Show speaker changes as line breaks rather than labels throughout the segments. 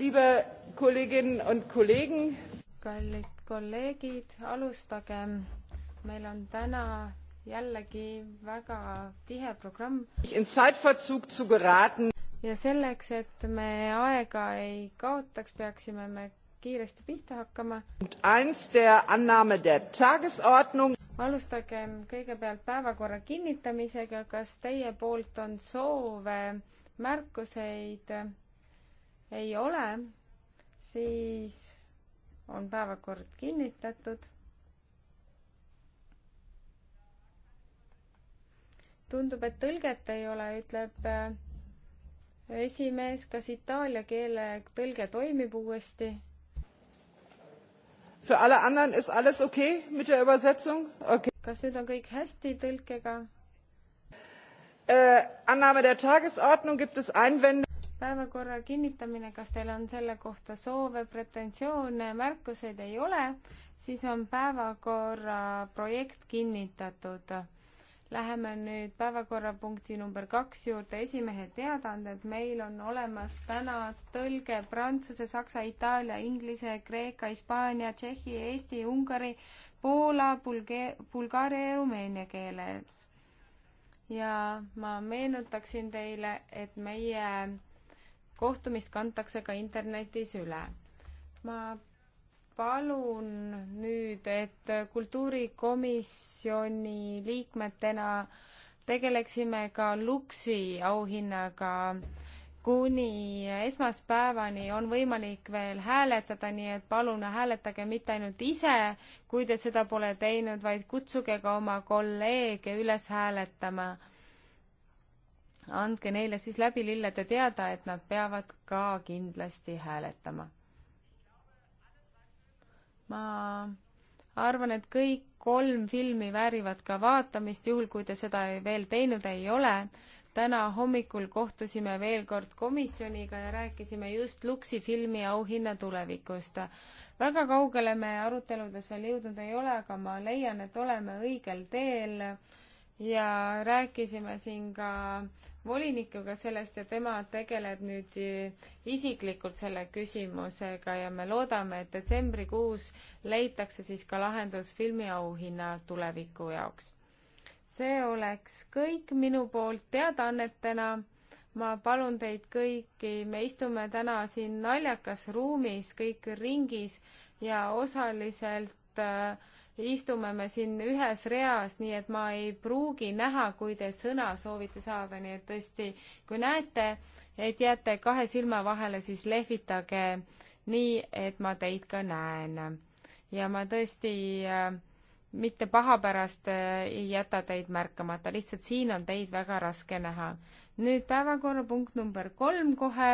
liebe Kolleginnen und Kollegen. kallid kolleegid, alustagem. meil on täna jällegi väga tihe programm. In Zeitverzug zu geraten. ja selleks, et me aega ei kaotaks, peaksime me kiiresti pihta hakkama. alustagem kõigepealt päevakorra kinnitamisega. kas teie poolt on soove, märkuseid? ei ole, siis on päevakord kinnitatud. tundub, et tõlget ei ole, ütleb äh, esimees, kas itaalia keele tõlge toimib uuesti? Für alle anderen ist alles okay mit der Übersetzung? Okay. Kas nüüd on kõik hästi tõlkega? Äh, Annahme der Tagesordnung, gibt es Einwände? päevakorra kinnitamine, kas teil on selle kohta soove, pretensioone, märkuseid ei ole, siis on päevakorra projekt kinnitatud. Läheme nüüd päevakorrapunkti number kaks juurde, esimehe teadaanded. meil on olemas täna tõlge prantsuse, saksa, itaalia, inglise, kreeka, hispaania, tšehhi, eesti, ungari, poola, bulge-, bulgaaria ja rumeenia keeles. ja ma meenutaksin teile, et meie kohtumist kantakse ka internetis üle. ma palun nüüd, et kultuurikomisjoni liikmetena tegeleksime ka Luksi auhinnaga. kuni esmaspäevani on võimalik veel hääletada, nii et palun hääletage mitte ainult ise, kui te seda pole teinud, vaid kutsuge ka oma kolleege üles hääletama andke neile siis läbi lillede teada, et nad peavad ka kindlasti hääletama. ma arvan, et kõik kolm filmi väärivad ka vaatamist, juhul kui te seda veel teinud ei ole. täna hommikul kohtusime veel kord komisjoniga ja rääkisime just Luksi filmi auhinna tulevikust. väga kaugele me aruteludes veel jõudnud ei ole, aga ma leian, et oleme õigel teel ja rääkisime siin ka volinikuga sellest ja tema tegeleb nüüd isiklikult selle küsimusega ja me loodame, et detsembrikuus leitakse siis ka lahendus filmiauhinna tuleviku jaoks. see oleks kõik minu poolt teadaannetena. ma palun teid kõiki, me istume täna siin naljakas ruumis kõik ringis ja osaliselt äh, istume me siin ühes reas, nii et ma ei pruugi näha, kui te sõna soovite saada, nii et tõesti, kui näete, et jääte kahe silma vahele, siis lehvitage nii, et ma teid ka näen. ja ma tõesti äh, mitte pahapärast äh, ei jäta teid märkamata, lihtsalt siin on teid väga raske näha. nüüd päevakorrapunkt number kolm kohe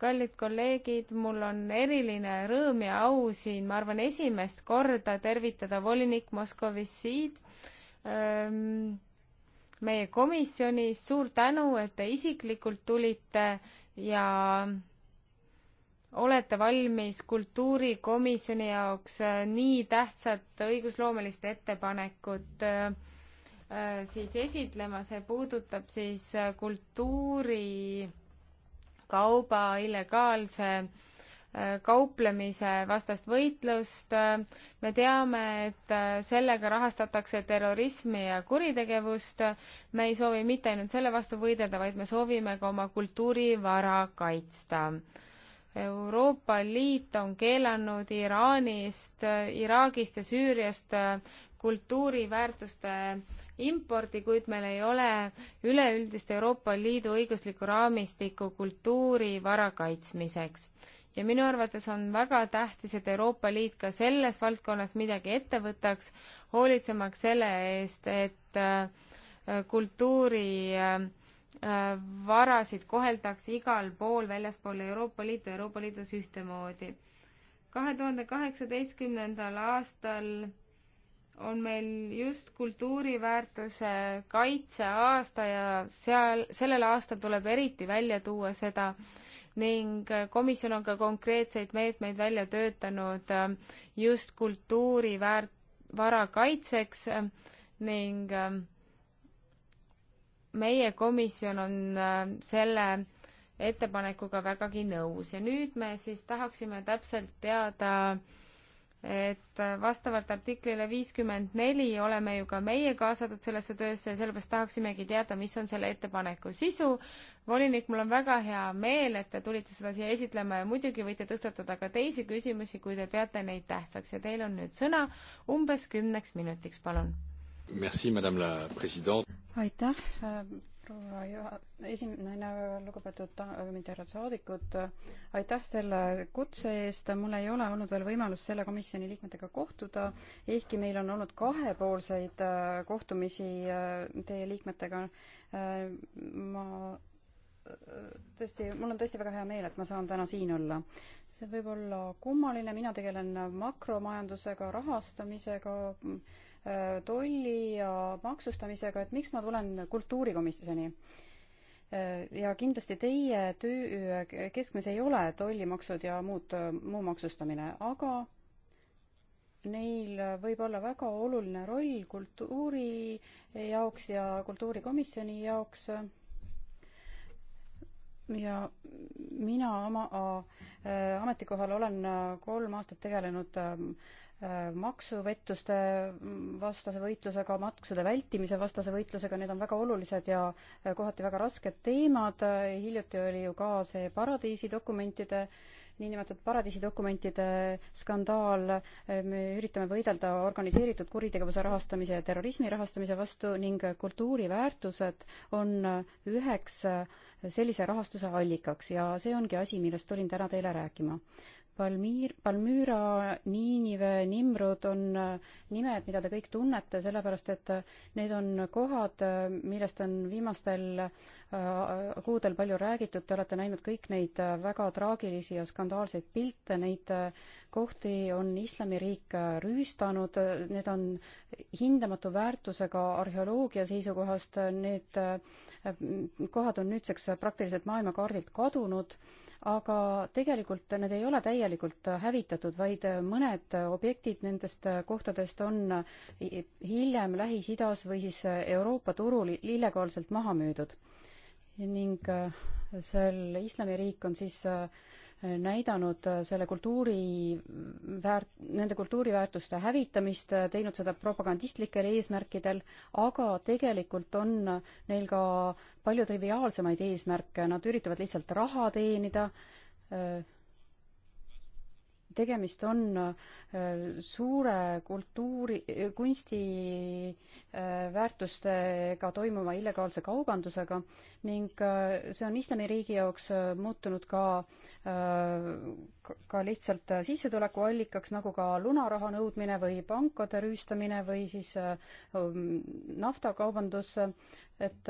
kallid kolleegid, mul on eriline rõõm ja au siin, ma arvan, esimest korda tervitada volinik Moskovissid ähm, meie komisjonis, suur tänu, et te isiklikult tulite ja olete valmis kultuurikomisjoni jaoks äh, nii tähtsat õigusloomelist ettepanekut äh, äh, siis esitlema, see puudutab siis äh, kultuuri kauba illegaalse äh, kauplemise vastast võitlust. me teame, et äh, sellega rahastatakse terrorismi ja kuritegevust. me ei soovi mitte ainult selle vastu võidelda, vaid me soovime ka oma kultuurivara kaitsta. Euroopa Liit on keelanud Iraanist, Iraagist ja Süüriast äh, kultuuriväärtuste impordi, kuid meil ei ole üleüldist Euroopa Liidu õiguslikku raamistikku kultuurivara kaitsmiseks. ja minu arvates on väga tähtis, et Euroopa Liit ka selles valdkonnas midagi ette võtaks, hoolitsemaks selle eest, et äh, kultuuri äh, äh, varasid koheldakse igal pool väljaspool Euroopa Liitu, Euroopa Liidus ühtemoodi. kahe tuhande kaheksateistkümnendal aastal on meil just kultuuriväärtuse kaitseaasta ja seal, sellel aastal tuleb eriti välja tuua seda ning komisjon on ka konkreetseid meetmeid välja töötanud äh, just kultuuriväärt-, vara kaitseks äh, ning äh, meie komisjon on selle ettepanekuga vägagi nõus ja nüüd me siis tahaksime täpselt teada äh, et vastavalt artiklile viiskümmend neli oleme ju ka meie kaasatud sellesse töösse ja sellepärast tahaksimegi teada, mis on selle ettepaneku sisu. volinik, mul on väga hea meel, et te tulite seda siia esitlema ja muidugi võite tõstatada ka teisi küsimusi, kui te peate neid tähtsaks ja teil on nüüd sõna umbes kümneks minutiks,
palun. aitäh proua ja esimene, lugupeetud daamid ja härrad saadikud, aitäh selle kutse eest, mul ei ole olnud veel võimalust selle komisjoni liikmetega kohtuda, ehkki meil on olnud kahepoolseid äh, kohtumisi äh, teie liikmetega. Äh, ma tõesti, mul on tõesti väga hea meel, et ma saan täna siin olla. see võib olla kummaline, mina tegelen makromajandusega, rahastamisega Äh, tolli ja maksustamisega, et miks ma tulen kultuurikomisjoni. Äh, ja kindlasti teie töö äh, keskmes ei ole tollimaksud ja muud, muu maksustamine, aga neil võib olla väga oluline roll kultuuri jaoks ja kultuurikomisjoni jaoks ja mina oma äh, ametikohal olen kolm aastat tegelenud äh, Äh, maksuvettuste vastase võitlusega, maksude vältimise vastase võitlusega, need on väga olulised ja äh, kohati väga rasked teemad, äh, hiljuti oli ju ka see paradiisidokumentide niinimetatud paradiisidokumentide skandaal, me üritame võidelda organiseeritud kuritegevuse rahastamise ja terrorismi rahastamise vastu ning kultuuriväärtused on üheks sellise rahastuse allikaks ja see ongi asi, millest tulin täna teile rääkima. Palmiir, Palmüra, Niinive, Nimrud on äh, nimed, mida te kõik tunnete, sellepärast et äh, need on kohad, äh, millest on viimastel kuudel palju räägitud, te olete näinud kõik neid väga traagilisi ja skandaalseid pilte, neid kohti on Islamiriik rüüstanud, need on hindamatu väärtusega arheoloogia seisukohast, need kohad on nüüdseks praktiliselt maailmakaardilt kadunud aga tegelikult need ei ole täielikult hävitatud, vaid mõned objektid nendest kohtadest on hiljem Lähis-Idas või siis Euroopa turul illegaalselt maha müüdud. ning äh, seal Islamiriik on siis äh, näidanud selle kultuuri väärt-, nende kultuuriväärtuste hävitamist, teinud seda propagandistlikel eesmärkidel, aga tegelikult on neil ka palju triviaalsemaid eesmärke, nad üritavad lihtsalt raha teenida, tegemist on äh, suure kultuuri, äh, kunstiväärtustega äh, toimuva illegaalse kaubandusega ning see on Islamiriigi jaoks muutunud ka, ka lihtsalt sissetulekuallikaks, nagu ka lunaraha nõudmine või pankade rüüstamine või siis um, naftakaubandus, et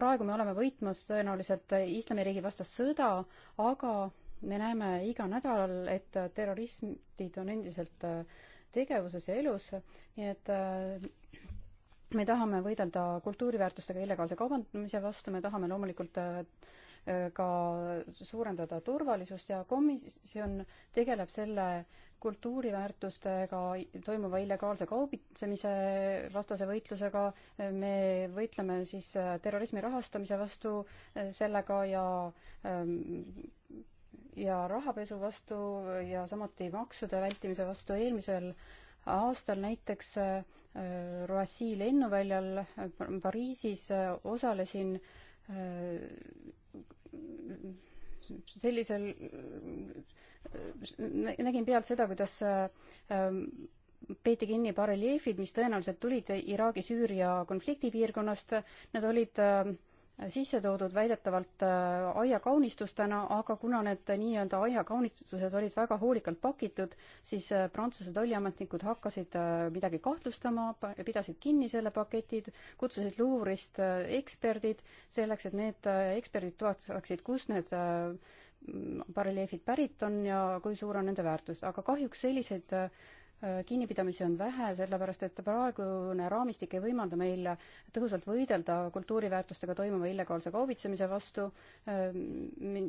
praegu me oleme võitmas tõenäoliselt Islamiriigi vastast sõda, aga me näeme iga nädal, et terroristid on endiselt äh, tegevuses ja elus, nii et äh, me tahame võidelda kultuuriväärtustega illegaalse kaubandamise vastu, me tahame loomulikult äh, ka suurendada turvalisust ja komisjon tegeleb selle kultuuriväärtustega toimuva illegaalse kaubitsemise vastase võitlusega, me võitleme siis terrorismi rahastamise vastu sellega ja ähm, ja rahapesu vastu ja samuti maksude vältimise vastu. eelmisel aastal näiteks äh, Roissy lennuväljal äh, Pariisis äh, osalesin sellisel, nägin pealt seda, kuidas peeti kinni bareljeefid, mis tõenäoliselt tulid Iraagi-Süüria konfliktipiirkonnast. Nad olid äh, sisse toodud väidetavalt äh, aiakaunistustena, aga kuna need nii-öelda aiakaunistused olid väga hoolikalt pakitud, siis äh, Prantsuse tolliametnikud hakkasid äh, midagi kahtlustama, pidasid kinni selle paketid, kutsusid Luurist eksperdid selleks, et need eksperdid tuvastaksid, kus need bareljeefid pärit on ja kui suur on nende väärtus, aga kahjuks selliseid Äh, kinnipidamisi on vähe, sellepärast et praegune raamistik ei võimalda meil tõhusalt võidelda kultuuriväärtustega toimuva illegaalse kaubitsemise vastu. Äh,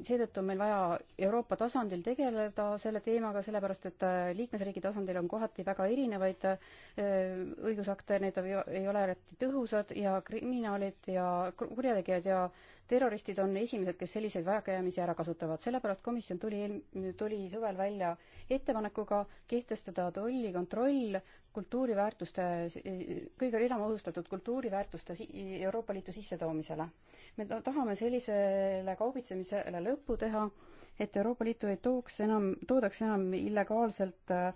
seetõttu on meil vaja Euroopa tasandil tegeleda selle teemaga, sellepärast et äh, liikmesriigi tasandil on kohati väga erinevaid õigusakte, need ei ole alati tõhusad ja kriminaalid ja kurjategijad ja terroristid on esimesed, kes selliseid vajakajäämisi ära kasutavad, sellepärast komisjon tuli eel-, tuli suvel välja ettepanekuga kehtestada tollikontroll kultuuriväärtuste, e-, kõige enam osustatud kultuuriväärtuste Euroopa Liitu sissetoomisele. me tahame sellisele kaubitsemisele lõpu teha, et Euroopa Liitu ei tooks enam, toodaks enam illegaalselt äh,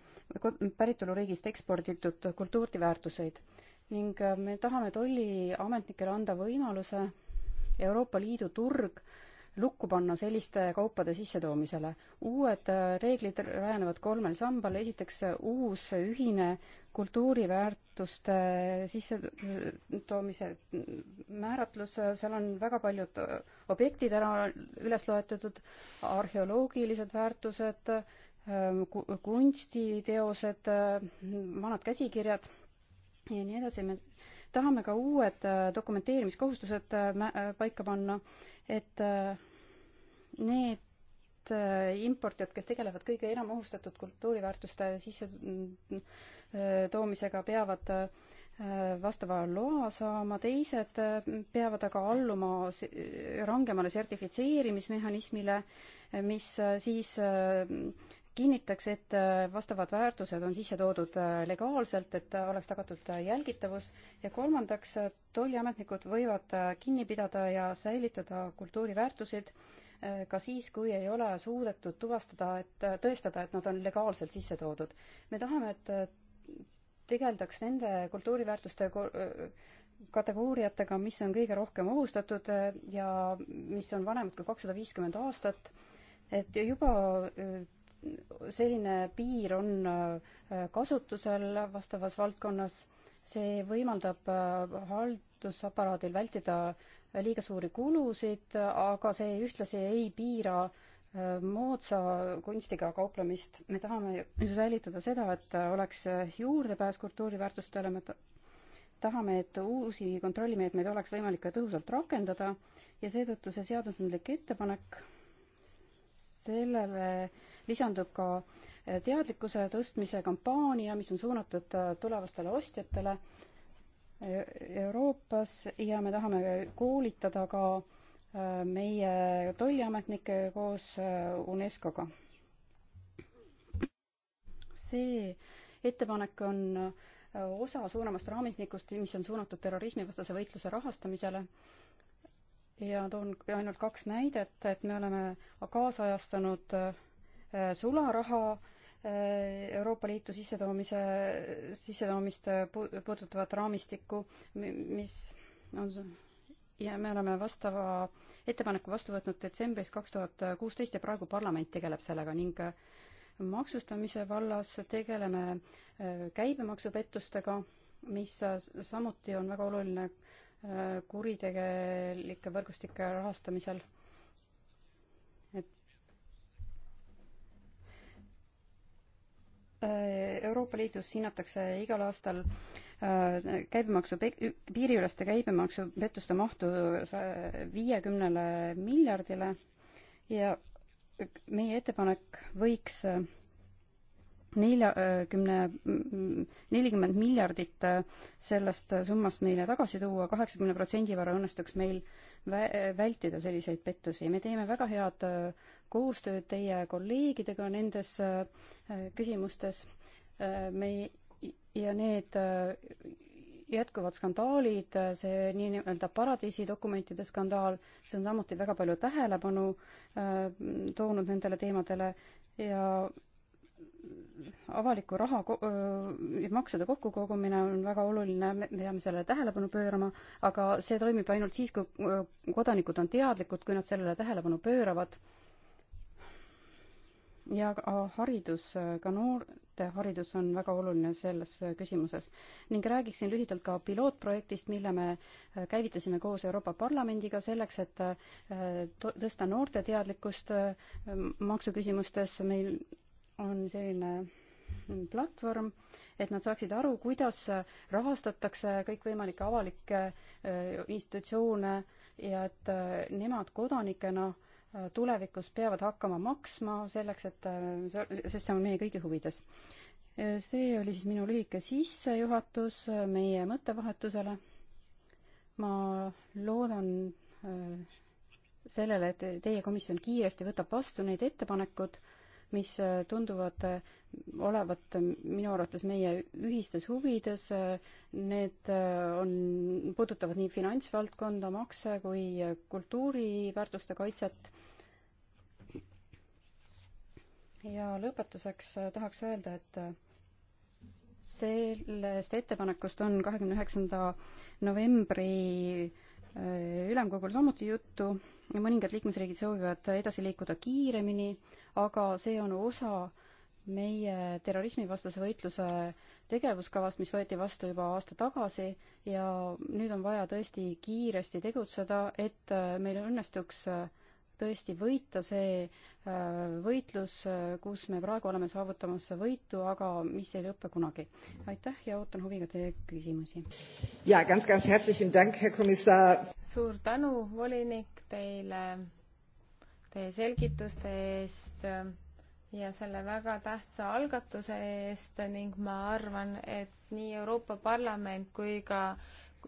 päritoluriigist eksporditud kultuuriväärtuseid ning äh, me tahame tolliametnikele anda võimaluse Euroopa Liidu turg lukku panna selliste kaupade sissetoomisele. uued äh, reeglid rajanevad kolmel sambal, esiteks äh, uus äh, ühine kultuuriväärtuste sissetoomise määratlus, seal on väga paljud objektid ära üles loetletud, arheoloogilised väärtused, ähm, kunstiteosed, vanad käsikirjad ja nii edasi, me tahame ka uued äh, dokumenteerimiskohustused äh, äh, paika panna, et need importijad, kes tegelevad kõige enam ohustatud kultuuriväärtuste sisse mm, toomisega, peavad vastava loa saama, teised peavad aga alluma rangemale sertifitseerimismehhanismile, mis siis kinnitaks, et äh, vastavad väärtused on sisse toodud äh, legaalselt, et äh, oleks tagatud jälgitavus ja kolmandaks, tolliametnikud võivad kinni pidada ja säilitada kultuuriväärtuseid ka siis, kui ei ole suudetud tuvastada, et, tõestada, et nad on legaalselt sisse toodud. me tahame, et tegeldaks nende kultuuriväärtuste kategooriatega, mis on kõige rohkem ohustatud ja mis on vanemad kui kakssada viiskümmend aastat, et juba selline piir on äh, kasutusel vastavas valdkonnas, see võimaldab äh, haldusaparaadil vältida liiga suuri kulusid, aga see ühtlasi ei piira äh, moodsa kunstiga kauplemist. me tahame säilitada seda, et oleks juurdepääs kultuuriväärtustele, me tahame, et uusi kontrollimeetmeid oleks võimalik ka tõhusalt rakendada ja seetõttu see seadusandlik ettepanek sellele äh, lisandub ka eh, teadlikkuse tõstmise kampaania, mis on suunatud eh, tulevastele ostjatele eh, Euroopas ja me tahame koolitada ka meie tolliametnikke koos UNESCO-ga. see ettepanek on osa suuremast raamistikust, mis on suunatud terrorismivastase võitluse rahastamisele ja toon ainult kaks näidet, et me oleme kaasajastanud Äh, sularaha äh, Euroopa Liitu sissetoomise, sissetoomist äh, puudutavat raamistikku, mis on ja me oleme vastava ettepaneku vastu võtnud detsembris kaks tuhat kuusteist ja praegu parlament tegeleb sellega ning maksustamise vallas tegeleme käibemaksupettustega, mis samuti on väga oluline kuritegelike võrgustike rahastamisel. Äh, Euroopa Liidus hinnatakse igal aastal äh, käibemaksu, piiriüleste käibemaksupettuste mahtu viiekümnele miljardile ja meie ettepanek võiks äh, neljakümne, mm, nelikümmend miljardit sellest summast meile tagasi tuua, kaheksakümne protsendi võrra õnnestuks meil vä-, vältida selliseid pettusi. me teeme väga head äh, koostööd teie kolleegidega nendes äh, küsimustes. Äh, me ja need jätkuvad skandaalid, see nii-öelda paradiisi dokumentide skandaal, see on samuti väga palju tähelepanu toonud nendele teemadele ja avaliku raha ja maksude kokkukogumine on väga oluline, me peame sellele tähelepanu pöörama, aga see toimib ainult siis, kui kodanikud on teadlikud, kui nad sellele tähelepanu pööravad. ja ka haridus, ka noorte haridus on väga oluline selles küsimuses. ning räägiksin lühidalt ka pilootprojektist, mille me käivitasime koos Euroopa Parlamendiga selleks, et tõsta noorte teadlikkust maksuküsimustes, meil on selline platvorm, et nad saaksid aru, kuidas rahastatakse kõikvõimalikke avalikke äh, institutsioone ja et äh, nemad kodanikena äh, tulevikus peavad hakkama maksma selleks, et, sest see on meie kõigi huvides. see oli siis minu lühike sissejuhatus meie mõttevahetusele. ma loodan sellele, et teie komisjon kiiresti võtab vastu need ettepanekud mis äh, tunduvad äh, olevat äh, minu arvates meie ühistes huvides. Need on, puudutavad nii finantsvaldkonda, makse kui kultuuriväärtuste kaitset. ja lõpetuseks tahaks öelda, et sellest ettepanekust on kahekümne üheksanda novembri Äh, ülemkogul samuti juttu ja mõningad liikmesriigid soovivad edasi liikuda kiiremini, aga see on osa meie terrorismivastase võitluse tegevuskavast, mis võeti vastu juba aasta tagasi ja nüüd on vaja tõesti kiiresti tegutseda, et äh, meil õnnestuks äh, tõesti võita see äh, võitlus, äh, kus me praegu oleme saavutamas võitu, aga mis ei lõpe kunagi. aitäh ja ootan huviga teie küsimusi.
ja, ganz, ganz herzlichen Dank, Herr Kommissar. suur tänu, volinik, teile teie selgituste eest äh, ja selle väga tähtsa algatuse eest ning ma arvan, et nii Euroopa Parlament kui ka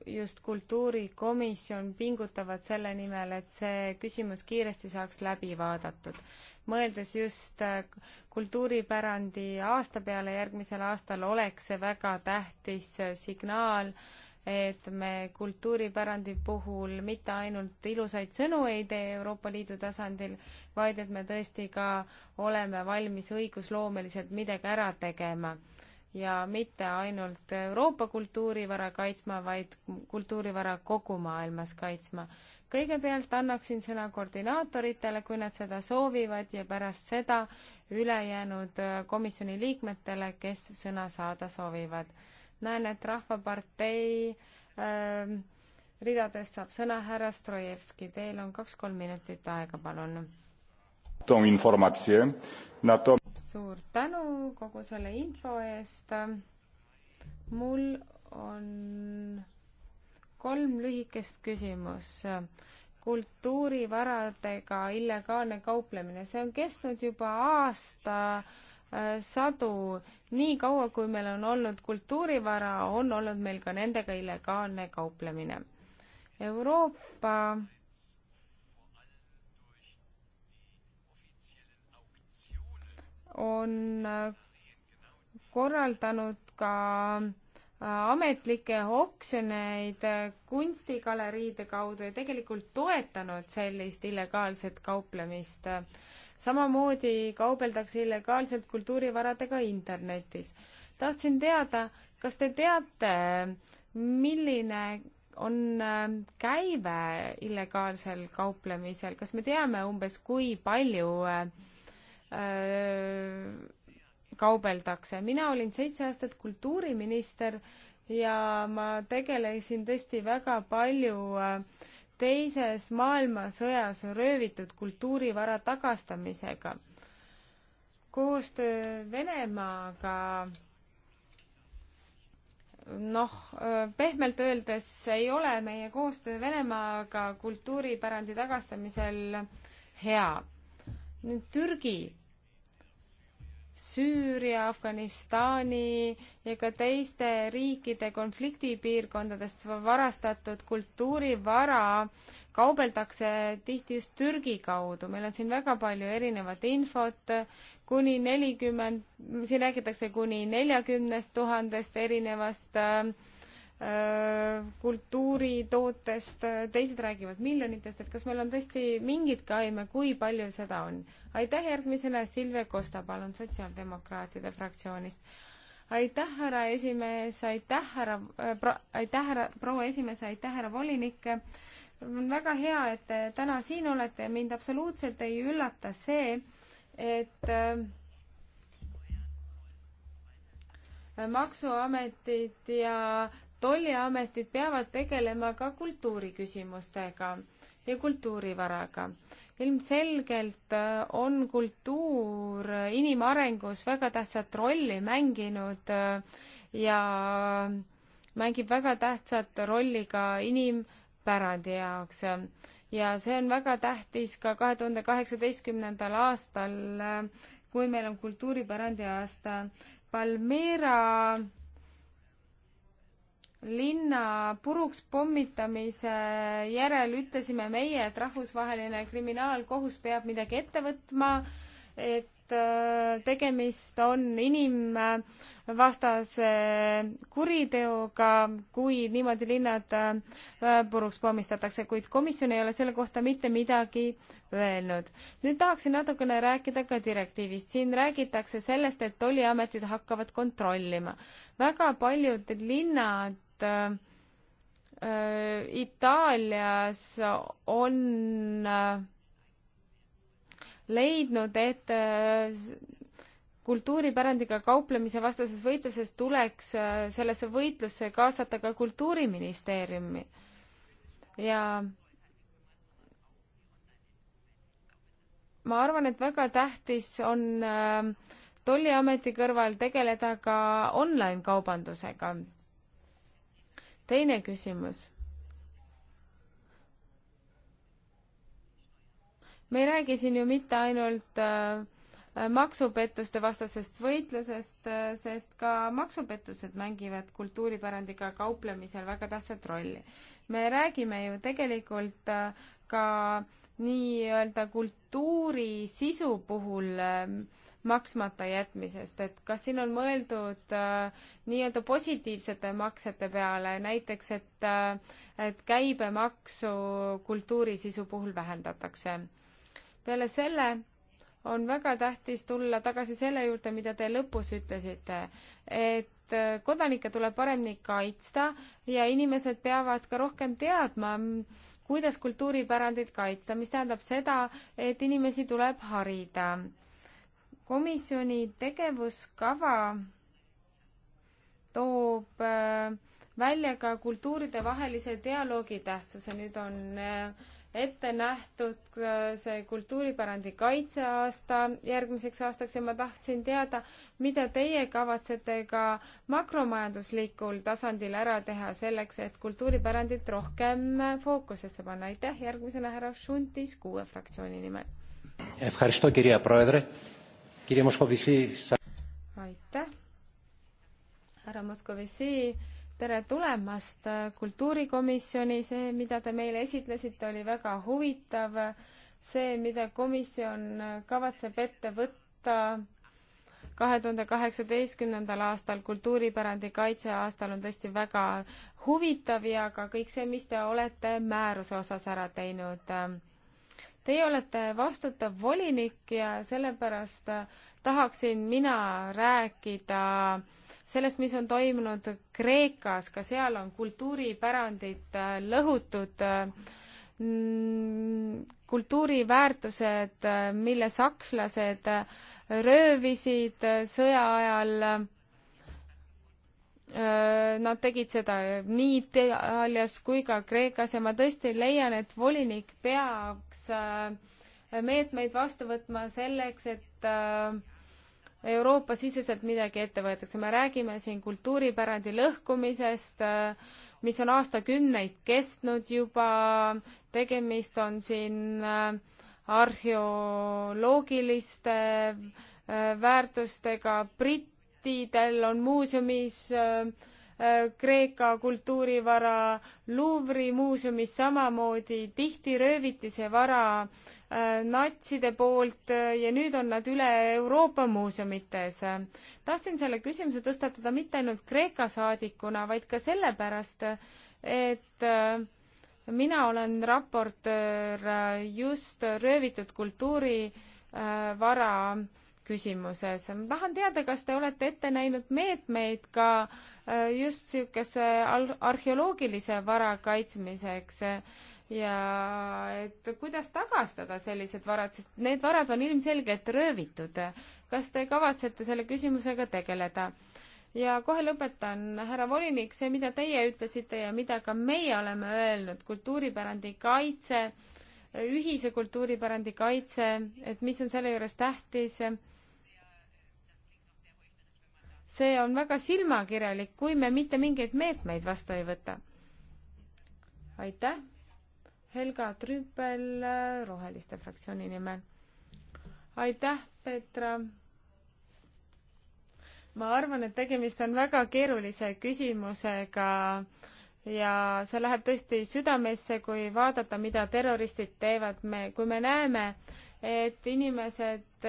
just kultuurikomisjon pingutavad selle nimel, et see küsimus kiiresti saaks läbi vaadatud. mõeldes just äh, kultuuripärandi aasta peale järgmisel aastal, oleks see väga tähtis äh, signaal, et me kultuuripärandi puhul mitte ainult ilusaid sõnu ei tee Euroopa Liidu tasandil, vaid et me tõesti ka oleme valmis õigusloomeliselt midagi ära tegema ja mitte ainult Euroopa kultuurivara kaitsma, vaid kultuurivara kogu maailmas kaitsma. kõigepealt annaksin sõna koordinaatoritele, kui nad seda soovivad ja pärast seda ülejäänud komisjoni liikmetele, kes sõna saada soovivad. näen, et Rahvapartei äh, ridadest saab sõna härra Strojevski, teil on kaks-kolm minutit aega, palun.
informatsioon NATO
suur tänu kogu selle info eest. mul on kolm lühikest küsimust. kultuurivaradega illegaalne kauplemine, see on kestnud juba aasta äh, sadu, nii kaua, kui meil on olnud kultuurivara, on olnud meil ka nendega illegaalne kauplemine. Euroopa on korraldanud ka äh, ametlikke oksjoneid kunstigaleriide kaudu ja tegelikult toetanud sellist illegaalset kauplemist. samamoodi kaubeldakse illegaalselt kultuurivaradega internetis. tahtsin teada, kas te teate, milline on äh, käive illegaalsel kauplemisel, kas me teame umbes, kui palju äh, Äh, kaubeldakse. mina olin seitse aastat kultuuriminister ja ma tegelesin tõesti väga palju äh, teises maailmasõjas röövitud kultuurivara tagastamisega. koostöö Venemaaga noh, äh, pehmelt öeldes ei ole meie koostöö Venemaaga kultuuripärandi tagastamisel hea nüüd Türgi, Süüria, Afganistani ja ka teiste riikide konfliktipiirkondadest varastatud kultuurivara kaubeldakse tihti just Türgi kaudu, meil on siin väga palju erinevat infot, kuni nelikümmend, siin räägitakse kuni neljakümnest tuhandest erinevast äh, Äh, kultuuritootest, äh, teised räägivad miljonitest, et kas meil on tõesti mingitki aime, kui palju seda on? aitäh, järgmisena Silvia Kosta, palun, Sotsiaaldemokraatide fraktsioonist. aitäh, härra esimees, aitäh, härra äh,, aitäh, härra proua esimees, aitäh, härra volinik. on väga hea, et te täna siin olete ja mind absoluutselt ei üllata see, et äh, maksuametit ja tolliametid peavad tegelema ka kultuuriküsimustega ja kultuurivaraga. ilmselgelt äh, on kultuur äh, inimarengus väga tähtsat rolli mänginud äh, ja mängib väga tähtsat rolli ka inimpärandi jaoks. ja see on väga tähtis ka kahe tuhande kaheksateistkümnendal aastal, kui meil on kultuuripärandi aasta Palmeera linna puruks pommitamise järel ütlesime meie, et rahvusvaheline kriminaalkohus peab midagi ette võtma, et äh, tegemist on inimvastase kuriteoga, kui niimoodi linnad äh, puruks pommistatakse, kuid komisjon ei ole selle kohta mitte midagi öelnud. nüüd tahaksin natukene rääkida ka direktiivist. siin räägitakse sellest, et tolliametid hakkavad kontrollima. väga paljud linnad et äh, Itaalias on äh, leidnud, et äh, kultuuripärandiga kauplemise vastases võitluses tuleks äh, sellesse võitlusse kaasata ka Kultuuriministeeriumi ja ma arvan, et väga tähtis on tolliameti kõrval tegeleda ka online-kaubandusega teine küsimus. me ei räägi siin ju mitte ainult äh, maksupettuste vastasest võitlusest, äh, sest ka maksupettused mängivad kultuuripärandiga kauplemisel väga tähtsat rolli. me räägime ju tegelikult äh, ka nii-öelda kultuuri sisu puhul äh, maksmata jätmisest, et kas siin on mõeldud äh, nii-öelda positiivsete maksete peale, näiteks et äh,, et käibemaksu kultuurisisu puhul vähendatakse. peale selle on väga tähtis tulla tagasi selle juurde, mida te lõpus ütlesite, et äh, kodanikke tuleb paremini kaitsta ja inimesed peavad ka rohkem teadma, kuidas kultuuripärandit kaitsta, mis tähendab seda, et inimesi tuleb harida komisjoni tegevuskava toob äh, välja ka kultuuridevahelise dialoogi tähtsuse, nüüd on äh, ette nähtud äh, see kultuuripärandi kaitseaasta järgmiseks aastaks ja ma tahtsin teada, mida teie kavatsete ka makromajanduslikul tasandil ära teha selleks, et kultuuripärandit rohkem fookusesse panna. aitäh, järgmisena härra Šuntis kuue fraktsiooni nimel aitäh, härra Moskovitši, tere tulemast kultuurikomisjoni, see, mida te meile esitlesite, oli väga huvitav. see, mida komisjon kavatseb ette võtta kahe tuhande kaheksateistkümnendal aastal kultuuripärandi kaitse aastal on tõesti väga huvitav ja ka kõik see, mis te olete määruse osas ära teinud Teie olete vastutav volinik ja sellepärast tahaksin mina rääkida sellest, mis on toimunud Kreekas, ka seal on kultuuripärandit äh, lõhutud, mm, kultuuriväärtused, äh, mille sakslased äh, röövisid sõja ajal Äh, nad tegid seda nii Itaalias kui ka Kreekas ja ma tõesti leian, et volinik peaks äh, meetmeid vastu võtma selleks, et äh, Euroopa-siseselt midagi ette võetakse. me räägime siin kultuuripärandi lõhkumisest, mis on aastakümneid kestnud juba, tegemist on siin arheoloogiliste väärtustega, britt paradiidel on muuseumis äh, äh, Kreeka kultuurivara, Louvre'i muuseumis samamoodi, tihti rööviti see vara äh, natside poolt ja nüüd on nad üle Euroopa muuseumites. tahtsin selle küsimuse tõstatada mitte ainult Kreeka saadikuna, vaid ka sellepärast, et mina olen raportöör just röövitud kultuurivara äh, küsimuses. ma tahan teada, kas te olete ette näinud meetmeid ka äh, just niisuguse arheoloogilise vara kaitsmiseks ja et kuidas tagastada sellised varad, sest need varad on ilmselgelt röövitud. kas te kavatsete selle küsimusega tegeleda? ja kohe lõpetan, härra volinik, see, mida teie ütlesite ja mida ka meie oleme öelnud, kultuuripärandi kaitse, ühise kultuuripärandi kaitse, et mis on selle juures tähtis see on väga silmakirjalik, kui me mitte mingeid meetmeid vastu ei võta. aitäh, Helga Trüppel Roheliste fraktsiooni nimel. aitäh, Petra. ma arvan, et tegemist on väga keerulise küsimusega ja see läheb tõesti südamesse, kui vaadata, mida terroristid teevad. me, kui me näeme, et inimesed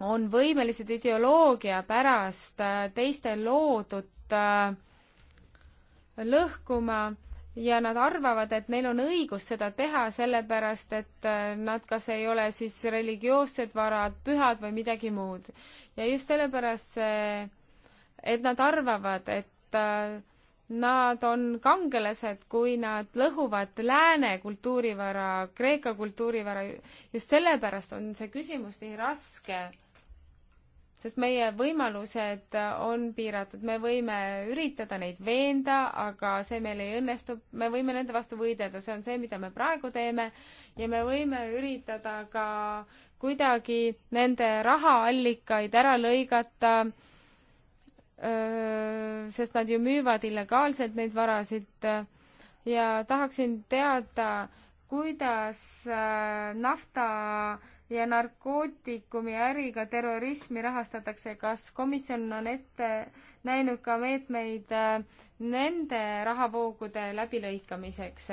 on võimelised ideoloogia pärast äh, teiste loodut äh, lõhkuma ja nad arvavad, et neil on õigus seda teha, sellepärast et äh, nad kas ei ole siis religioossed varad, pühad või midagi muud. ja just sellepärast see, et nad arvavad, et nad on kangelased, kui nad lõhuvad lääne kultuurivara, Kreeka kultuurivara, just sellepärast on see küsimus nii raske sest meie võimalused on piiratud, me võime üritada neid veenda, aga see meil ei õnnestu, me võime nende vastu võidelda, see on see, mida me praegu teeme ja me võime üritada ka kuidagi nende rahaallikaid ära lõigata, sest nad ju müüvad illegaalselt neid varasid ja tahaksin teada, kuidas äh, nafta ja narkootikumi äriga terrorismi rahastatakse, kas komisjon on ette näinud ka meetmeid äh, nende rahavoogude läbilõikamiseks?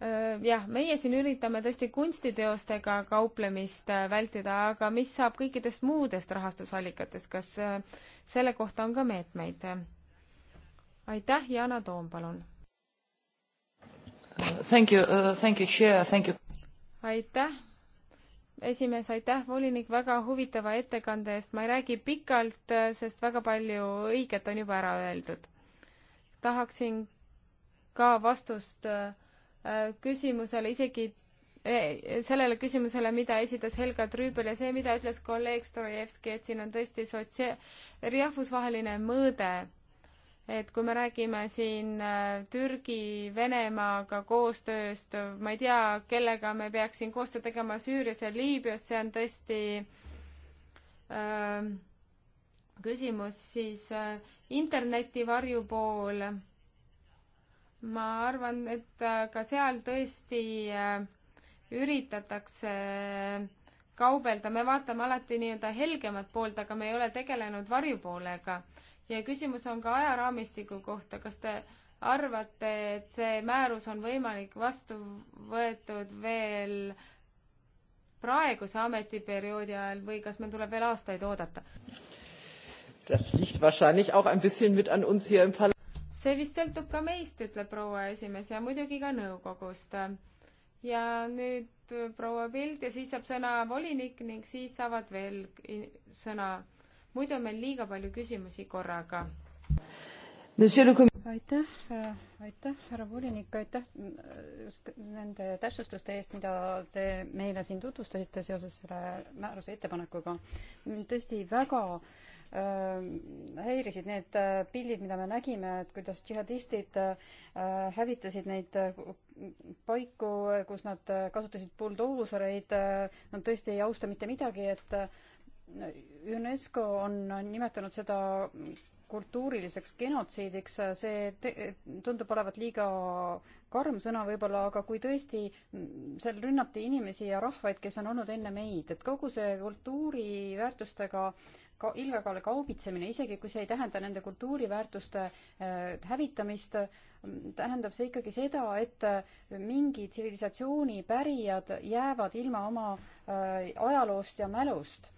Äh, jah, meie siin üritame tõesti kunstiteostega kauplemist äh, vältida, aga mis saab kõikidest muudest rahastusallikatest, kas selle kohta on ka meetmeid? aitäh, Yana Toom, palun. Thank you uh,, thank you, chair, thank you. aitäh, esimees, aitäh, volinik, väga huvitava ettekande eest. ma ei räägi pikalt, äh, sest väga palju õiget on juba ära öeldud. tahaksin ka vastust äh, küsimusele, isegi eh, sellele küsimusele, mida esitas Helga Trüübel ja see, mida ütles kolleeg Storjevski, et siin on tõesti sotsia-, rahvusvaheline mõõde et kui me räägime siin äh, Türgi, Venemaaga koostööst, ma ei tea, kellega me peaks siin koostööd tegema Süürias ja Liibüas, see on tõesti äh, küsimus siis äh, interneti varjupool. ma arvan, et äh, ka seal tõesti äh, üritatakse äh, kaubelda, me vaatame alati nii-öelda helgemat poolt, aga me ei ole tegelenud varjupoolega ja küsimus on ka ajaraamistiku kohta, kas te arvate, et see määrus on võimalik vastu võetud veel praeguse ametiperioodi ajal või kas meil tuleb veel aastaid oodata? see vist sõltub ka meist, ütleb proua esimees ja muidugi ka nõukogust. ja nüüd proua Pild ja siis saab sõna volinik ning siis saavad veel sõna muidu on meil liiga palju küsimusi
korraga. aitäh, äh, aitäh, härra volinik, aitäh äh, nende täpsustuste eest, mida te meile siin tutvustasite seoses selle määruse ettepanekuga. tõesti väga äh, häirisid need pildid, mida me nägime, et kuidas džihadistid hävitasid neid paiku, kus nad kasutasid buldoosereid, nad tõesti ei austa mitte midagi, et UNESCO on nimetanud seda kultuuriliseks genotsiidiks, see te-, tundub olevat liiga karm sõna võib-olla, aga kui tõesti seal rünnati inimesi ja rahvaid, kes on olnud enne meid, et kogu see kultuuriväärtustega ka ilgakaale kaubitsemine, isegi kui see ei tähenda nende kultuuriväärtuste äh, hävitamist, tähendab see ikkagi seda, et mingi tsivilisatsiooni pärijad jäävad ilma oma äh, ajaloost ja mälust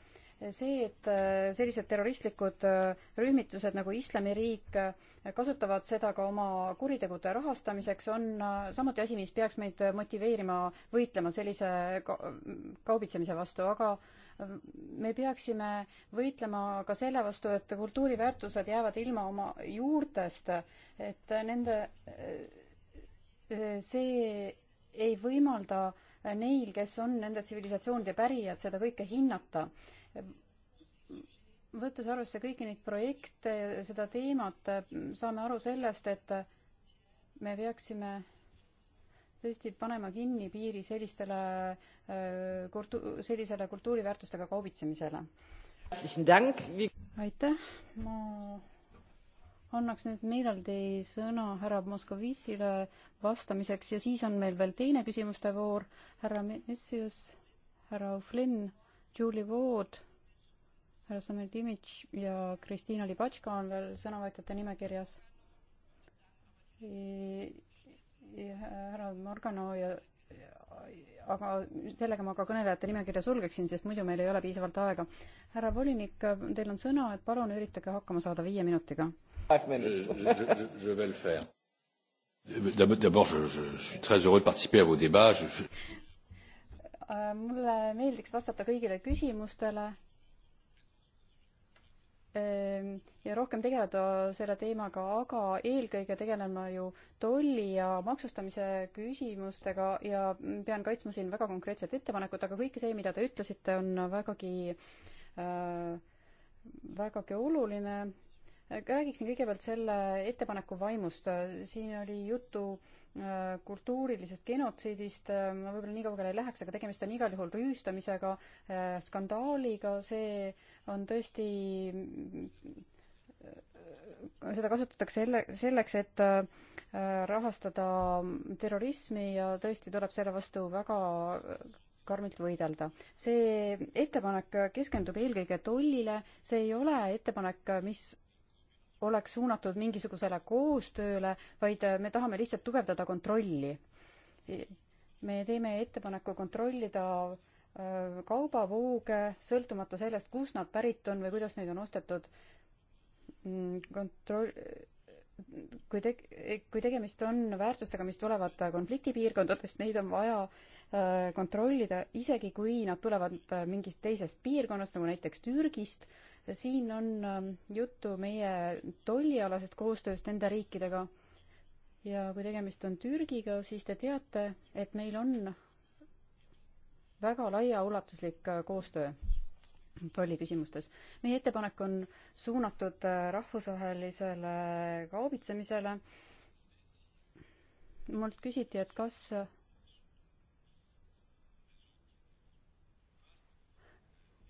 see, et äh, sellised terroristlikud äh, rühmitused nagu Islamiriik äh, kasutavad seda ka oma kuritegude rahastamiseks, on samuti asi, mis peaks meid motiveerima võitlema sellise kaubitsemise vastu, aga me peaksime võitlema ka selle vastu, et kultuuriväärtused jäävad ilma oma juurtest, et nende, see ei võimalda neil, kes on nende tsivilisatsioonide pärijad, seda kõike hinnata võttes arvesse kõiki neid projekte ja seda teemat, saame aru sellest, et me peaksime tõesti panema kinni piiri sellistele äh, kultu-, sellisele kultuuriväärtustega kaubitsemisele. aitäh, ma annaks nüüd meeleldi sõna härra Moskovitšile vastamiseks ja siis on meil veel teine küsimuste voor, härra Messius, härra Flynn Julie Wood, härra Samir Dimitš ja Kristiina Libatška on veel sõnavõtjate nimekirjas. härra Morgano ja, ja aga sellega ma ka kõnelejate nimekirja sulgeksin, sest muidu meil ei ole piisavalt aega. härra volinik, teil on sõna, et palun üritage hakkama saada viie minutiga.
D'abord, je, je suis très heureux de participer à vos débats. Je, je
mulle meeldiks vastata kõigile küsimustele ehm, ja rohkem tegeleda selle teemaga, aga eelkõige tegelen ma ju tolli ja maksustamise küsimustega ja pean kaitsma siin väga konkreetset ettepanekut, aga kõike see, mida te ütlesite, on vägagi äh,, vägagi oluline räägiksin kõigepealt selle ettepaneku vaimust. siin oli juttu äh, kultuurilisest genotsiidist, ma võib-olla nii kaugele ei läheks, aga tegemist on igal juhul rüüstamisega, äh, skandaaliga, see on tõesti äh, seda kasutatakse selle, selleks, et rahastada terrorismi ja tõesti tuleb selle vastu väga karmilt võidelda. see ettepanek keskendub eelkõige tollile, see ei ole ettepanek, mis oleks suunatud mingisugusele koostööle, vaid äh, me tahame lihtsalt tugevdada kontrolli. me teeme ettepaneku kontrollida äh, kaubavooge, sõltumata sellest, kust nad pärit on või kuidas neid on ostetud. Mm, kontroll, kui te-, kui tegemist on väärtustega, mis tulevad äh, konfliktipiirkondadest, neid on vaja kontrollida, isegi kui nad tulevad mingist teisest piirkonnast, nagu näiteks Türgist, siin on ähm, juttu meie tollialasest koostööst nende riikidega ja kui tegemist on Türgiga, siis te teate, et meil on väga laiaulatuslik äh, koostöö tolliküsimustes. meie ettepanek on suunatud äh, rahvusvahelisele kaubitsemisele. mult küsiti, et kas äh,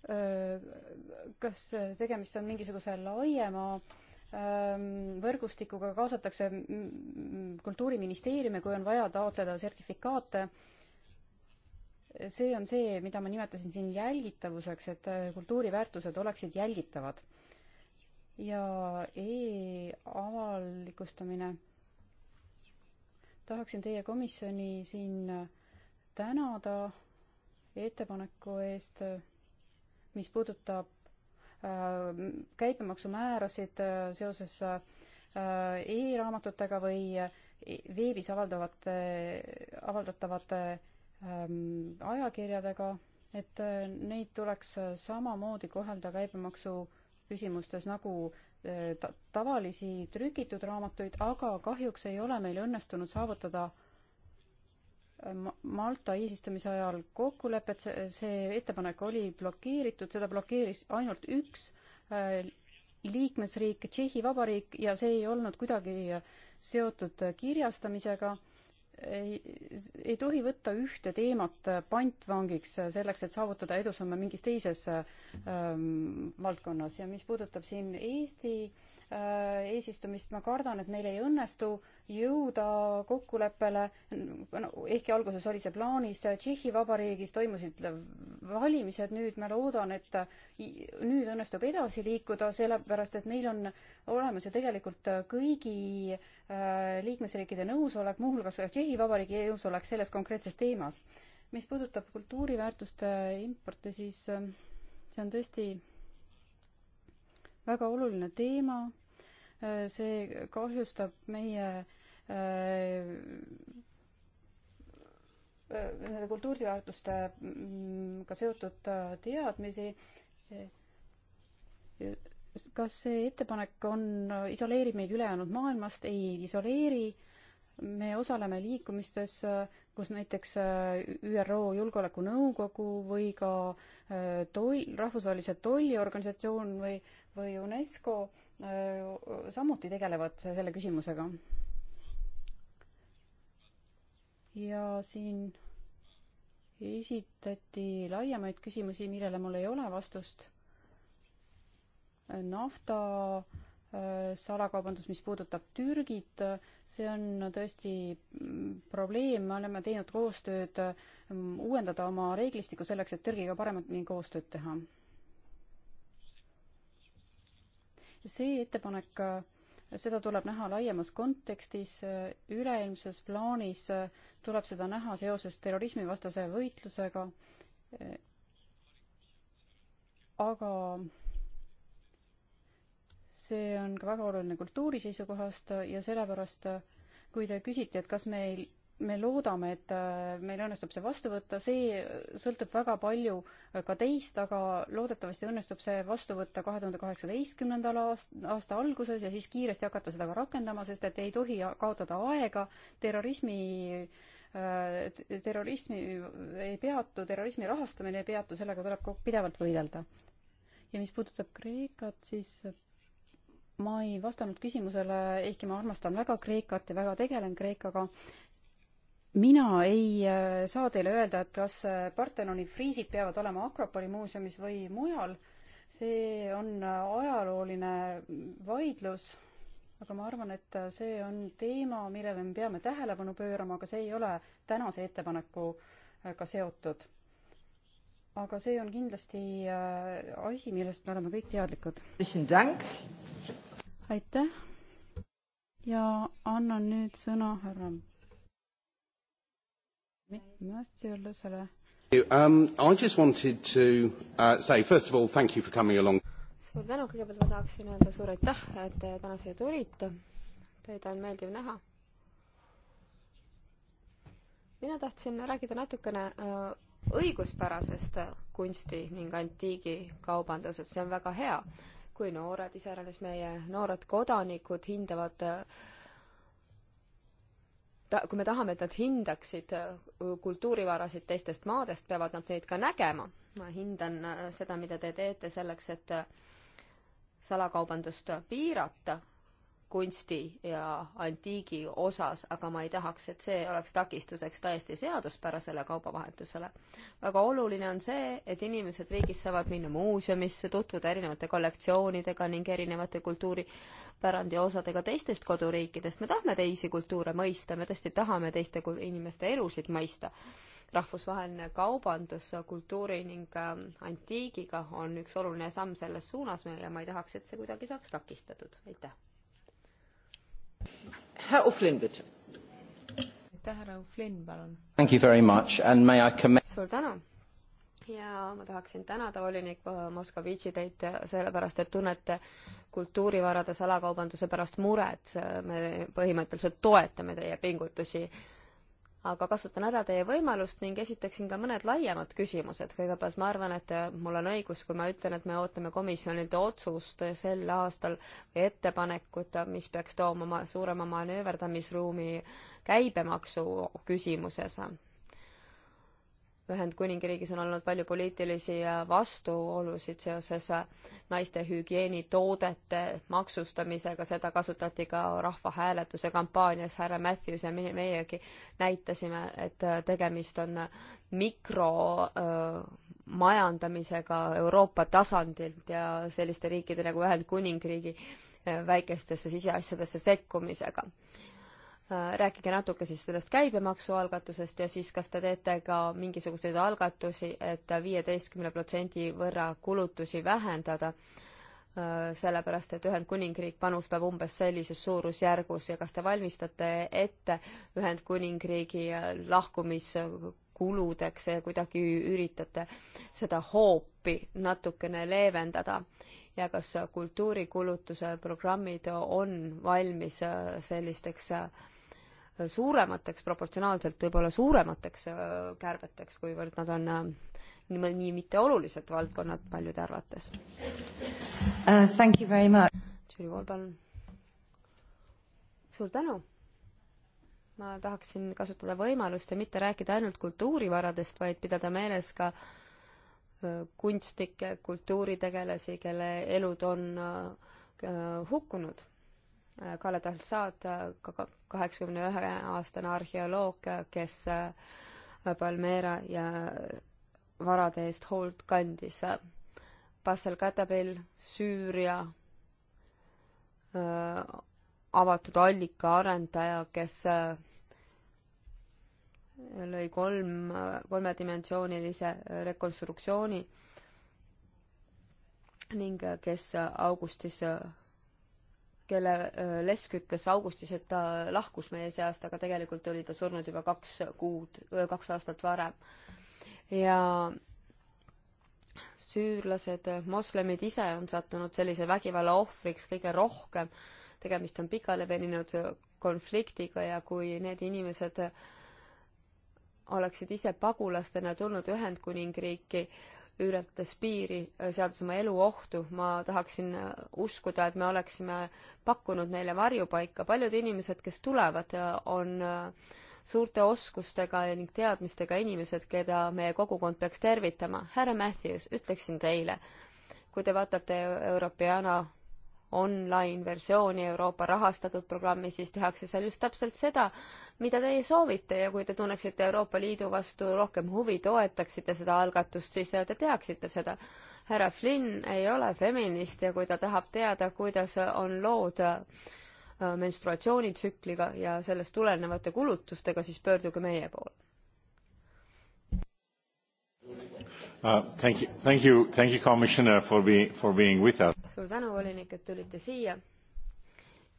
kas tegemist on mingisuguse laiema võrgustikuga, kaasatakse Kultuuriministeeriumi, kui on vaja taotleda sertifikaate. see on see, mida ma nimetasin siin jälgitavuseks, et kultuuriväärtused oleksid jälgitavad. ja e-avalikustamine. tahaksin teie komisjoni siin tänada ettepaneku eest mis puudutab äh, käibemaksumäärasid äh, seoses äh, e-raamatutega või veebis avaldavate, avaldatavate ähm, ajakirjadega, et neid tuleks samamoodi kohelda käibemaksu küsimustes nagu ta-, tavalisi trükitud raamatuid, aga kahjuks ei ole meil õnnestunud saavutada Malta eesistumise ajal kokkulepet, see ettepanek oli blokeeritud, seda blokeeris ainult üks äh, liikmesriik, Tšehhi Vabariik, ja see ei olnud kuidagi seotud kirjastamisega. ei, ei tohi võtta ühte teemat pantvangiks selleks, et saavutada edusamme mingis teises ähm, valdkonnas ja mis puudutab siin Eesti äh, Äh, eesistumist, ma kardan, et meil ei õnnestu jõuda kokkuleppele, ehkki alguses oli see plaanis, äh, Tšehhi Vabariigis toimusid valimised, nüüd ma loodan, et äh, nüüd õnnestub edasi liikuda, sellepärast et meil on olemas ju tegelikult kõigi liikmesriikide nõusolek, muuhulgas ka Tšehhi Vabariigi nõusolek selles konkreetses teemas. mis puudutab kultuuriväärtuste importi, siis see on tõesti väga oluline teema, äh, see kahjustab meie äh, äh, nende kultuuriväärtustega mm, seotud teadmisi. kas see ettepanek on, isoleerib meid ülejäänud maailmast? ei isoleeri. me osaleme liikumistes, kus näiteks ÜRO Julgeolekunõukogu või ka toll, rahvusvahelised tolliorganisatsioon või äh, või UNESCO samuti tegelevad selle küsimusega. ja siin esitati laiemaid küsimusi, millele mul ei ole vastust. nafta salakaubandus, mis puudutab Türgit, see on tõesti mm, probleem, me oleme teinud koostööd, mm, uuendada oma reeglistikku selleks, et Türgiga paremini koostööd teha see ettepanek, äh, seda tuleb näha laiemas kontekstis, äh, üleilmses plaanis äh, tuleb seda näha seoses terrorismivastase võitlusega, aga see on ka väga oluline kultuuri seisukohast ja sellepärast, kui te küsite, et kas meil me loodame, et äh, meil õnnestub see vastu võtta, see sõltub väga palju äh, ka teist, aga loodetavasti õnnestub see vastu võtta kahe tuhande kaheksateistkümnendal aasta alguses ja siis kiiresti hakata seda ka rakendama, sest et ei tohi kaotada aega terrorismi äh, terrorismi ei peatu, terrorismi rahastamine ei peatu, sellega tuleb pidevalt võidelda. ja mis puudutab Kreekat, siis ma ei vastanud küsimusele, ehkki ma armastan väga Kreekat ja väga tegelen Kreekaga, mina ei äh, saa teile öelda, et kas äh, Partenoni friisid peavad olema Akropoli muuseumis või mujal. see on äh, ajalooline vaidlus, aga ma arvan, et see on teema, millele me peame tähelepanu pöörama, aga see ei ole tänase ettepanekuga seotud. aga see on kindlasti asi, millest me oleme kõik teadlikud. aitäh ja annan nüüd sõna härra
Möstsjõulusele.
Um, I just wanted to uh, say first of all thank you for coming along.
suur tänu, kõigepealt ma tahaksin öelda suur aitäh, et te täna siia tulite. Teid on meeldiv näha. mina tahtsin rääkida natukene äh, õiguspärasest kunsti ning antiigikaubandusest, see on väga hea, kui noored, iseäranis meie noored kodanikud hindavad äh, ta-, kui me tahame, et nad hindaksid äh, kultuurivarasid teistest maadest, peavad nad neid ka nägema. ma hindan äh, seda, mida te teete selleks, et äh, salakaubandust piirata kunsti ja antiigi osas, aga ma ei tahaks, et see oleks takistuseks täiesti seaduspärasele kaubavahetusele. väga oluline on see, et inimesed riigis saavad minna muuseumisse, tutvuda erinevate kollektsioonidega ning erinevate kultuuripärandi osadega teistest koduriikidest. me tahame teisi kultuure mõista, me tõesti tahame teiste inimeste elusid mõista. rahvusvaheline kaubandus kultuuri ning ähm, antiigiga on üks oluline samm selles suunas ja ma ei tahaks, et see kuidagi saaks takistatud. aitäh! aitäh, härra Flynn, palun. suur tänu ja ma tahaksin tänada volinik Moskovitši teid sellepärast, et tunnete kultuurivarade salakaubanduse pärast muret. me põhimõtteliselt toetame teie pingutusi aga kasutan ära teie võimalust ning esitaksin ka mõned laiemad küsimused. kõigepealt ma arvan, et mul on õigus, kui ma ütlen, et me ootame komisjonilt otsust sel aastal või ettepanekut, mis peaks tooma suurema manööverdamisruumi käibemaksu küsimuses Ühendkuningriigis on olnud palju poliitilisi vastuolusid seoses naiste hügieenitoodete maksustamisega, seda kasutati ka rahvahääletuse kampaanias, härra Matthews ja meiegi näitasime, et tegemist on mikromajandamisega Euroopa tasandilt ja selliste riikide nagu Ühendkuningriigi väikestesse siseasjadesse sekkumisega Äh, rääkige natuke siis sellest käibemaksu algatusest ja siis kas te teete ka mingisuguseid algatusi et, et viieteistkümne protsendi võrra kulutusi vähendada, äh, sellepärast et Ühendkuningriik panustab umbes sellises suurusjärgus ja kas te valmistate ette Ühendkuningriigi lahkumiskuludeks ja kuidagi üritate seda hoopi natukene leevendada? ja kas kultuurikulutuse programmid on valmis äh, sellisteks äh, suuremateks, proportsionaalselt võib-olla suuremateks äh, kärbeteks, kuivõrd nad on äh, nii, nii mitteolulised valdkonnad paljude arvates uh,. Thank you very much. Jüri Vool, palun. suur tänu. ma tahaksin kasutada võimalust ja mitte rääkida ainult kultuurivaradest, vaid pidada meeles ka äh, kunstnikke, kultuuritegelasi, kelle elud on hukkunud Khaled Al-Saad, kaheksakümne ühe aastane arheoloog, kes äh, Palmeera ja varade eest hoolt kandis. Bassel Katabel, Süüria äh, avatud allika arendaja, kes äh, lõi kolm, kolmedimensioonilise rekonstruktsiooni ning kes augustis kelle äh, lesk ütles augustis, et ta lahkus meie seast, aga tegelikult oli ta surnud juba kaks kuud, äh, kaks aastat varem. ja süürlased, moslemid ise on sattunud sellise vägivalla ohvriks kõige rohkem. tegemist on pikale veninud konfliktiga ja kui need inimesed oleksid ise pagulastena tulnud Ühendkuningriiki äh, ületades piiri, äh, seades oma elu ohtu, ma tahaksin äh, uskuda, et me oleksime pakkunud neile varjupaika. paljud inimesed, kes tulevad, äh, on suurte oskustega ning teadmistega inimesed, keda meie kogukond peaks tervitama. härra Matthews, ütleksin teile, kui te vaatate Europeana online-versiooni Euroopa rahastatud programmi, siis tehakse seal just täpselt seda, mida teie soovite ja kui te tunneksite Euroopa Liidu vastu rohkem huvi, toetaksite seda algatust, siis te teaksite seda. härra Flynn ei ole feminist ja kui ta tahab teada, kuidas on lood äh, menstruatsioonitsükliga ja sellest tulenevate kulutustega, siis pöörduge meie poole
Uh, thank you, thank you, thank you, commissioner, for being, for being with us.
suur tänu, volinik, et tulite siia.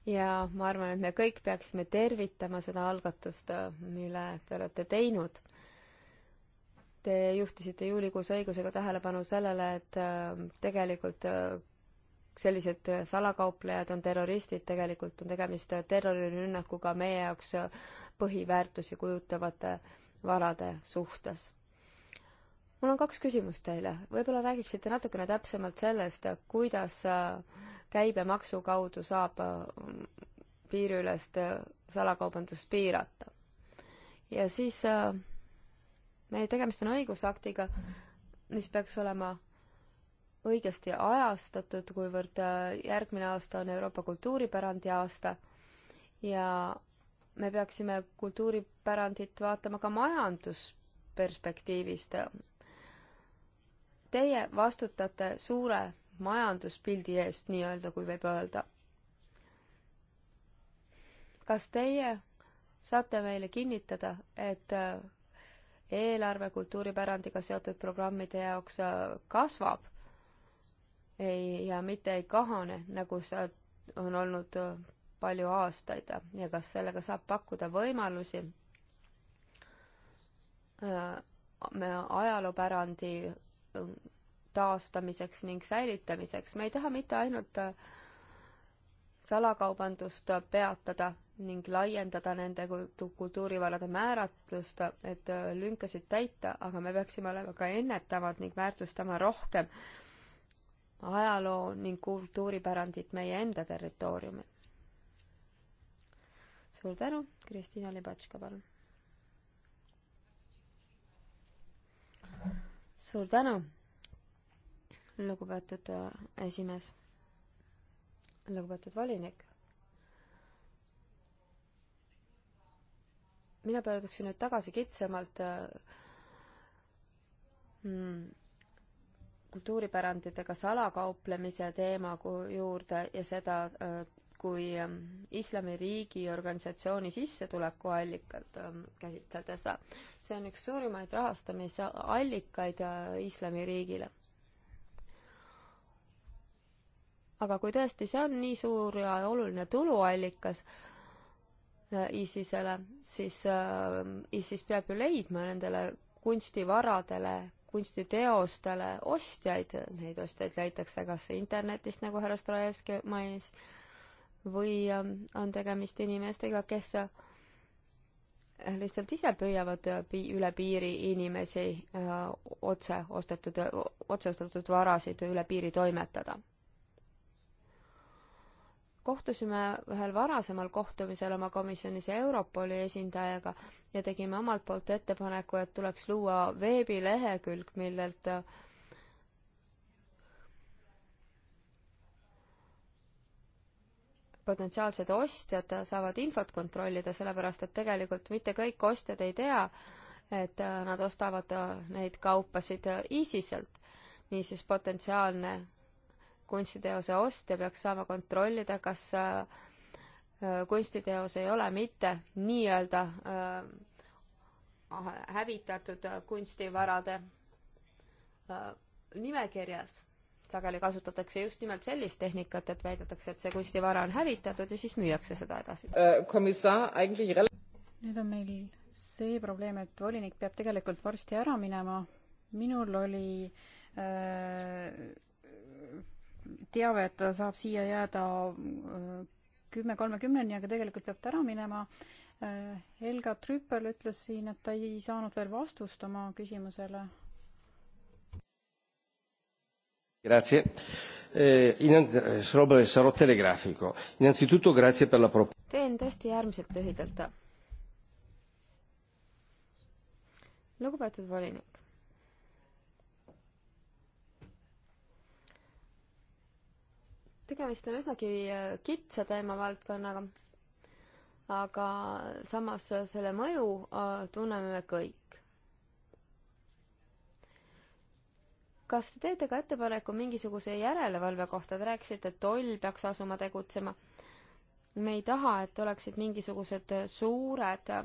ja ma arvan, et me kõik peaksime tervitama seda algatust, äh, mille te olete teinud. Te juhtisite juulikuus õigusega tähelepanu sellele, et äh, tegelikult äh, sellised salakauplejad on terroristid, tegelikult on tegemist terrorirünnakuga meie jaoks põhiväärtusi kujutavate varade suhtes mul on kaks küsimust teile. võib-olla räägiksite natukene täpsemalt sellest, kuidas äh, käibemaksu kaudu saab äh, piiriülest äh, salakaubandust piirata. ja siis meie tegemist on õigusaktiga, mis peaks olema õigesti ajastatud, kuivõrd järgmine aasta on Euroopa kultuuripärandi aasta ja me peaksime kultuuripärandit vaatama ka majandusperspektiivist teie vastutate suure majanduspildi eest nii-öelda, kui võib öelda. kas teie saate meile kinnitada, et äh, eelarve kultuuripärandiga seotud programmide jaoks äh, kasvab ei, ja mitte ei kahane, nagu see on olnud äh, palju aastaid ja kas sellega saab pakkuda võimalusi me ajaloopärandi taastamiseks ning säilitamiseks. me ei taha mitte ainult äh, salakaubandust peatada ning laiendada nende kultuurivarade määratlust, et äh, lünkasid täita, aga me peaksime olema ka ennetavad ning väärtustama rohkem ajaloo ning kultuuripärandit meie enda territooriumil. suur tänu, Kristina Libatška, palun! suur tänu, lugupeetud äh, esimees, lugupeetud volinik. mina pöörduksin nüüd tagasi kitsamalt äh, mm, kultuuripäranditega salakauplemise teema juurde ja seda äh, kui ähm, Islamiriigi organisatsiooni sissetulekuallikat ähm, käsitledes. see on üks suurimaid rahastamisallikaid äh, Islamiriigile. aga kui tõesti see on nii suur ja oluline tuluallikas, äh, ISISele, siis äh, ISIS peab ju leidma nendele kunstivaradele kunstiteostele ostjaid, neid ostjaid leitakse kas internetist, nagu härra Strojevski mainis, või ähm, on tegemist inimestega, kes äh, lihtsalt ise püüavad äh, pi-, üle piiri inimesi öö, äh, otse ostetud, otse ostetud varasid üle piiri toimetada. kohtusime ühel varasemal kohtumisel oma komisjonis Europoli esindajaga ja tegime omalt poolt ettepaneku, et tuleks luua veebilehekülg, millelt öö, potentsiaalsed ostjad saavad infot kontrollida, sellepärast et tegelikult mitte kõik ostjad ei tea, et äh, nad ostavad äh, neid kaupasid ISISelt. Äh, niisiis potentsiaalne kunstiteose ostja peaks saama kontrollida, kas kunstiteos ei ole mitte nii-öelda hävitatud kunstivarade nimekirjas sageli kasutatakse just nimelt sellist tehnikat, et väidetakse, et see kunstivara on hävitatud ja siis müüakse seda edasi. Äh,
nüüd on meil see probleem, et volinik peab tegelikult varsti ära minema. minul oli äh, teave, et ta saab siia jääda äh, kümme kolmekümneni, aga tegelikult peab ta ära minema. Äh, Helga Trüppel ütles siin, et ta ei saanud veel vastust oma küsimusele
Grazie. Eh, innant-, eh, Robert, sarò telegrafico. Innanzitutto grazie per la prop-.
teen tõesti äärmiselt lühidalt. lugupeetud volinik. tegemist on üsnagi eh, kitsa teemavaldkonnaga, aga samas eh, selle mõju tunneme me kõik kas te teete ka ettepaneku mingisuguse järelevalve kohta, te rääkisite, et toll peaks asuma tegutsema. me ei taha, et oleksid mingisugused suured äh,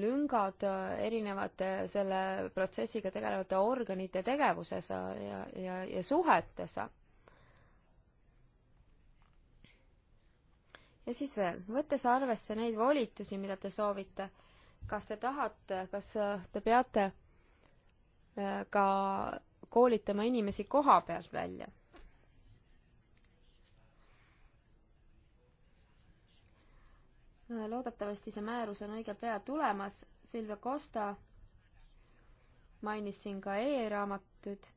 lüngad äh, erinevate äh, selle protsessiga tegelevate organite tegevuses ja, ja, ja suhetes. ja siis veel, võttes arvesse neid volitusi, mida te soovite kas te tahate, kas äh, te peate äh, ka koolitama inimesi koha pealt välja? Äh, loodetavasti see määrus on õige pea tulemas, Silvia Costa mainis siin ka e-raamatuid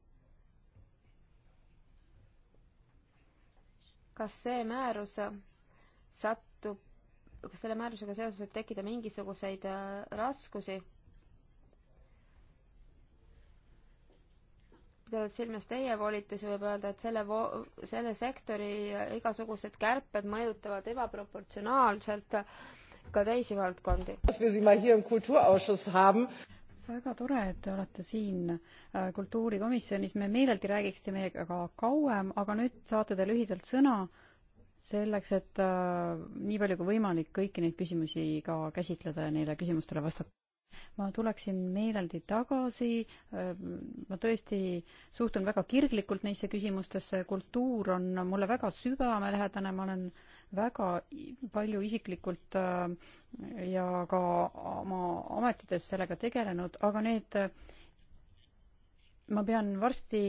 kas see määrus sat-, kas selle määrusega seoses võib tekkida mingisuguseid äh, raskusi? pidades silmas teie volitusi, võib öelda, et selle vo-, selle sektori äh, igasugused kärped mõjutavad ebaproportsionaalselt äh, ka teisi valdkondi.
väga tore, et te olete siin kultuurikomisjonis, me meeleldi räägiksime meiega ka kauem, aga nüüd saate te lühidalt sõna selleks, et äh, nii palju kui võimalik kõiki neid küsimusi ka käsitleda ja neile küsimustele vastata. ma tuleksin meeleldi tagasi äh,, ma tõesti suhtun väga kirglikult neisse küsimustesse, kultuur on mulle väga südamelähedane, ma olen väga palju isiklikult äh, ja ka oma ametites sellega tegelenud, aga need ma pean varsti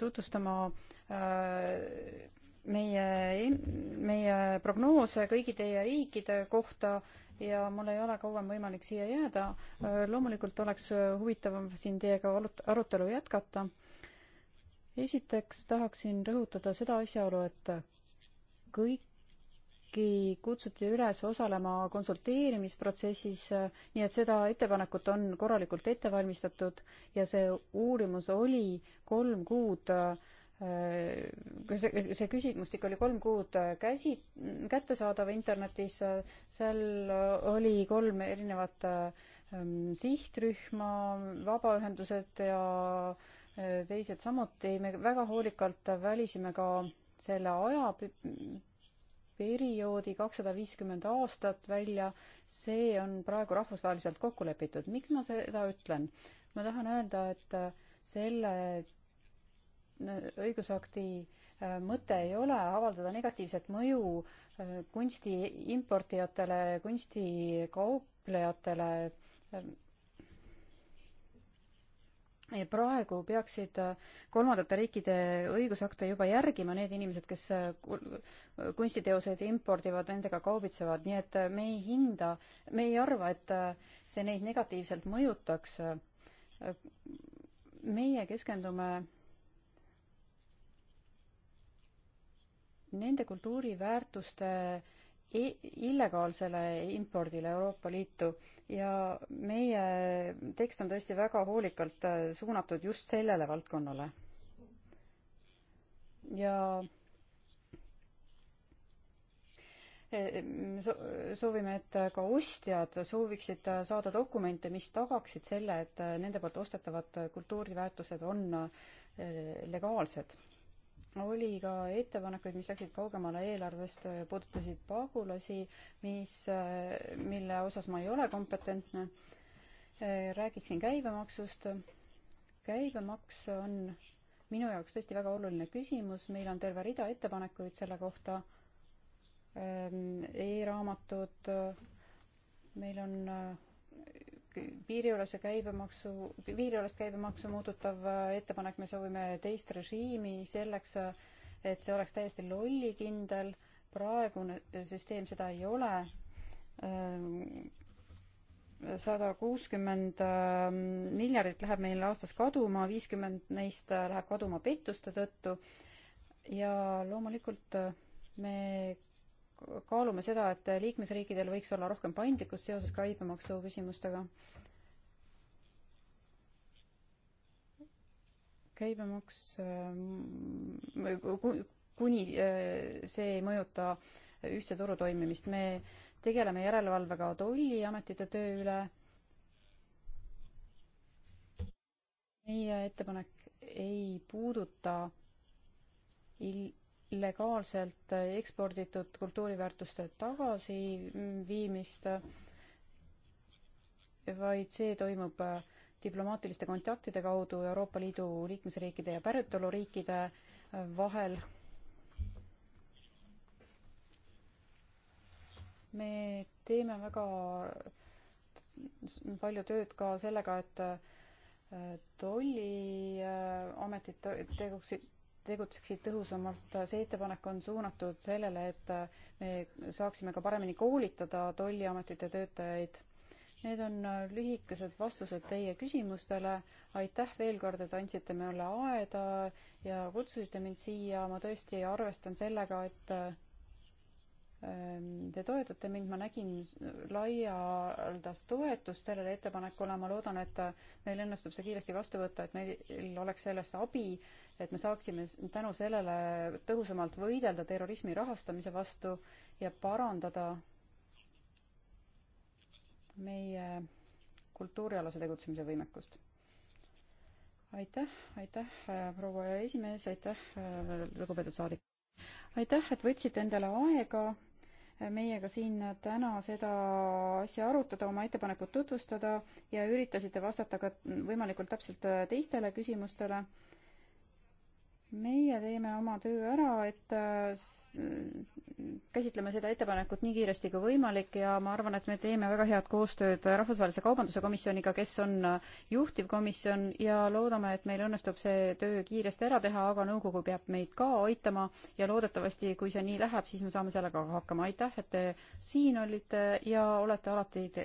tutvustama äh, meie, meie prognoose kõigi teie riikide kohta ja mul ei ole kauem võimalik siia jääda. loomulikult oleks huvitav siin teiega arutelu jätkata. esiteks tahaksin rõhutada seda asjaolu, et kõiki kutsuti üles osalema konsulteerimisprotsessis, nii et seda ettepanekut on korralikult ette valmistatud ja see uurimus oli kolm kuud äh, see, see küsitmustik oli kolm kuud äh, käsi, kättesaadav internetis, äh, seal äh, oli kolm erinevat ähm, sihtrühma, vabaühendused ja teised samuti, me väga hoolikalt välisime ka selle aja perioodi kakssada viiskümmend aastat välja, see on praegu rahvusvaheliselt kokku lepitud. miks ma seda ütlen? ma tahan öelda, et selle õigusakti äh, mõte ei ole avaldada negatiivset mõju äh, kunsti importijatele, kunstikauplejatele. Äh, ja praegu peaksid kolmandate riikide õigusakte juba järgima need inimesed, kes kunstiteoseid impordivad, nendega kaubitsevad, nii et me ei hinda, me ei arva, et see neid negatiivselt mõjutaks meie keskendume nende kultuuriväärtuste illegaalsele impordile Euroopa Liitu ja meie tekst on tõesti väga hoolikalt äh, suunatud just sellele valdkonnale. ja e, e, soovime, et ka ostjad sooviksid äh, saada dokumente, mis tagaksid selle, et äh, nende poolt ostetavad kultuuriväärtused on legaalsed oli ka ettepanekuid, mis läksid kaugemale eelarvest, puudutasid pagulasi, mis, mille osas ma ei ole kompetentne. räägiksin käibemaksust. käibemaks on minu jaoks tõesti väga oluline küsimus, meil on terve rida ettepanekuid selle kohta e. e-raamatud, meil on piiriülese käibemaksu, piiriülest käibemaksu muudutav äh, ettepanek, me soovime teist režiimi selleks, äh, et see oleks täiesti lollikindel, praegune äh, süsteem seda ei ole. sada kuuskümmend miljardit läheb meil aastas kaduma, viiskümmend neist läheb kaduma pettuste tõttu ja loomulikult me kaalume seda, et liikmesriikidel võiks olla rohkem paindlikkust seoses käibemaksu küsimustega. käibemaks mm, kuni äh, see ei mõjuta ühtse turu toimimist. me tegeleme järelevalvega tolliametite töö üle. meie ettepanek ei puuduta il-, legaalselt eksporditud kultuuriväärtuste tagasiviimist, vaid see toimub diplomaatiliste kontaktide kaudu Euroopa Liidu liikmesriikide ja päritoluriikide vahel. me teeme väga palju tööd ka sellega, et tolliametid teguksid tegutseksid tõhusamalt, see ettepanek on suunatud sellele, et me saaksime ka paremini koolitada tolliametite töötajaid. Need on lühikesed vastused teie küsimustele. aitäh veel kord, et andsite mulle aeda ja kutsusite mind siia. ma tõesti arvestan sellega, et Ehm, te toetate mind, ma nägin laialdast toetust sellele ettepanekule, ma loodan, et meil õnnestub see kiiresti vastu võtta, et meil oleks sellest abi, et me saaksime tänu sellele tõhusamalt võidelda terrorismi rahastamise vastu ja parandada meie kultuurialase tegutsemise võimekust aitäh, aitäh, äh, proua esimees, aitäh, äh, lugupeetud saadik. aitäh, et võtsite endale aega meiega siin täna seda asja arutada, oma ettepanekut tutvustada ja üritasite vastata ka võimalikult täpselt teistele küsimustele meie teeme oma töö ära, et äh, käsitleme seda ettepanekut nii kiiresti kui võimalik ja ma arvan, et me teeme väga head koostööd Rahvusvahelise Kaubanduse Komisjoniga, kes on äh, juhtivkomisjon ja loodame, et meil õnnestub see töö kiiresti ära teha, aga nõukogu peab meid ka aitama ja loodetavasti, kui see nii läheb, siis me saame sellega hakkama. aitäh, et te siin olite ja olete alati te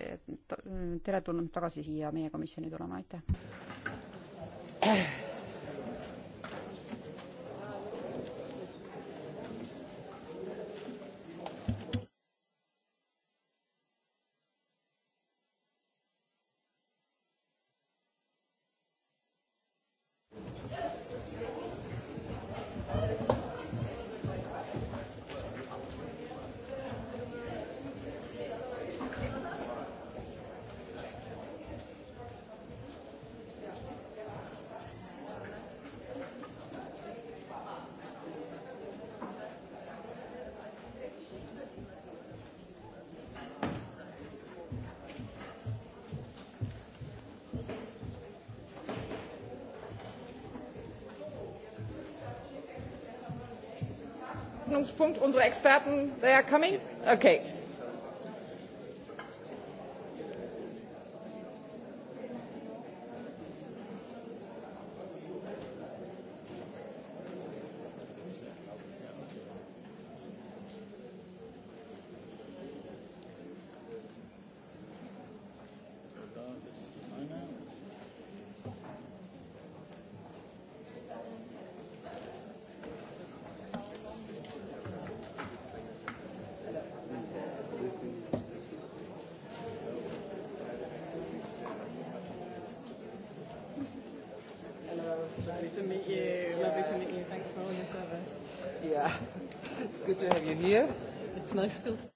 teretulnud tagasi siia meie komisjoni tulema, aitäh!
Tagesordnungspunkt. Unsere Experten, they are coming?
Okay.
Lovely to meet you. Yeah. Lovely to meet you. Thanks for all your service. Yeah. It's good
to have you here. It's nice still to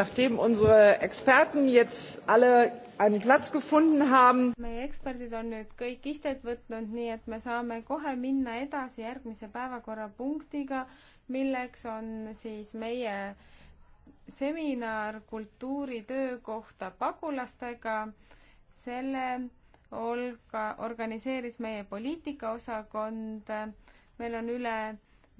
nachdem unsere Experten jetzt alle einen Platz gefunden haben. meie eksperdid on nüüd kõik istet võtnud, nii et me saame kohe minna edasi järgmise päevakorrapunktiga, milleks on siis meie seminar kultuuritöö kohta pagulastega. selle olga organiseeris meie poliitikaosakond. meil on üle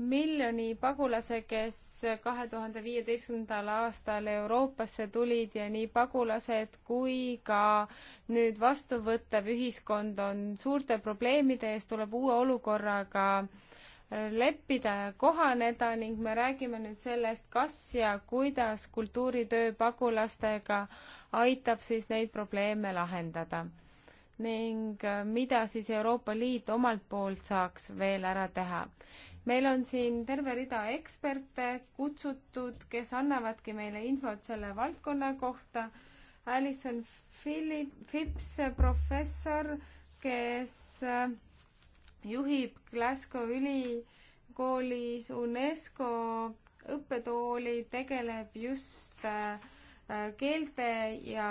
miljoni pagulase, kes kahe tuhande viieteistkümnendal aastal Euroopasse tulid ja nii pagulased kui ka nüüd vastuvõttev ühiskond on suurte probleemide ees, tuleb uue olukorraga äh, leppida ja kohaneda ning me räägime nüüd sellest, kas ja kuidas kultuuritöö pagulastega aitab siis neid probleeme lahendada ning äh, mida siis Euroopa Liit omalt poolt saaks veel ära teha meil on siin terve rida eksperte kutsutud, kes annavadki meile infot selle valdkonna kohta. Alison Philip, Phipps, professor, kes äh, juhib Glasgow ülikoolis UNESCO õppetooli, tegeleb just äh, äh, keelte ja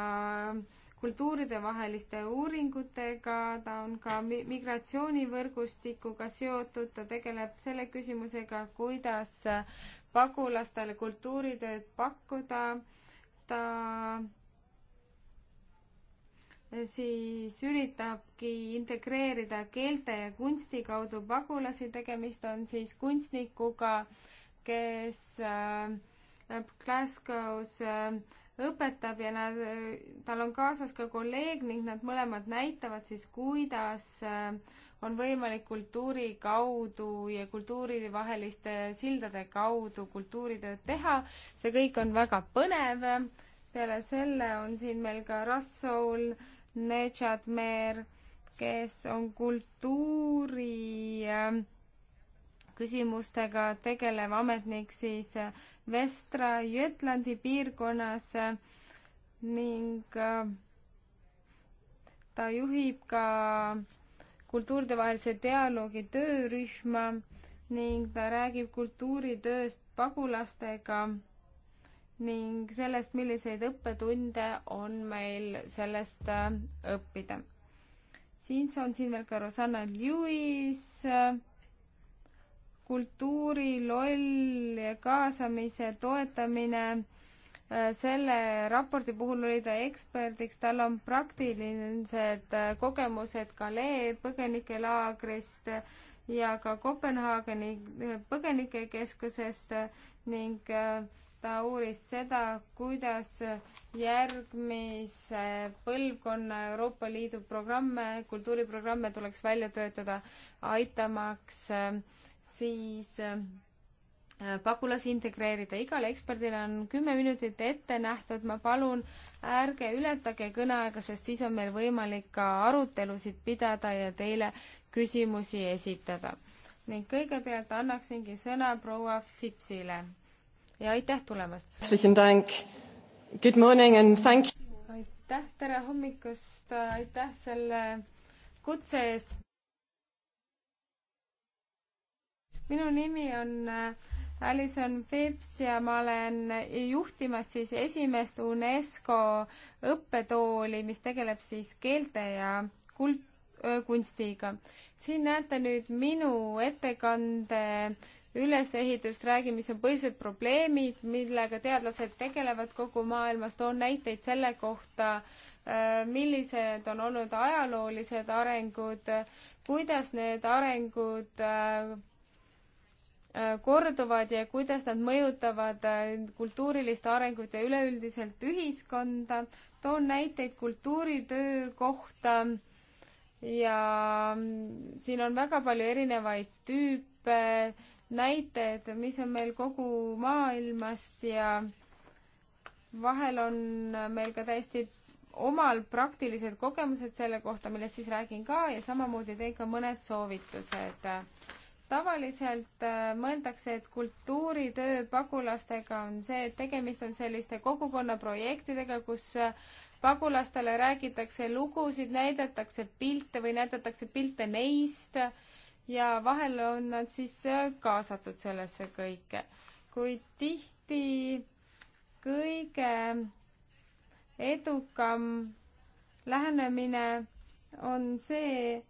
äh, kultuuridevaheliste uuringutega, ta on ka migratsioonivõrgustikuga seotud, ta tegeleb selle küsimusega, kuidas pagulastele kultuuritööd pakkuda, ta siis üritabki integreerida keelte ja kunsti kaudu pagulasi, tegemist on siis kunstnikuga, kes äh, Glasgow's äh, õpetab ja nad, tal on kaasas ka kolleeg ning nad mõlemad näitavad siis, kuidas äh, on võimalik kultuuri kaudu ja kultuurivaheliste sildade kaudu kultuuritööd teha. see kõik on väga põnev. peale selle on siin meil ka Rassoul, Nejad Meer, kes on kultuuri äh, küsimustega tegelev ametnik siis Vestra Jütlandi piirkonnas ning äh, ta juhib ka kultuuridevahelise dialoogi töörühma ning ta räägib kultuuritööst pagulastega ning sellest, milliseid õppetunde on meil sellest äh, õppida. siis on siin veel ka Rosanna Lewis äh, kultuuri loll kaasamise toetamine, äh, selle raporti puhul oli ta eksperdiks, tal on praktilised äh, kogemused Galee põgenikelaagrist ja ka Kopenhaageni äh, põgenikekeskusest ning ta uuris seda, kuidas järgmise põlvkonna Euroopa Liidu programme, kultuuriprogramme tuleks välja töötada, aitamaks äh, siis äh, pagulasi integreerida. igale eksperdile on kümme minutit ette nähtud, ma palun, ärge ületage kõneaega, sest siis on meil võimalik ka arutelusid pidada ja teile küsimusi esitada. ning kõigepealt annaksingi sõna proua Fipsile ja aitäh tulemast! aitäh, tere hommikust, aitäh selle kutse eest! minu nimi on äh, Alison Phipps ja ma olen juhtimas siis esimest UNESCO õppetooli, mis tegeleb siis keelte ja kult-, kunstiga. siin näete nüüd minu ettekande ülesehitust, räägin, mis on põhilised probleemid, millega teadlased tegelevad kogu maailmas, toon näiteid selle kohta, millised on olnud ajaloolised arengud, kuidas need arengud korduvad ja kuidas nad mõjutavad äh, kultuurilist arengut ja üleüldiselt ühiskonda. toon näiteid kultuuritöö kohta ja mm, siin on väga palju erinevaid tüüpe, näited, mis on meil kogu maailmast ja vahel on meil ka täiesti omal praktilised kogemused selle kohta, millest siis räägin ka ja samamoodi teen ka mõned soovitused tavaliselt äh, mõeldakse, et kultuuritöö pagulastega on see, et tegemist on selliste kogukonnaprojektidega, kus äh, pagulastele räägitakse lugusid, näidatakse pilte või näidatakse pilte neist ja vahel on nad siis äh, kaasatud sellesse kõike. kuid tihti kõige edukam lähenemine on see,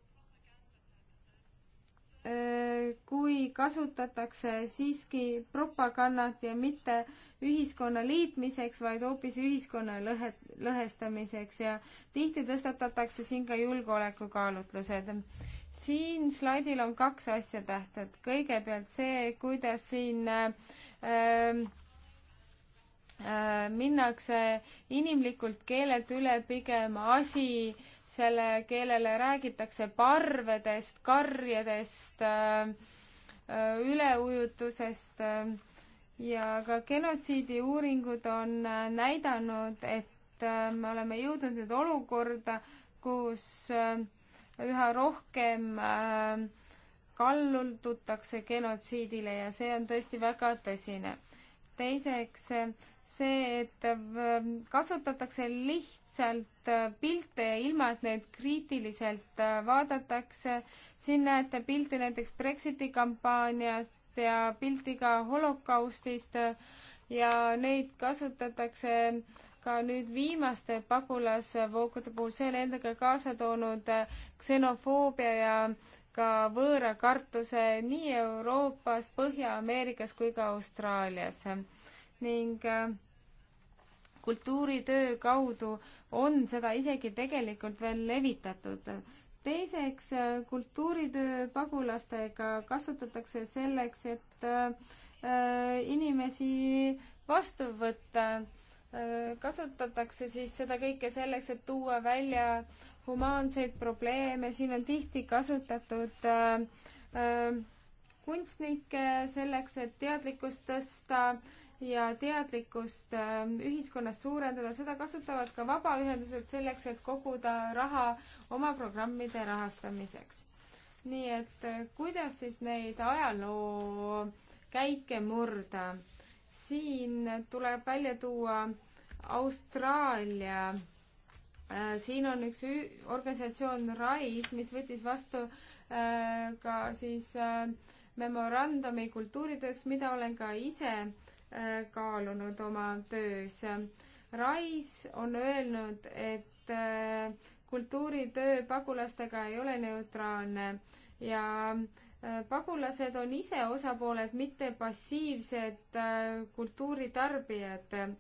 Äh, kui kasutatakse siiski propagandat ja mitte ühiskonna liitmiseks, vaid hoopis ühiskonna lõhe, lõhestamiseks ja tihti tõstatatakse siin ka julgeolekukaalutlused. siin slaidil on kaks asja tähtsat. kõigepealt see, kuidas siin äh, äh, minnakse inimlikult keelelt üle pigem asi äh, selle keelele räägitakse parvedest, karjedest, äh, üleujutusest äh, ja ka genotsiidi uuringud on äh, näidanud, et me oleme jõudnud nüüd olukorda, kus üha rohkem kallutatakse genotsiidile ja see on tõesti väga tõsine. teiseks, see, et ähm, kasutatakse lihtsalt äh, pilte ja ilma, et neid kriitiliselt äh, vaadatakse. siin näete pilti näiteks Brexiti kampaaniast ja pilti ka holokaustist äh, ja neid kasutatakse ka nüüd viimaste pagulasvoogude puhul, see on endaga kaasa toonud ksenofoobia ja ka võõrakartuse nii Euroopas, Põhja-Ameerikas kui ka Austraalias ning äh, kultuuritöö kaudu on seda isegi tegelikult veel levitatud. teiseks, äh, kultuuritöö pagulastega kasutatakse selleks, et äh, inimesi vastu võtta. kasutatakse siis seda kõike selleks, et tuua välja humaanseid probleeme, siin on tihti kasutatud äh, kunstnikke selleks, et teadlikkust tõsta ja teadlikkust ähm, ühiskonnas suurendada, seda kasutavad ka vabaühendused selleks, et koguda raha oma programmide rahastamiseks. nii et äh, kuidas siis neid ajaloo käike murda? siin tuleb välja tuua Austraalia äh, siin on üks organisatsioon RISE, mis võttis vastu äh, ka siis äh, memorandumi kultuuritööks, mida olen ka ise kaalunud oma töös. Rais on öelnud, et äh, kultuuritöö pagulastega ei ole neutraalne ja äh, pagulased on ise osapooled, mitte passiivsed äh, kultuuritarbijad.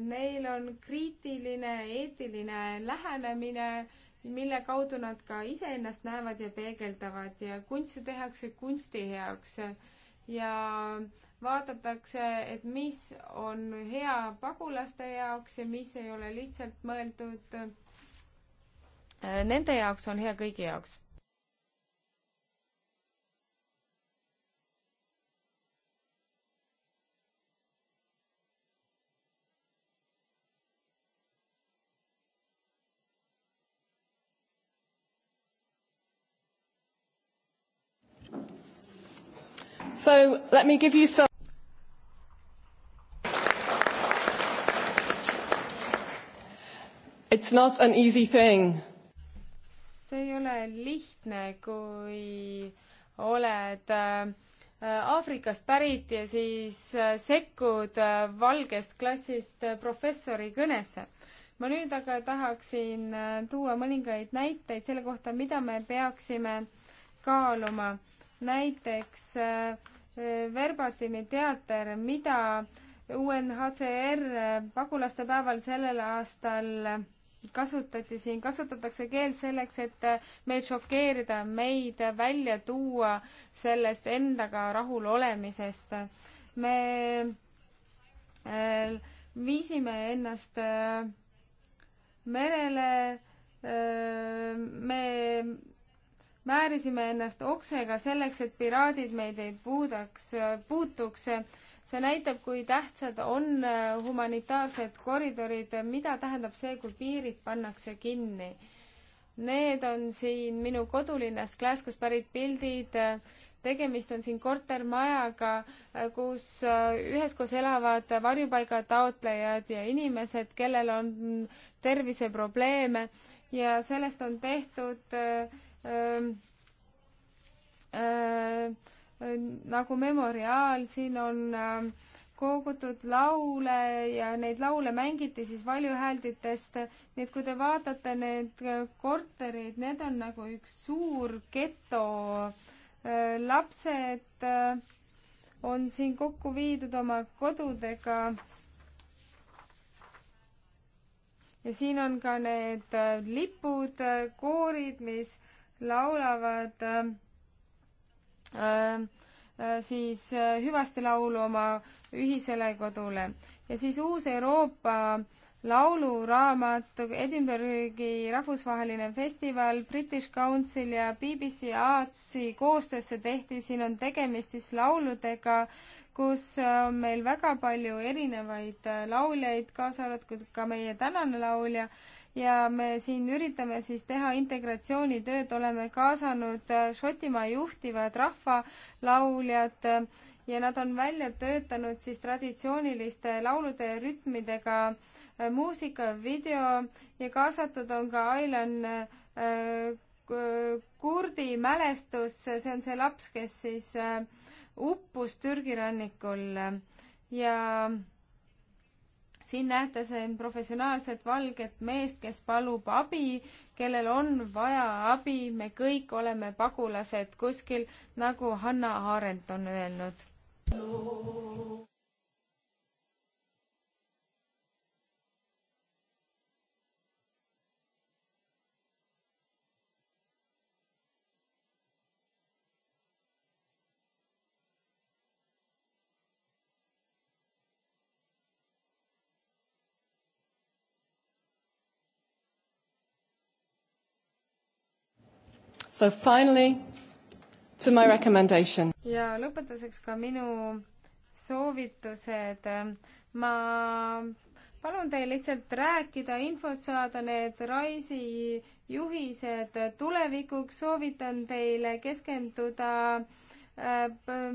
Neil on kriitiline eetiline lähenemine, mille kaudu nad ka iseennast näevad ja peegeldavad ja kunsti tehakse kunsti heaks ja vaadatakse, et mis on hea pagulaste jaoks ja mis ei ole lihtsalt mõeldud äh, nende jaoks, on hea kõigi jaoks. So let me give you some It's not an easy thing. see ei ole lihtne, kui oled äh, Aafrikast pärit ja siis äh, sekkud äh, valgest klassist professori kõnesse. ma nüüd aga tahaksin tuua mõningaid näiteid selle kohta, mida me peaksime kaaluma. näiteks Verbatimi teater, mida UNHCR pagulaste päeval sellel aastal kasutati siin, kasutatakse keelt selleks, et äh, meid šokeerida, meid välja tuua sellest endaga rahul olemisest. me äh, viisime ennast äh, merele, me määrisime ennast oksega selleks, et piraadid meid ei puudaks, puutuks see näitab, kui tähtsad on äh, humanitaarsed koridorid, mida tähendab see, kui piirid pannakse kinni. Need on siin minu kodulinnast Glasgow's pärit pildid. Äh, tegemist on siin kortermajaga, äh, kus üheskoos elavad varjupaiga taotlejad ja inimesed, kellel on terviseprobleeme ja sellest on tehtud öö, öö, nagu Memoriaal, siin on ähm, koogutud laule ja neid laule mängiti siis valjuhäälditest, nii et kui te vaatate need äh, korterid, need on nagu üks suur geto. Äh, lapsed äh, on siin kokku viidud oma kodudega. ja siin on ka need lipud, koorid, mis laulavad äh, Äh, äh, siis äh, hüvasti laulu oma ühisele kodule ja siis uus Euroopa lauluraamat, Edinburghi rahvusvaheline festival, British Council ja BBC Artsi koostöösse tehti, siin on tegemist siis lauludega, kus on meil väga palju erinevaid lauljaid, kaasa arvatud ka meie tänane laulja ja me siin üritame siis teha integratsioonitööd, oleme kaasanud äh, Šotimaa juhtivad rahvalauljad äh, ja nad on välja töötanud siis traditsiooniliste laulude ja rütmidega äh, muusika, video ja kaasatud on ka Ailan kurdi mälestus, see on see laps, kes siis uppus Türgi rannikul ja siin näete siin professionaalset valget meest, kes palub abi, kellel on vaja abi, me kõik oleme pagulased kuskil, nagu Hanna Arendt on öelnud.
So finally to my recommendation.
ja lõpetuseks ka minu soovitused. ma palun teil lihtsalt rääkida, infot saada, need Raisi juhised tulevikuks, soovitan teile keskenduda äh,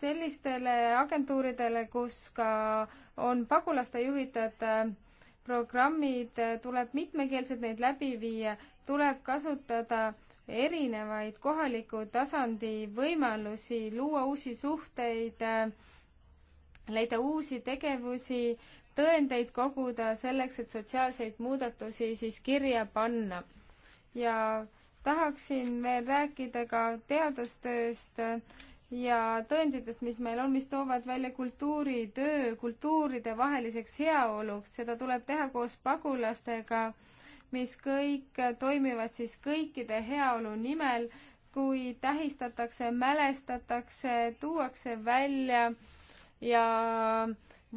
sellistele agentuuridele, kus ka on pagulaste juhitud programmid, tuleb mitmekeelsed neid läbi viia, tuleb kasutada erinevaid kohaliku tasandi võimalusi luua uusi suhteid, leida uusi tegevusi, tõendeid koguda selleks, et sotsiaalseid muudatusi siis kirja panna. ja tahaksin veel rääkida ka teadustööst ja tõenditest, mis meil on, mis toovad välja kultuuritöö, kultuuride vaheliseks heaoluks, seda tuleb teha koos pagulastega mis kõik toimivad siis kõikide heaolu nimel, kui tähistatakse, mälestatakse, tuuakse välja ja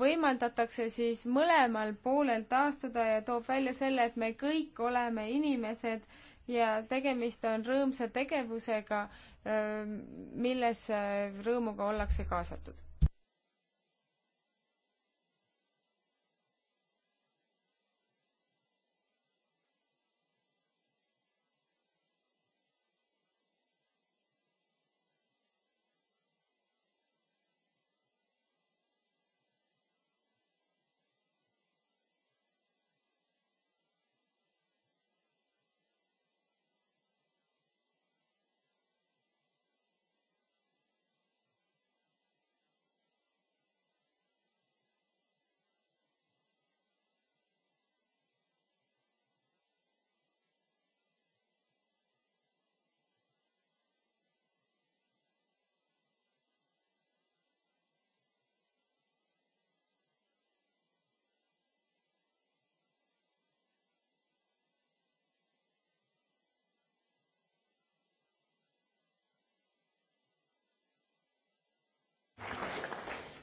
võimaldatakse siis mõlemal poolel taastuda ja toob välja selle, et me kõik oleme inimesed ja tegemist on rõõmsa tegevusega, milles rõõmuga ollakse kaasatud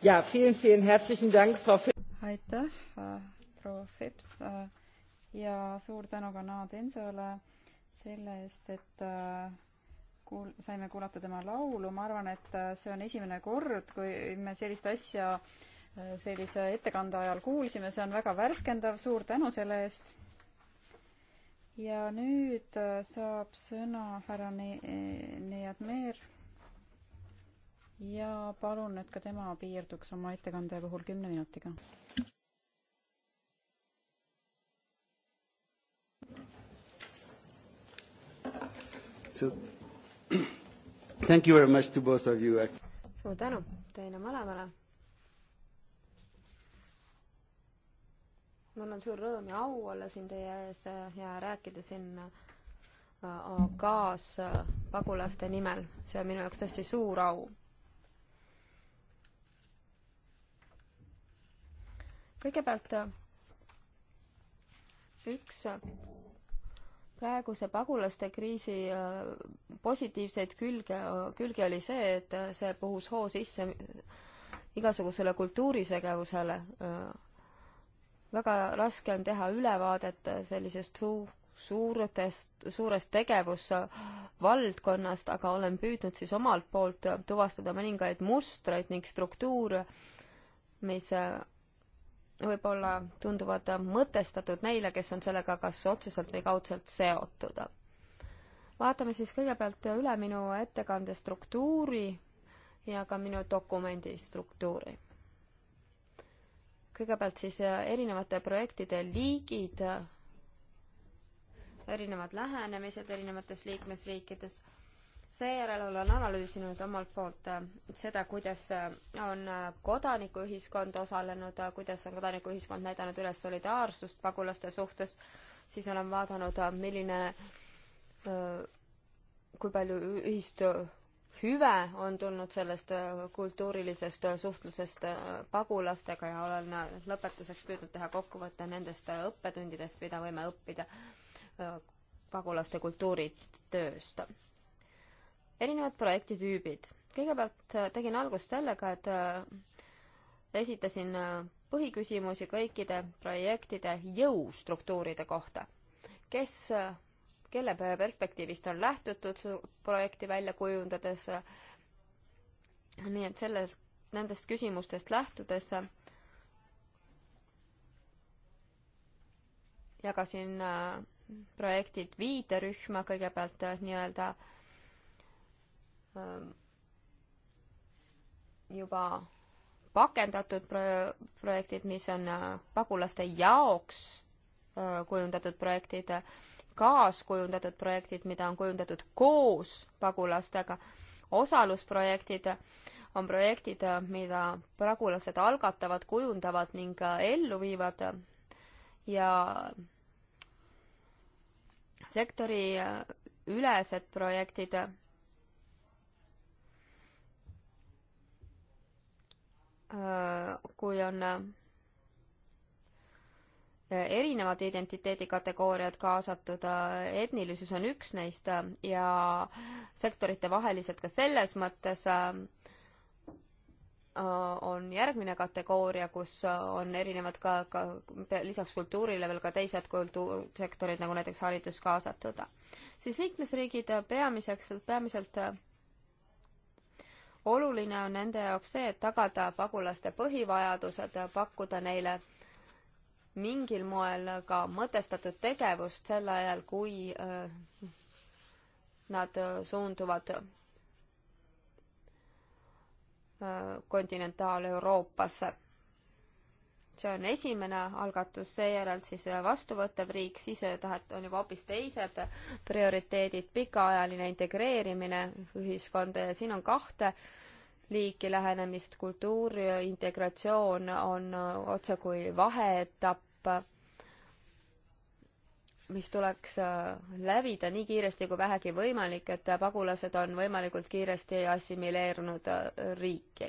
ja, vielen, vielen herzlichen Dank, Frau Fips. aitäh, äh, proua Fips äh, ja suur tänu ka Naa Tensole selle eest, et äh, kuul-, saime kuulata tema laulu, ma arvan, et see on esimene kord, kui me sellist asja sellise ettekande ajal kuulsime, see on väga värskendav, suur tänu selle eest. ja nüüd saab sõna härra Neadmeer ne ja palun, et ka tema piirduks oma ettekande puhul kümne minutiga. So thank you very much to both of you.
suur tänu teile mõlemale. mul on suur rõõm ja au olla siin teie ees ja rääkida siin äh, kaaspagulaste äh, nimel, see on minu jaoks tõesti suur au kõigepealt üks praeguse pagulaste kriisi äh, positiivseid külge, külgi oli see, et see puhus hoo sisse igasugusele kultuurisegevusele. Äh, väga raske on teha ülevaadet sellisest suu-, suurtest, suurest tegevusvaldkonnast, aga olen püüdnud siis omalt poolt tuvastada mõningaid mustreid ning struktuure, mis äh, võib-olla tunduvad mõtestatud neile, kes on sellega kas otseselt või kaudselt seotud. vaatame siis kõigepealt üle minu ettekande struktuuri ja ka minu dokumendi struktuuri. kõigepealt siis erinevate projektide liigid, erinevad lähenemised erinevates liikmesriikides seejärel olen analüüsinud omalt poolt äh, seda, kuidas äh, on äh, kodanikuühiskond osalenud, kuidas on kodanikuühiskond näidanud üles solidaarsust pagulaste suhtes, siis olen vaadanud, milline, kui palju ühist hüve on tulnud sellest kultuurilisest suhtlusest pagulastega ja olen lõpetuseks püüdnud teha kokkuvõtte nendest õppetundidest, mida võime õppida pagulaste kultuuritööst erinevad projektitüübid. kõigepealt äh, tegin algust sellega, et äh, esitasin äh, põhiküsimusi kõikide projektide jõustruktuuride kohta. kes, kelle perspektiivist on lähtutud projekti välja kujundades, nii et sellest, nendest küsimustest lähtudes jagasin projektid viide rühma kõigepealt nii-öelda äh, Ähm, juba pakendatud pro-, projektid, mis on äh, pagulaste jaoks äh, kujundatud projektid, äh, kaaskujundatud projektid, mida on kujundatud koos pagulastega, osalusprojektid on projektid, mida pagulased algatavad, kujundavad ning ellu viivad ja sektoriülesed projektid Äh, kui on äh, erinevad identiteedikategooriad kaasatud, äh, etnilisus on üks neist ja sektoritevahelised ka selles mõttes on järgmine kategooria, kus on erinevad ka, ka lisaks kultuurile veel ka teised kultuursektorid, nagu näiteks haridus kaasatud. siis liikmesriigid peamiseks, peamiselt, peamiselt oluline on nende jaoks see, et tagada pagulaste põhivajadused, pakkuda neile mingil moel ka mõtestatud tegevust sel ajal, kui äh, nad suunduvad äh, kontinentaal-Euroopasse see on esimene algatus, seejärel siis vastuvõttev riik, siis tahet-, on juba hoopis teised prioriteedid, pikaajaline integreerimine ühiskonda ja siin on kahte liiki lähenemist, kultuuri integratsioon on otsekui vaheetapp, mis tuleks läbida nii kiiresti kui vähegi võimalik, et pagulased on võimalikult kiiresti assimileerunud riiki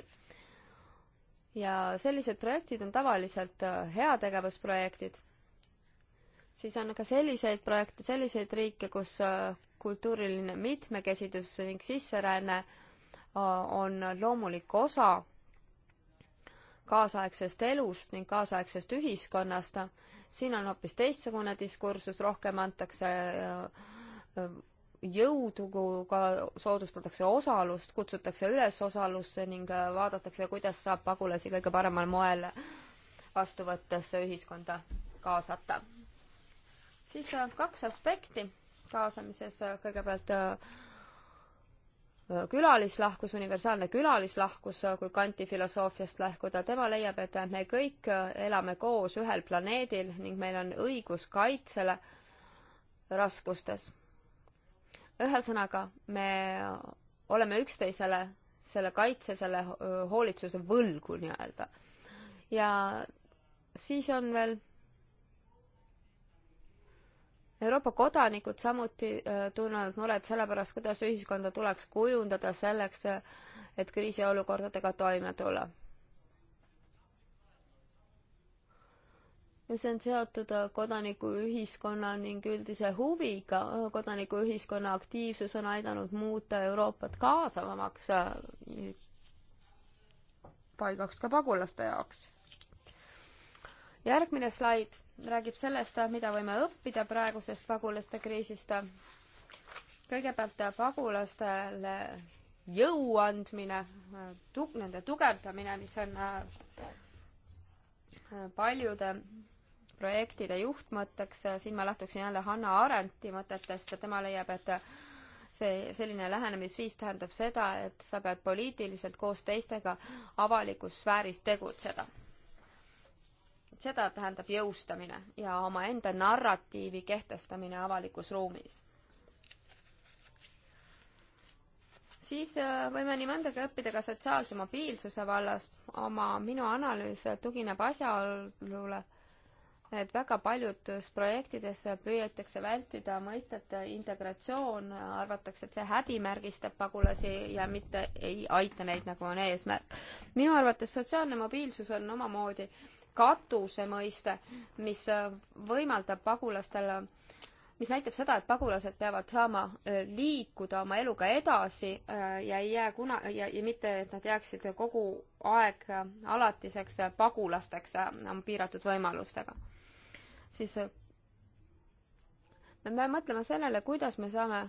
ja sellised projektid on tavaliselt äh, heategevusprojektid, siis on ka selliseid projekte, selliseid riike, kus äh, kultuuriline mitmekesidus ning sisseränne äh, on loomulik osa kaasaegsest elust ning kaasaegsest ühiskonnast. siin on hoopis teistsugune diskursus, rohkem antakse jõudu, ka soodustatakse osalust, kutsutakse üles osalusse ning äh, vaadatakse, kuidas saab pagulasi kõige paremal moel vastuvõttesse ühiskonda kaasata. siis äh, kaks aspekti kaasamises, kõigepealt äh, külalislahkus, universaalne külalislahkus, kui Kanti filosoofiast lähkuda, tema leiab, et me kõik elame koos ühel planeedil ning meil on õigus kaitsele raskustes ühesõnaga, me oleme üksteisele selle kaitse, selle hoolitsuse võlgu nii-öelda. ja siis on veel Euroopa kodanikud samuti äh, tunnevad muret selle pärast, kuidas ühiskonda tuleks kujundada selleks, et kriisiolukordadega toime tulla. ja see on seotud äh, kodanikuühiskonna ning üldise huviga. Äh, kodanikuühiskonna aktiivsus on aidanud muuta Euroopat kaasavamaks äh, paigaks ka pagulaste jaoks. järgmine slaid räägib sellest, mida võime õppida praegusest pagulaste kriisist. kõigepealt pagulastele jõu andmine, tug-, nende tugevdamine, mis on paljude projektide juhtmõtteks, siin ma lähtuksin jälle Hanna Arendti mõtetest ja tema leiab, et see selline lähenemisviis tähendab seda, et sa pead poliitiliselt koos teistega avalikus sfääris tegutseda. seda tähendab jõustamine ja omaenda narratiivi kehtestamine avalikus ruumis. siis äh, võime nii mõndagi õppida ka sotsiaalse mobiilsuse vallast, oma, minu analüüs tugineb asjaolule et väga paljudes projektides püüetakse vältida mõistet integratsioon, arvatakse, et see häbimärgistab pagulasi ja mitte ei aita neid, nagu on eesmärk. minu arvates sotsiaalne mobiilsus on omamoodi katuse mõiste, mis võimaldab pagulastele mis näitab seda, et pagulased peavad saama äh, liikuda oma eluga edasi äh, ja ei jää kuna- ja, ja mitte, et nad jääksid kogu aeg äh, alatiseks pagulasteks oma piiratud võimalustega siis äh, me peame mõtlema sellele, kuidas me saame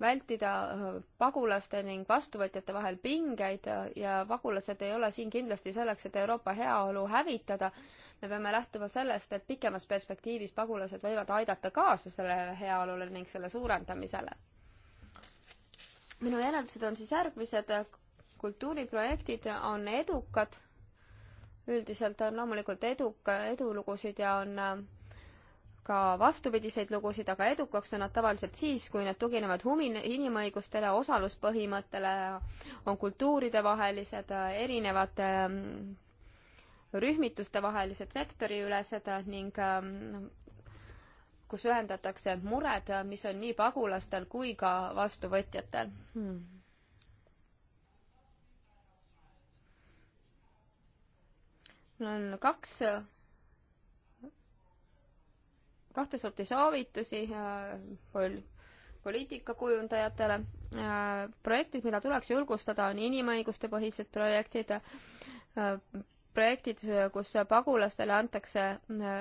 vältida äh, pagulaste ning vastuvõtjate vahel pingeid äh, ja pagulased ei ole siin kindlasti selleks, et Euroopa heaolu hävitada. me peame lähtuma sellest, et pikemas perspektiivis pagulased võivad aidata kaasa sellele heaolule ning selle suurendamisele. minu järeldused on siis järgmised. kultuuriprojektid on edukad üldiselt on loomulikult eduka, edulugusid ja on äh, ka vastupidiseid lugusid, aga edukaks on nad tavaliselt siis, kui need tuginevad humi-, inimõigustele, osaluspõhimõttele, on kultuuridevahelised, äh, erinevate ähm, rühmituste vahelised, sektoriülesed äh, ning ähm, kus ühendatakse mured, mis on nii pagulastel kui ka vastuvõtjatel hmm on kaks, kahte sorti soovitusi äh, pol, poliitikakujundajatele. Äh, projektid, mida tuleks julgustada, on inimõiguste põhised projektid äh, projektid, kus pagulastele antakse äh,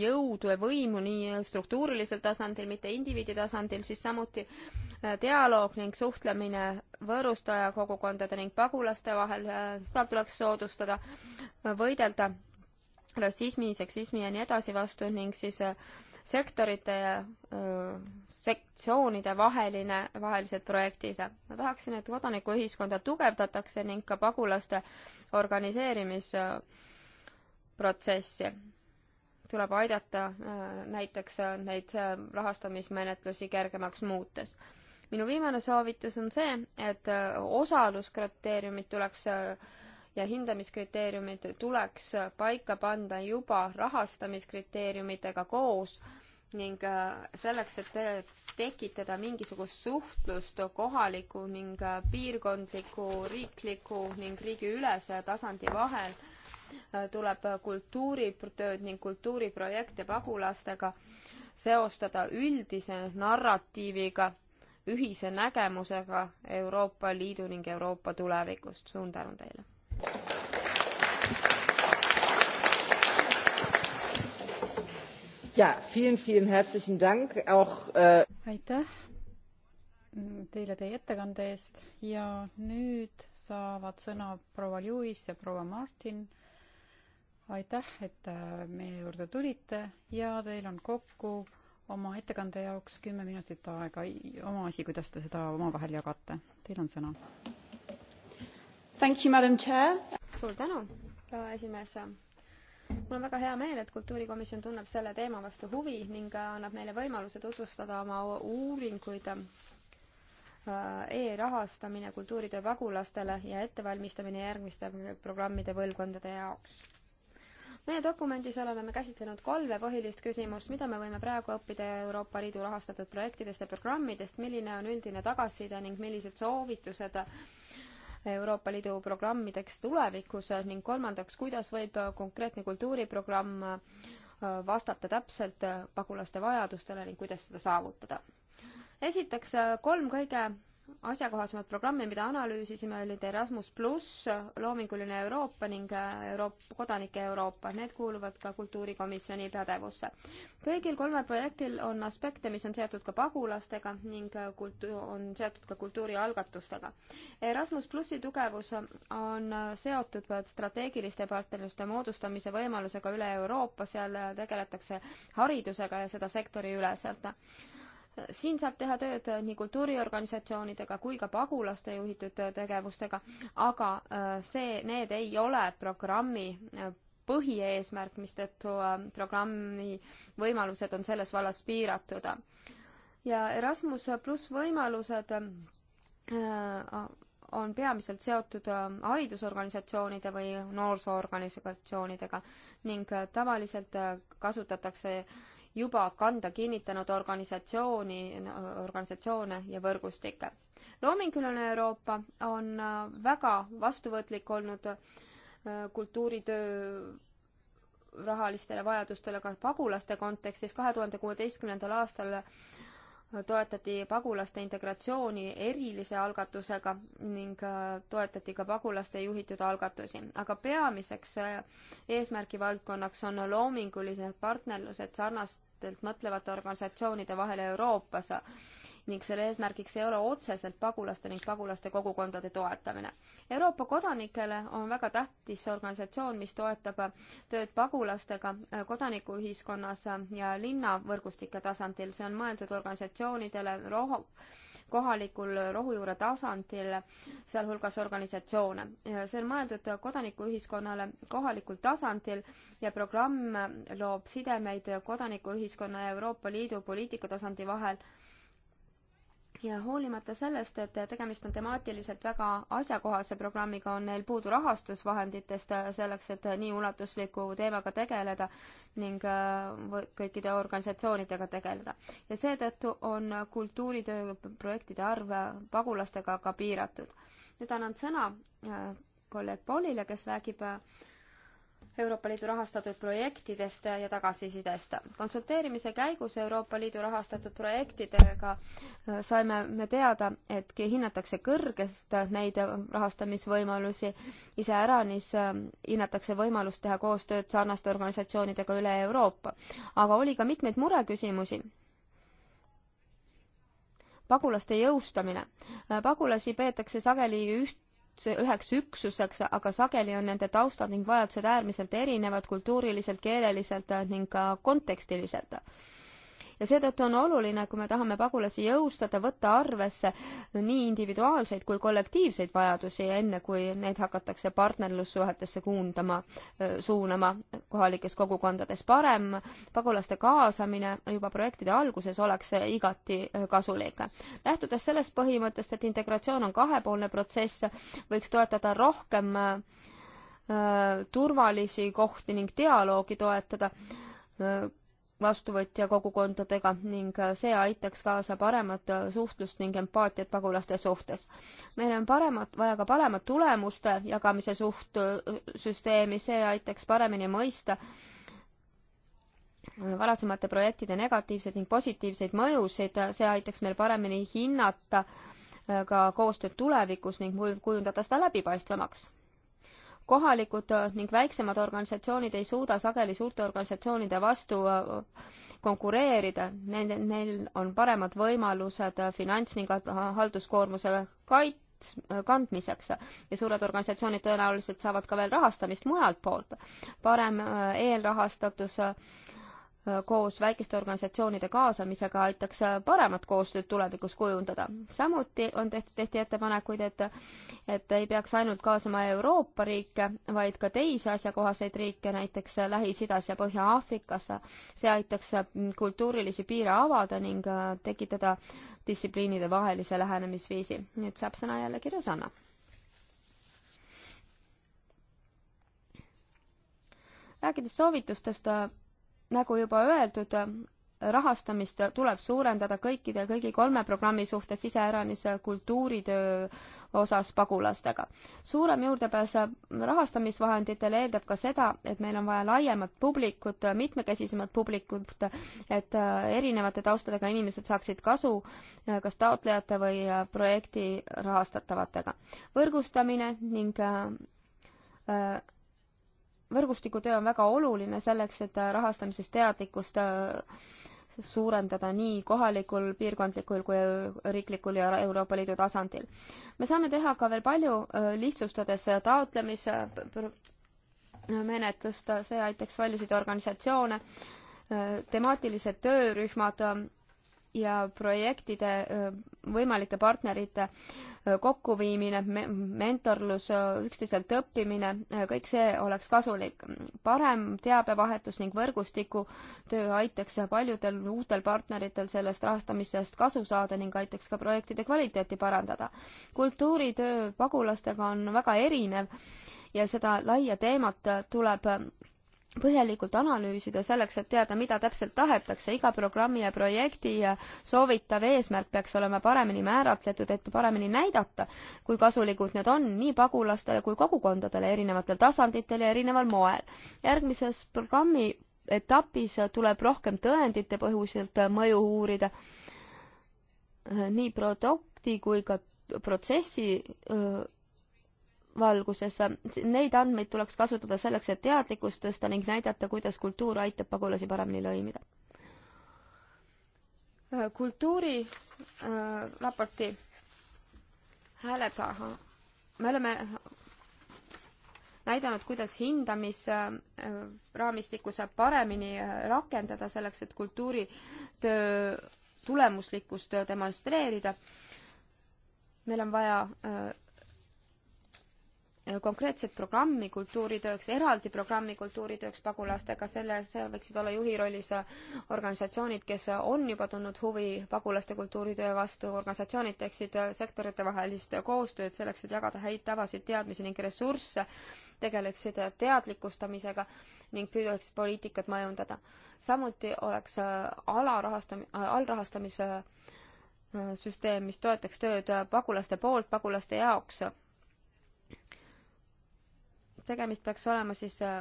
jõudu ja võimu nii struktuurilisel tasandil, mitte indiviidi tasandil, siis samuti äh, dialoog ning suhtlemine võõrustaja kogukondade ning pagulaste vahel, äh, seda tuleks soodustada, võidelda rassismi, seksismi ja nii edasi vastu ning siis sektorite ja sektsioonide vaheline, vahelised projektid. ma tahaksin, et kodanikuühiskonda tugevdatakse ning ka pagulaste organiseerimisprotsessi. tuleb aidata näiteks neid rahastamismenetlusi kergemaks muutes. minu viimane soovitus on see, et osaluskriteeriumid tuleks ja hindamiskriteeriumid tuleks paika panna juba rahastamiskriteeriumitega koos ning äh, selleks, et tekitada mingisugust suhtlust kohaliku ning äh, piirkondliku, riikliku ning riigiülese tasandi vahel, äh, tuleb kultuuritööd ning kultuuriprojekte pagulastega seostada üldise narratiiviga, ühise nägemusega Euroopa Liidu ning Euroopa tulevikust. suur tänu teile!
ja, vielen, vielen herzlichen Dank auch äh.... aitäh teile teie ettekande eest ja nüüd saavad sõna proua Lewis ja proua Martin. aitäh, et äh, meie juurde tulite ja teil on kokku oma ettekande jaoks kümme minutit aega, oma asi, kuidas te seda omavahel jagate. Teil on sõna. Thank you, madam
chair. suur tänu, proua esimees mul on väga hea meel, et Kultuurikomisjon tunneb selle teema vastu huvi ning äh, annab meile võimaluse tutvustada oma uuringuid äh, e-rahastamine kultuuritöö pagulastele ja ettevalmistamine järgmiste programmide põlvkondade jaoks. meie dokumendis oleme me käsitlenud kolme põhilist küsimust, mida me võime praegu õppida Euroopa Liidu rahastatud projektidest ja programmidest, milline on üldine tagasiside ning millised soovitused Euroopa Liidu programmideks tulevikus ning kolmandaks, kuidas võib konkreetne kultuuriprogramm äh, vastata täpselt pagulaste vajadustele ning kuidas seda saavutada. esiteks äh, kolm kõige asjakohasemat programmi, mida analüüsisime, olid Erasmus pluss, Loominguline Euroopa ning äh, Euroop-, Kodanike Euroopa, need kuuluvad ka Kultuurikomisjoni pädevusse. kõigil kolmel projektil on aspekte, mis on seotud ka pagulastega ning äh, kultu-, on seotud ka kultuurialgatustega. Erasmus plussi tugevus on äh, seotud strateegiliste partnerluste moodustamise võimalusega üle Euroopa, seal tegeletakse haridusega ja seda sektoriüleselt siin saab teha tööd nii kultuuriorganisatsioonidega kui ka pagulaste juhitud tegevustega, aga äh, see, need ei ole programmi äh, põhieesmärk, mistõttu äh, programmi võimalused on selles vallas piiratud. ja Erasmus pluss võimalused on peamiselt seotud haridusorganisatsioonide või noorsoorganisatsioonidega ning tavaliselt kasutatakse juba kanda kinnitanud organisatsiooni, organisatsioone ja võrgustikke. loominguline Euroopa on äh, väga vastuvõtlik olnud äh, kultuuritöö rahalistele vajadustele ka pagulaste kontekstis. kahe tuhande kuueteistkümnendal aastal äh, toetati pagulaste integratsiooni erilise algatusega ning toetati ka pagulaste juhitud algatusi. aga peamiseks eesmärgivaldkonnaks on loomingulised partnerlused sarnast sarnaselt mõtlevate organisatsioonide vahel Euroopas ning selle eesmärgiks ei ole otseselt pagulaste ning pagulaste kogukondade toetamine. Euroopa kodanikele on väga tähtis organisatsioon, mis toetab tööd pagulastega kodanikuühiskonnas ja linnavõrgustike tasandil. see on mõeldud organisatsioonidele roh-, kohalikul rohujuure tasandil, sealhulgas organisatsioone. see on mõeldud kodanikuühiskonnale kohalikul tasandil ja programm loob sidemeid kodanikuühiskonna ja Euroopa Liidu poliitikatasandi vahel ja hoolimata sellest, et tegemist on temaatiliselt väga asjakohase programmiga, on neil puudu rahastusvahenditest selleks, et nii ulatusliku teemaga tegeleda ning äh, kõikide organisatsioonidega tegeleda. ja seetõttu on kultuuritöö projektide arv pagulastega ka piiratud. nüüd annan sõna äh, kolleeg Paulile, kes räägib äh, Euroopa Liidu rahastatud projektidest ja tagasisidest. konsulteerimise käigus Euroopa Liidu rahastatud projektidega äh, saime me teada, et hinnatakse kõrgelt neid rahastamisvõimalusi, iseäranis äh, hinnatakse võimalust teha koostööd sarnaste organisatsioonidega üle Euroopa. aga oli ka mitmeid mureküsimusi pagulaste jõustamine. Äh, pagulasi peetakse sageli üht üheks üksuseks, aga sageli on nende taustad ning vajadused äärmiselt erinevad kultuuriliselt, keeleliselt ning ka kontekstiliselt ja seetõttu on oluline, kui me tahame pagulasi jõustada, võtta arvesse nii individuaalseid kui kollektiivseid vajadusi, enne kui neid hakatakse partnerlussuhetesse kuundama, suunama kohalikes kogukondades. parem pagulaste kaasamine juba projektide alguses oleks igati kasulik. lähtudes sellest põhimõttest, et integratsioon on kahepoolne protsess, võiks toetada rohkem turvalisi kohti ning dialoogi toetada, vastuvõtja kogukondadega ning see aitaks kaasa paremat suhtlust ning empaatiat pagulaste suhtes. meil on paremat, vaja ka paremat tulemuste jagamise suht-, süsteemi, see aitaks paremini mõista varasemate projektide negatiivseid ning positiivseid mõjusid, see aitaks meil paremini hinnata ka koostööd tulevikus ning kujundada seda läbipaistvamaks kohalikud äh, ning väiksemad organisatsioonid ei suuda sageli suurte organisatsioonide vastu äh, konkureerida, nende, neil on paremad võimalused äh, finants- ning halduskoormuse kait-, kandmiseks ja suured organisatsioonid tõenäoliselt saavad ka veel rahastamist mujalt poolt. parem eelrahastatus Äh, koos väikeste organisatsioonide kaasamisega aitaks äh, paremat koostööd tulevikus kujundada. samuti on tehtud, tehti ettepanekuid, et, et ei peaks ainult kaasama Euroopa riike, vaid ka teisi asjakohaseid riike, näiteks äh, Lähis-Idas ja Põhja-Aafrikas. see aitaks kultuurilisi piire avada ning tekitada distsipliinide vahelise lähenemisviisi. nüüd saab sõna jällegi Rosanna. rääkides soovitustest nagu juba öeldud, rahastamist tuleb suurendada kõikide, kõigi kolme programmi suhtes iseäranis kultuuritöö osas pagulastega. suurem juurdepääs rahastamisvahenditele eeldab ka seda, et meil on vaja laiemat publikut, mitmekesisemat publikut, et erinevate taustadega inimesed saaksid kasu kas taotlejate või projekti rahastatavatega. võrgustamine ning äh, võrgustikutöö on väga oluline selleks, et rahastamisest teadlikkust äh, suurendada nii kohalikul, piirkondlikul kui riiklikul ja Euroopa Liidu tasandil. me saame teha ka veel palju, äh, lihtsustades taotlemismenetlust, see aitaks paljusid organisatsioone, äh, temaatilised töörühmad ja projektide võimalike partnerite kokkuviimine, mentorlus, üksteiselt õppimine, kõik see oleks kasulik. parem teabevahetus ning võrgustikutöö aitaks paljudel uutel partneritel sellest rahastamisest kasu saada ning aitaks ka projektide kvaliteeti parandada. kultuuritöö pagulastega on väga erinev ja seda laia teemat tuleb põhjalikult analüüsida selleks, et teada, mida täpselt tahetakse, iga programmi ja projekti soovitav eesmärk peaks olema paremini määratletud, et paremini näidata, kui kasulikud need on nii pagulastele kui kogukondadele erinevatel tasanditel ja erineval moel. järgmises programmi etapis tuleb rohkem tõendite põhjuselt mõju uurida, nii produkti kui ka protsessi valguses. Neid andmeid tuleks kasutada selleks, et teadlikkust tõsta ning näidata, kuidas kultuur aitab pagulasi paremini lõimida. kultuuri äh, raporti häälega me oleme näidanud, kuidas hindamisraamistikku saab paremini äh, rakendada selleks, et kultuuritöö tulemuslikkust demonstreerida. meil on vaja äh, konkreetset programmi kultuuritööks, eraldi programmi kultuuritööks pagulastega, selles võiksid olla juhi rollis organisatsioonid, kes on juba tundnud huvi pagulaste kultuuritöö vastu, organisatsioonid teeksid sektoritevahelist koostööd selleks, et jagada häid tavasid, teadmisi ning ressursse, tegeleksid teadlikustamisega ning püüaks poliitikat mõjundada. samuti oleks alarahastam-, allrahastamise süsteem, mis toetaks tööd pagulaste poolt, pagulaste jaoks tegemist peaks olema siis äh,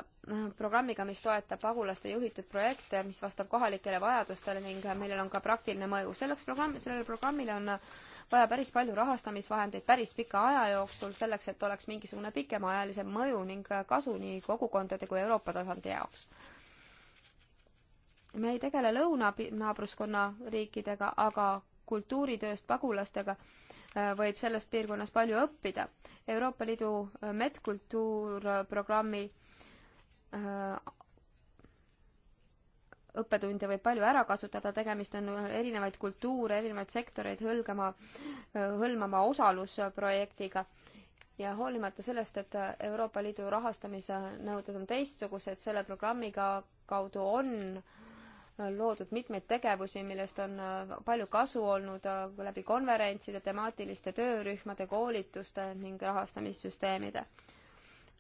programmiga, mis toetab pagulaste juhitud projekte, mis vastab kohalikele vajadustele ning millel on ka praktiline mõju. selleks programm, sellele programmile on vaja päris palju rahastamisvahendeid päris pika aja jooksul, selleks et oleks mingisugune pikemaajalisem mõju ning kasu nii kogukondade kui Euroopa tasandi jaoks. me ei tegele lõunanaabruskonna riikidega, aga kultuuritööst pagulastega äh, Äh, võib selles piirkonnas palju õppida. Euroopa Liidu äh, medkultuurprogrammi äh, õppetunde võib palju ära kasutada, tegemist on erinevaid kultuure, erinevaid sektoreid hõlgama, hõlmama osalusprojektiga. ja hoolimata sellest, et Euroopa Liidu rahastamise nõuded on teistsugused, selle programmi ka kaudu on äh, loodud mitmeid tegevusi, millest on äh, palju kasu olnud äh, läbi konverentside, temaatiliste töörühmade, koolituste ning rahastamissüsteemide.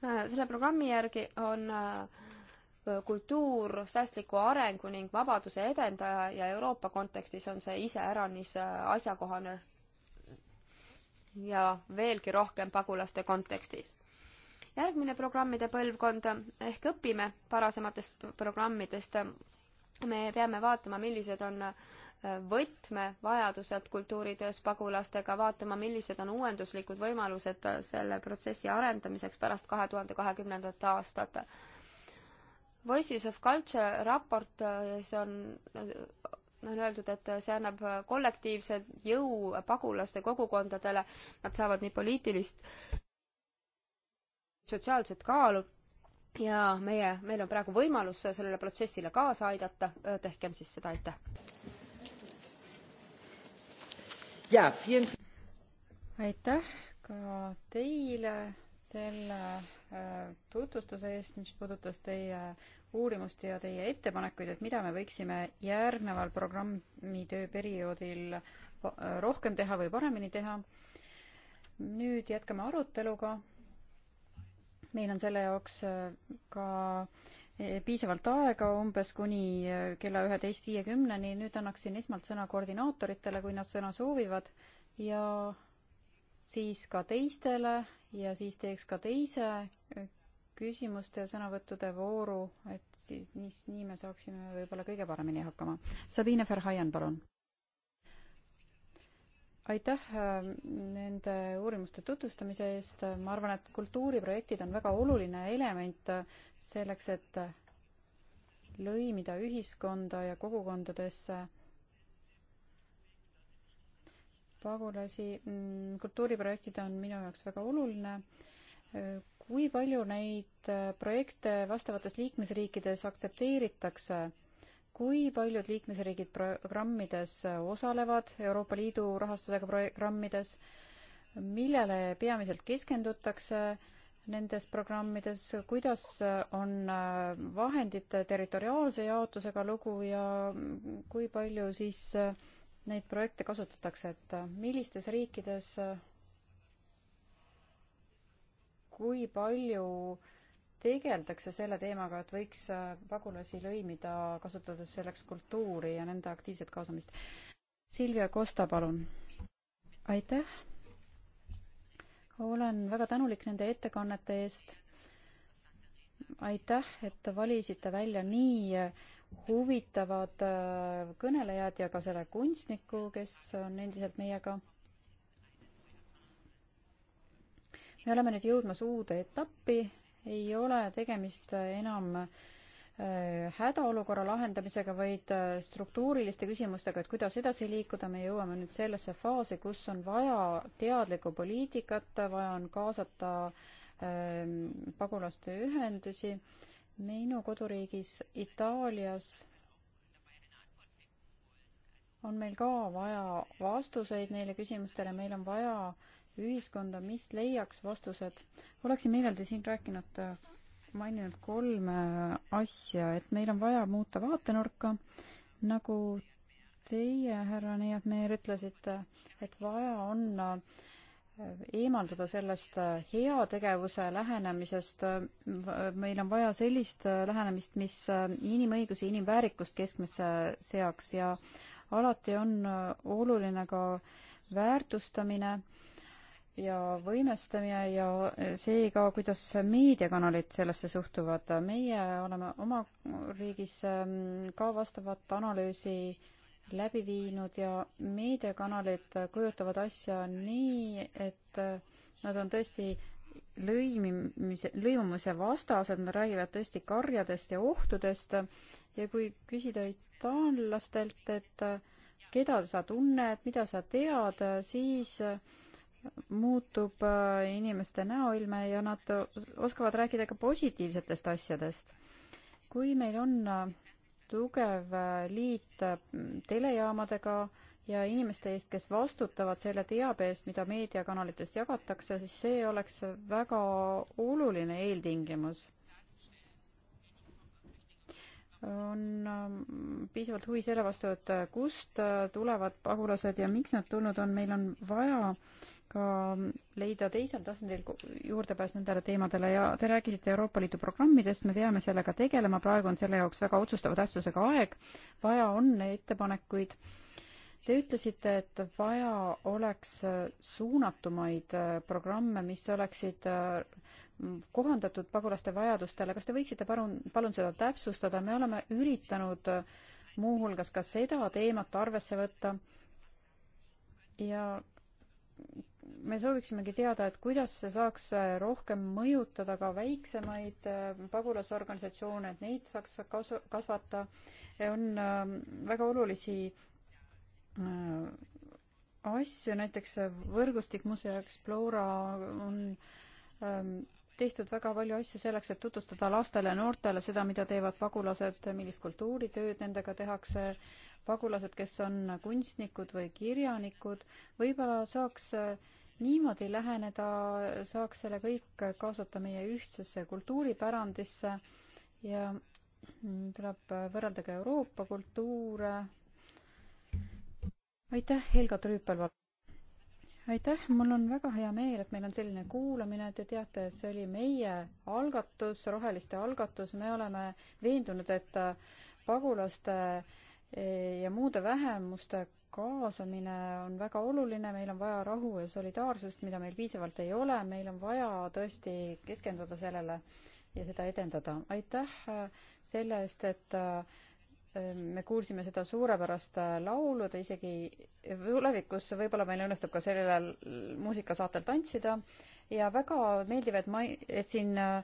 Äh, selle programmi järgi on kultuur säästliku arengu ning vabaduse edendaja ja Euroopa kontekstis on see iseäranis asjakohane ja veelgi rohkem pagulaste kontekstis järgmine programmide põlvkond ehk õpime varasematest programmidest me peame vaatama, millised on äh, võtmevajadused kultuuritöös pagulastega, vaatama, millised on uuenduslikud võimalused äh, selle protsessi arendamiseks pärast kahe tuhande kahekümnendat aastat. Voices of Culture raportis äh, on, on öeldud, et see annab kollektiivse jõu pagulaste kogukondadele, nad saavad nii poliitilist sotsiaalset kaalu ja meie, meil on praegu võimalus sellele protsessile kaasa aidata, tehkem siis seda, aitäh!
aitäh ka teile selle tutvustuse eest, mis puudutas teie uurimust ja teie ettepanekuid, et mida me võiksime järgneval programmi tööperioodil rohkem teha või paremini teha. nüüd jätkame aruteluga meil on selle jaoks äh, ka äh, piisavalt aega, umbes kuni äh, kella üheteist viiekümneni, nüüd annaksin esmalt sõna koordinaatoritele, kui nad sõna soovivad, ja siis ka teistele ja siis teeks ka teise küsimuste ja sõnavõttude vooru, et siis nii, nii me saaksime võib-olla kõige paremini hakkama. Sabine Verhaien, palun aitäh äh, nende uurimuste tutvustamise eest, ma arvan, et kultuuriprojektid on väga oluline element äh, selleks, et äh, lõimida ühiskonda ja kogukondadesse pagulasi. Mm, kultuuriprojektid on minu jaoks väga oluline. kui palju neid projekte vastavates liikmesriikides aktsepteeritakse? kui paljud liikmesriigid programmides osalevad, Euroopa Liidu rahastusega programmides, millele peamiselt keskendutakse nendes programmides, kuidas on vahendite territoriaalse jaotusega lugu ja kui palju siis neid projekte kasutatakse, et millistes riikides kui palju äh, tegeldakse selle teemaga, et võiks äh, pagulasi lõimida, kasutades selleks kultuuri ja nende aktiivset kaasamist. Silvia Kosta, palun. aitäh. olen väga tänulik nende ettekannete eest. aitäh, et valisite välja nii huvitavad äh, kõnelejad ja ka selle kunstniku, kes on endiselt meiega. me oleme nüüd jõudmas uude etappi ei ole tegemist enam äh, hädaolukorra lahendamisega, vaid äh, struktuuriliste küsimustega, et kuidas edasi liikuda, me jõuame nüüd sellesse faasi, kus on vaja teadlikku poliitikat, vaja on kaasata ähm, pagulaste ühendusi. minu koduriigis Itaalias on meil ka vaja vastuseid neile küsimustele, meil on vaja äh, ühiskonda, mis leiaks vastused. oleksin meeleldi siin rääkinud, maininud kolme asja, et meil on vaja muuta vaatenurka, nagu teie, härra Neatmeer, ütlesite, et vaja on äh, eemalduda sellest äh, heategevuse lähenemisest, meil on vaja sellist äh, lähenemist, mis inimõigusi, inimväärikust keskmesse seaks ja alati on oluline ka väärtustamine ja võimestamine ja see ka, kuidas meediakanalid sellesse suhtuvad. meie oleme oma riigis ähm, ka vastavat analüüsi läbi viinud ja meediakanalid kujutavad asja nii, et äh, nad on tõesti lõimimise, lõimumise vastased, nad räägivad tõesti karjadest ja ohtudest ja kui küsida itaallastelt, et äh, keda sa tunned, mida sa tead, siis äh, muutub äh, inimeste näoilme ja nad oskavad rääkida ka positiivsetest asjadest. kui meil on äh, tugev äh, liit telejaamadega ja inimeste eest, kes vastutavad selle teabe eest, mida meediakanalitest jagatakse, siis see oleks väga oluline eeltingimus. on piisavalt huvi selle vastu, et kust tulevad pagulased ja miks nad tulnud on, meil on vaja äh, ka leida teisel tasandil juurdepääs nendele teemadele ja te rääkisite Euroopa Liidu programmidest, me peame sellega tegelema, praegu on selle jaoks väga otsustava tähtsusega aeg, vaja on ettepanekuid. Te ütlesite, et vaja oleks suunatumaid programme, mis oleksid mm, kohandatud pagulaste vajadustele, kas te võiksite palun, palun seda täpsustada, me oleme üritanud muuhulgas ka seda teemat arvesse võtta ja me sooviksimegi teada, et kuidas see saaks äh, rohkem mõjutada ka väiksemaid äh, pagulasorganisatsioone, et neid saaks kasu-, kasvata. on ähm, väga olulisi äh, asju, näiteks võrgustik Museo Explora on ähm, tehtud väga palju asju selleks, et tutvustada lastele ja noortele seda, mida teevad pagulased, millist kultuuritööd nendega tehakse, pagulased, kes on kunstnikud või kirjanikud, võib-olla saaks äh, niimoodi läheneda, saaks selle kõik kaasata meie ühtsesse kultuuripärandisse ja tuleb võrrelda ka Euroopa kultuure. aitäh, Helga Trüüpel. aitäh, mul on väga hea meel, et meil on selline kuulamine, te teate, et see oli meie algatus, Roheliste algatus, me oleme veendunud, et pagulaste ja muude vähemuste kaasamine on väga oluline, meil on vaja rahu ja solidaarsust, mida meil piisavalt ei ole, meil on vaja tõesti keskenduda sellele ja seda edendada. aitäh äh, selle eest, et äh, äh, me kuulsime seda suurepärast laulu, ta isegi tulevikus võib-olla meil õnnestub ka sellel muusikasaatel tantsida ja väga meeldiv, et mai-, et siin äh,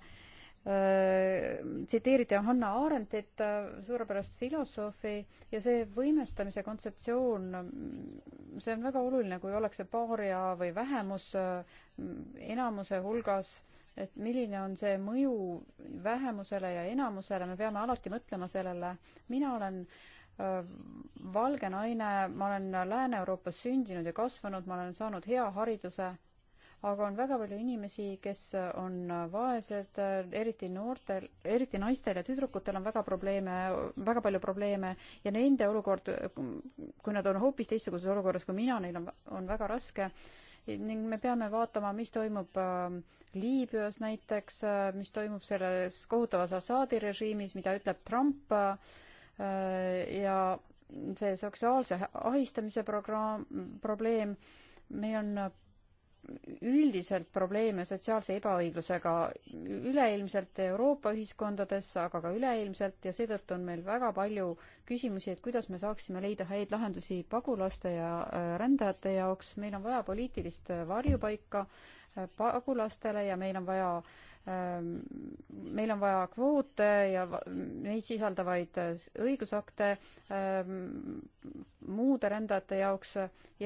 Äh, tsiteeriti Hanna Arendtit, äh, suurepärast filosoofi, ja see võimestamise kontseptsioon, mm, see on väga oluline, kui ollakse paaria või vähemus äh, enamuse hulgas, et milline on see mõju vähemusele ja enamusele, me peame alati mõtlema sellele. mina olen valge naine, ma olen Lääne-Euroopas sündinud ja kasvanud, ma olen saanud hea hariduse, aga on väga palju inimesi, kes on vaesed, eriti noortel, eriti naistel ja tüdrukutel on väga probleeme, väga palju probleeme ja nende olukord, kui nad on hoopis teistsuguses olukorras kui mina, neil on, on väga raske ning me peame vaatama, mis toimub äh, Liibüas näiteks, äh, mis toimub selles kohutavas Assaadi režiimis, mida ütleb Trump äh, ja see seksuaalse ahistamise programm, probleem, meil on üldiselt probleeme sotsiaalse ebaõiglusega üleilmselt Euroopa ühiskondades, aga ka üleilmselt ja seetõttu on meil väga palju küsimusi, et kuidas me saaksime leida häid lahendusi pagulaste ja äh, rändajate jaoks. meil on vaja poliitilist äh, varjupaika äh, pagulastele ja meil on vaja ähm, meil on vaja kvoote ja neid sisaldavaid õigusakte ähm, muude rändajate jaoks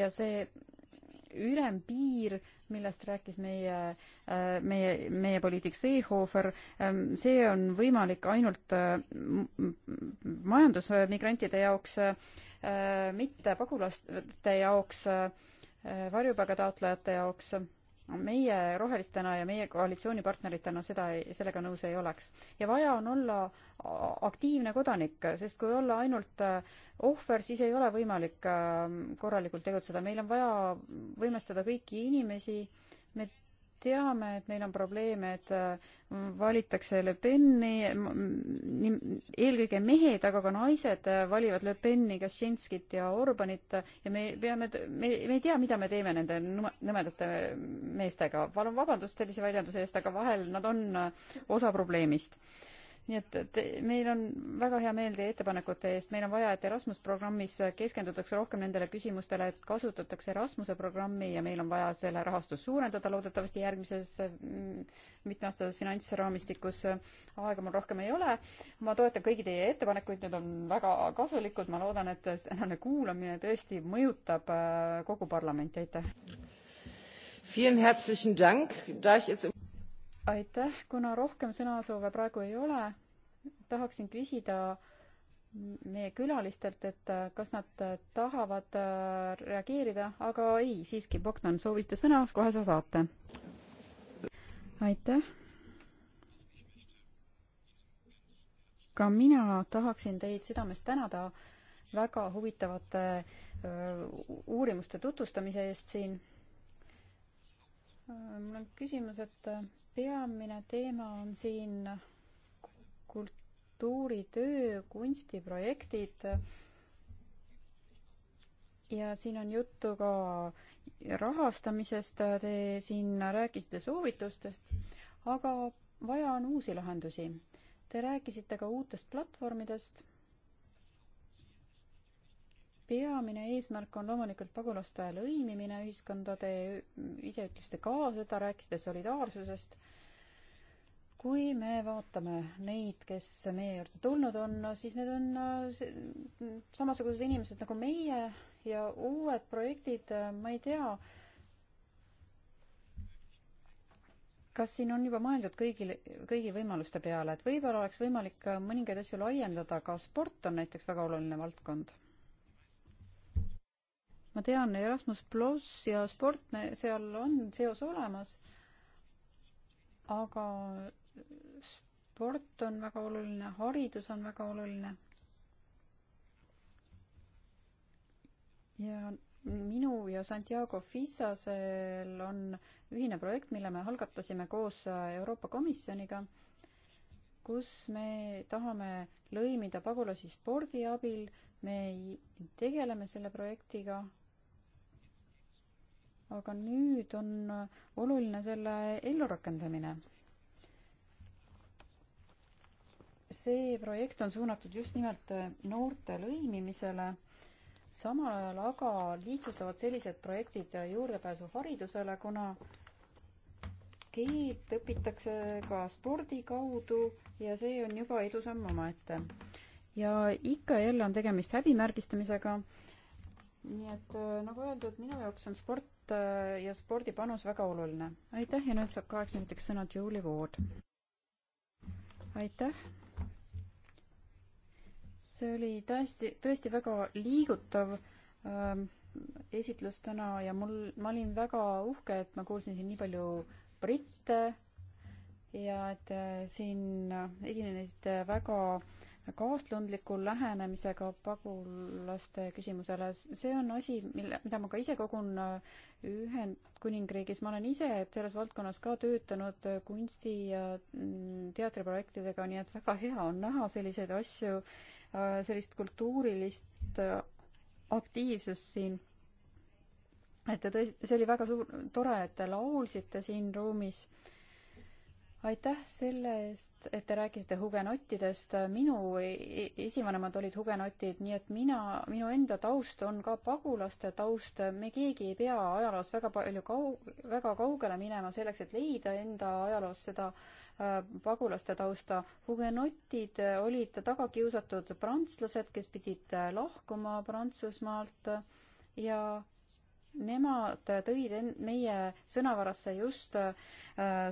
ja see ülempiir, millest rääkis meie, äh, meie, meie poliitik Seehofer, ähm, see on võimalik ainult äh, majandusmigrantide jaoks, äh, mitte pagulaste jaoks, varjupaigataotlejate jaoks meie rohelistena ja meie koalitsioonipartneritena seda, sellega nõus ei oleks. ja vaja on olla aktiivne kodanik, sest kui olla ainult äh, ohver, siis ei ole võimalik äh, korralikult tegutseda. meil on vaja võimestada kõiki inimesi teame, et meil on probleeme, et äh, valitakse Le Peni, eelkõige mehed, aga ka naised äh, valivad Le Peni, Kaczynskit ja Orbanit ja me peame, me, me ei tea, mida me teeme nende nõmedate meestega. palun vabandust sellise väljenduse eest, aga vahel nad on äh, osa probleemist nii et te, meil on väga hea meel teie ettepanekute eest, meil on vaja, et Erasmus programmis keskendutakse rohkem nendele küsimustele, et kasutatakse Erasmuse programmi ja meil on vaja selle rahastust suurendada loodetavasti järgmises mm, mitmeaastases finantsraamistikus. aega mul rohkem ei ole. ma toetan kõigi teie ettepanekuid, need on väga kasulikud, ma loodan, et tänane kuulamine tõesti mõjutab äh, kogu parlamenti, aitäh.
Vielen herzlichen Dank, da ich jetzt
aitäh, kuna rohkem sõnasoove praegu ei ole, tahaksin küsida meie külalistelt, et äh, kas nad äh, tahavad äh, reageerida, aga ei, siiski, Bogdan, soovisite sõna, kohe sa saate. aitäh. ka mina tahaksin teid südamest tänada väga huvitavate uurimuste tutvustamise eest siin mul on küsimus, et peamine teema on siin kultuuritöö, kunstiprojektid. ja siin on juttu ka rahastamisest, te siin rääkisite soovitustest, aga vaja on uusi lahendusi. Te rääkisite ka uutest platvormidest peamine eesmärk on loomulikult pagulaste lõimimine ühiskonda, te ise ütlesite ka seda, rääkisite solidaarsusest. kui me vaatame neid, kes meie juurde tulnud on, siis need on äh, samasugused inimesed nagu meie ja uued projektid, äh, ma ei tea, kas siin on juba mõeldud kõigile, kõigi võimaluste peale, et võib-olla oleks võimalik äh, mõningaid asju laiendada, ka sport on näiteks väga oluline valdkond ma tean, Erasmus pluss ja sport, seal on seos olemas, aga sport on väga oluline, haridus on väga oluline. ja minu ja Santiago Fissasel on ühine projekt, mille me algatasime koos Euroopa Komisjoniga, kus me tahame lõimida pagulasi spordi abil, me tegeleme selle projektiga aga nüüd on oluline selle ellurakendamine. see projekt on suunatud just nimelt noorte lõimimisele, samal ajal aga lihtsustavad sellised projektid juurdepääsu haridusele, kuna keelt õpitakse ka spordi kaudu ja see on juba edusamm omaette. ja ikka ja jälle on tegemist häbimärgistamisega. nii et äh, nagu öeldud, minu jaoks on sport Äh, ja spordi panus väga oluline. aitäh ja nüüd saab kaheks minutiks sõna Julie Ward. aitäh. see oli tõesti, tõesti väga liigutav ähm, esitlus täna ja mul, ma olin väga uhke, et ma kuulsin siin nii palju britte ja et äh, siin äh, esinesid väga äh, kaastundliku lähenemisega pagulaste küsimusele, see on asi, mille, mida ma ka ise kogun äh, Ühendkuningriigis, ma olen ise selles valdkonnas ka töötanud äh, kunsti ja mm, teatriprojektidega, nii et väga hea on näha selliseid asju, äh, sellist kultuurilist aktiivsust siin. et te tõesti, see oli väga suur, tore, et te laulsite siin ruumis äh, aitäh selle eest, et te rääkisite hugenottidest. minu e-, e-, esivanemad olid hugenotid, nii et mina, minu enda taust on ka pagulaste taust. me keegi ei pea ajaloos väga palju kaug-, väga kaugele minema selleks, et leida enda ajaloos seda äh, pagulaste tausta. hugenotid olid tagakiusatud prantslased, kes pidid äh, lahkuma Prantsusmaalt ja nemad tõid meie sõnavarasse just äh,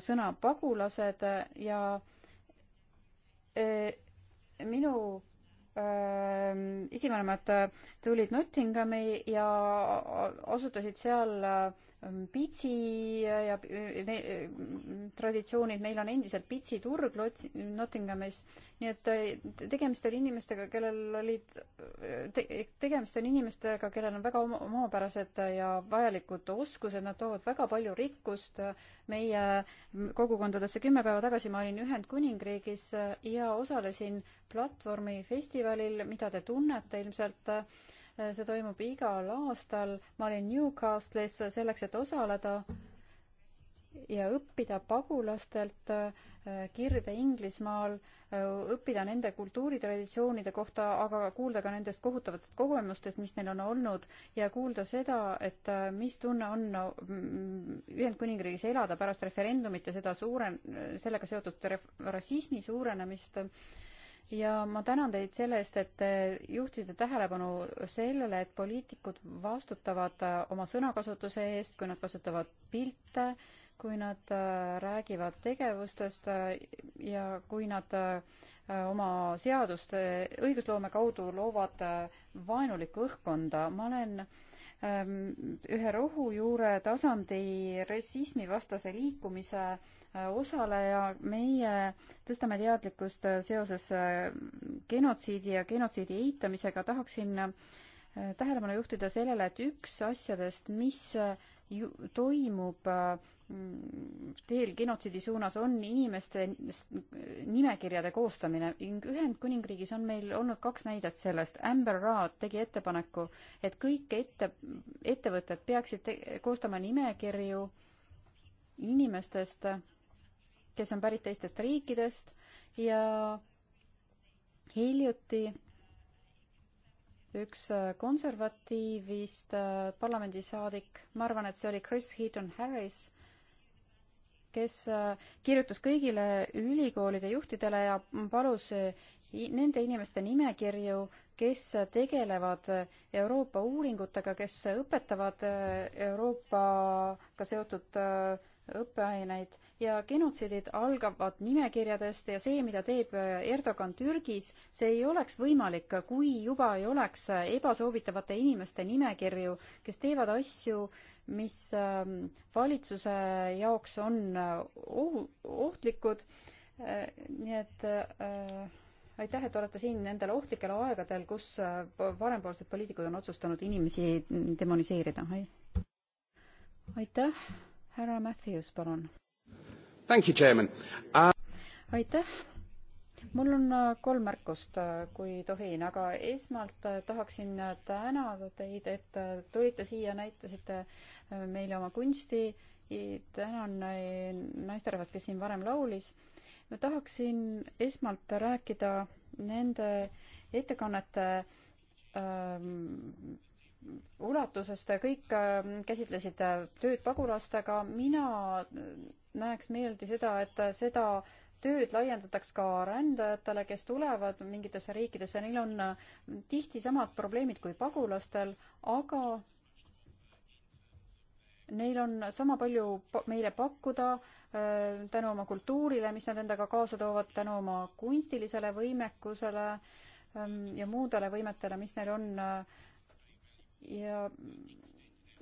sõna pagulased ja äh, minu äh, esivanemad tulid Nottinghami ja asutasid seal Ähm, pitsi ja ne, äh, äh, traditsioonid, meil on endiselt pitsiturg Lots-, Nottinghamis, nii et äh, tegemist oli inimestega, kellel olid te,, tegemist on inimestega, kellel on väga oma, omapärased ja vajalikud oskused, nad toovad väga palju rikkust meie kogukondadesse. kümme päeva tagasi ma olin Ühendkuningriigis ja osalesin platvormi festivalil, mida te tunnete ilmselt äh, see toimub igal aastal. ma olin Newcastle'is selleks, et osaleda ja õppida pagulastelt äh, Kirde Inglismaal, äh, õppida nende kultuuritraditsioonide kohta, aga kuulda ka nendest kohutavatest kogemustest, mis neil on olnud ja kuulda seda, et äh, mis tunne on mm, Ühendkuningriigis elada pärast referendumit ja seda suure, sellega seotud rassismi suurenemist äh, ja ma tänan teid selle eest, et te juhtisite tähelepanu sellele, et poliitikud vastutavad äh, oma sõnakasutuse eest, kui nad kasutavad pilte, kui nad äh, räägivad tegevustest äh, ja kui nad oma seaduste, õigusloome kaudu loovad vaenulikku õhkkonda. ma olen äh, Ehm, ühe rohujuure tasandi rassismivastase liikumise äh, osaleja, meie tõstame teadlikkust äh, seoses äh, genotsiidi ja genotsiidi eitamisega, tahaksin tähelepanu juhtida sellele, et üks asjadest, mis ju, toimub Mm, teel genotsiidi suunas on inimeste nimekirjade koostamine ning Ühendkuningriigis on meil olnud kaks näidet sellest. Amber Raad tegi ettepaneku, et kõik ette, ettevõtted peaksid te, koostama nimekirju inimestest, kes on pärit teistest riikidest ja hiljuti üks konservatiivist parlamendisaadik, ma arvan, et see oli Chris Heaton Harris, kes äh, kirjutas kõigile ülikoolide juhtidele ja palus äh, nende inimeste nimekirju, kes tegelevad äh, Euroopa uuringutega, kes õpetavad Euroopaga seotud õppeaineid ja genotsiidid algavad nimekirjadest ja see, mida teeb Erdogan Türgis, see ei oleks võimalik, kui juba ei oleks ebasoovitavate inimeste nimekirju, kes teevad asju äh, mis ähm, valitsuse jaoks on äh, ohu, ohtlikud. Äh, nii et äh, aitäh, et olete siin nendel ohtlikel aegadel, kus parempoolsed poliitikud on otsustanud inimesi demoniseerida. aitäh, härra Matthews, palun. aitäh mul on äh, kolm märkust, äh, kui tohin, aga esmalt äh, tahaksin tänada teid, et tulite siia, näitasite meile oma kunsti. tänan naisterahvast, kes siin varem laulis. ma tahaksin esmalt rääkida nende ettekannete ähm, ulatusest, kõik ähm, käsitlesid tööd pagulastega, mina näeks meeldi seda, et seda äh, tööd laiendataks ka rändajatele, kes tulevad mingitesse riikidesse, neil on äh, tihti samad probleemid kui pagulastel, aga neil on sama palju meile pakkuda äh, tänu oma kultuurile, mis nad endaga kaasa toovad, tänu oma kunstilisele võimekusele ähm, ja muudele võimetele, mis neil on. Äh, ja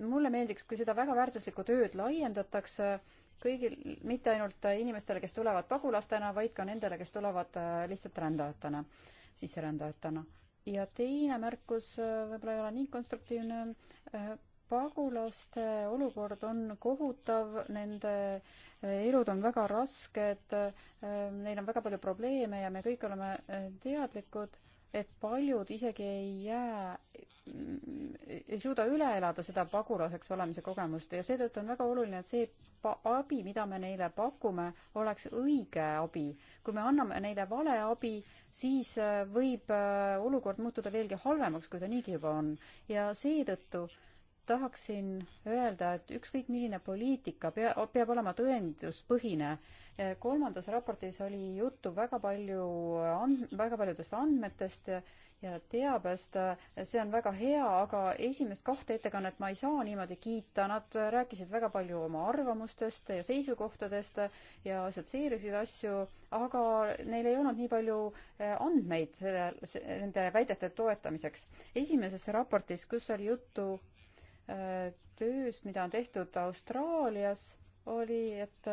mulle meeldiks, kui seda väga väärtuslikku tööd laiendatakse kõigil, mitte ainult inimestele, kes tulevad pagulastena, vaid ka nendele, kes tulevad äh, lihtsalt rändajatena, sisserändajatena. ja teine märkus äh, võib-olla ei ole nii konstruktiivne, äh, pagulaste olukord on kohutav, nende elud on väga rasked, neil on väga palju probleeme ja me kõik oleme teadlikud et paljud isegi ei jää, ei suuda üle elada seda pagulaseks olemise kogemust ja seetõttu on väga oluline, et see abi, mida me neile pakume, oleks õige abi. kui me anname neile vale abi, siis äh, võib äh, olukord muutuda veelgi halvemaks, kui ta niigi juba on. ja seetõttu äh, tahaksin öelda, et ükskõik milline poliitika pea, peab olema tõenduspõhine. kolmandas raportis oli juttu väga palju and-, väga paljudest andmetest ja, ja teabest, see on väga hea, aga esimest kahte ettekannet ma ei saa niimoodi kiita, nad rääkisid väga palju oma arvamustest ja seisukohtadest ja assotsieerisid asju, aga neil ei olnud nii palju eh, andmeid selle, nende väidete toetamiseks. esimeses raportis, kus oli juttu tööst, mida on tehtud Austraalias, oli, et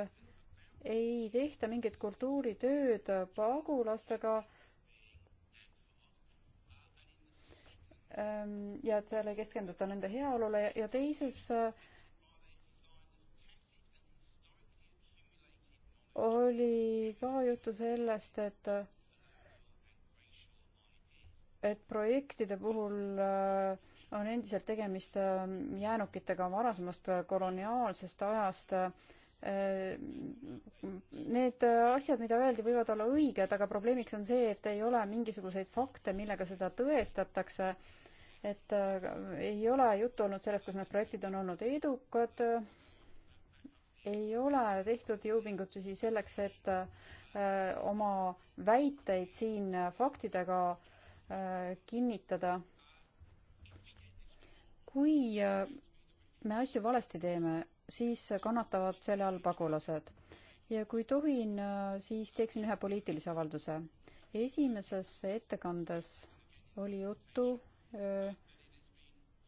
ei tehta mingit kultuuritööd pagulastega. Ehm, ja et seal ei keskenduta nende heaolule ja teises oli ka juttu sellest, et et projektide puhul äh, on endiselt tegemist ähm, jäänukitega varasemast äh, koloniaalsest ajast. Äh, need äh, asjad, mida öeldi, võivad olla õiged, aga probleemiks on see, et ei ole mingisuguseid fakte, millega seda tõestatakse. et ei ole juttu olnud sellest, kas need projektid on olnud edukad. ei ole tehtud jõupingutusi selleks, et oma väiteid siin faktidega kinnitada kui äh, me asju valesti teeme, siis kannatavad selle all pagulased. ja kui tohin, äh, siis teeksin ühe poliitilise avalduse. esimeses ettekandes oli juttu öö, äh,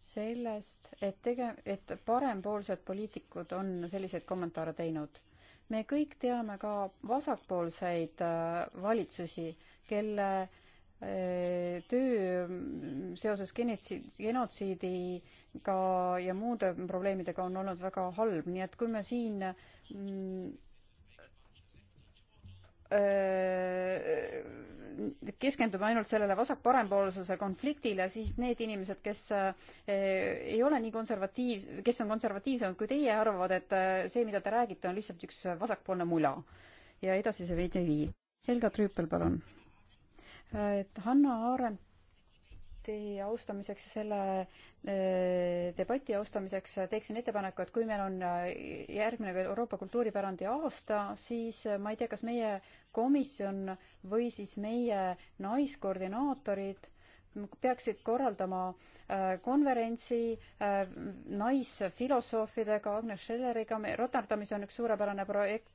sellest, et tege-, et parempoolsed poliitikud on selliseid kommentaare teinud. me kõik teame ka vasakpoolseid äh, valitsusi, kelle äh, töö mm, seoses genotsi-, genotsiidi ka ja muude probleemidega on olnud väga halb, nii et kui me siin mm, äh, keskendume ainult sellele vasak-parempoolsuse konfliktile, siis need inimesed, kes äh, ei ole nii konservatiiv, kes on konservatiivsemad kui teie, arvavad, et äh, see, mida te räägite, on lihtsalt üks vasakpoolne mula. ja edasi see veidi ei vii. Helga Trüüpel, palun. et Hanna Arendt debati austamiseks ja selle äh, debati austamiseks teeksin ettepaneku, et kui meil on äh, järgmine Euroopa kultuuripärandi aasta, siis äh, ma ei tea, kas meie komisjon või siis meie naiskoordinaatorid peaksid korraldama konverentsi naisfilosoofidega, Agnes Schelleriga, Rotterdamis on üks suurepärane projekt,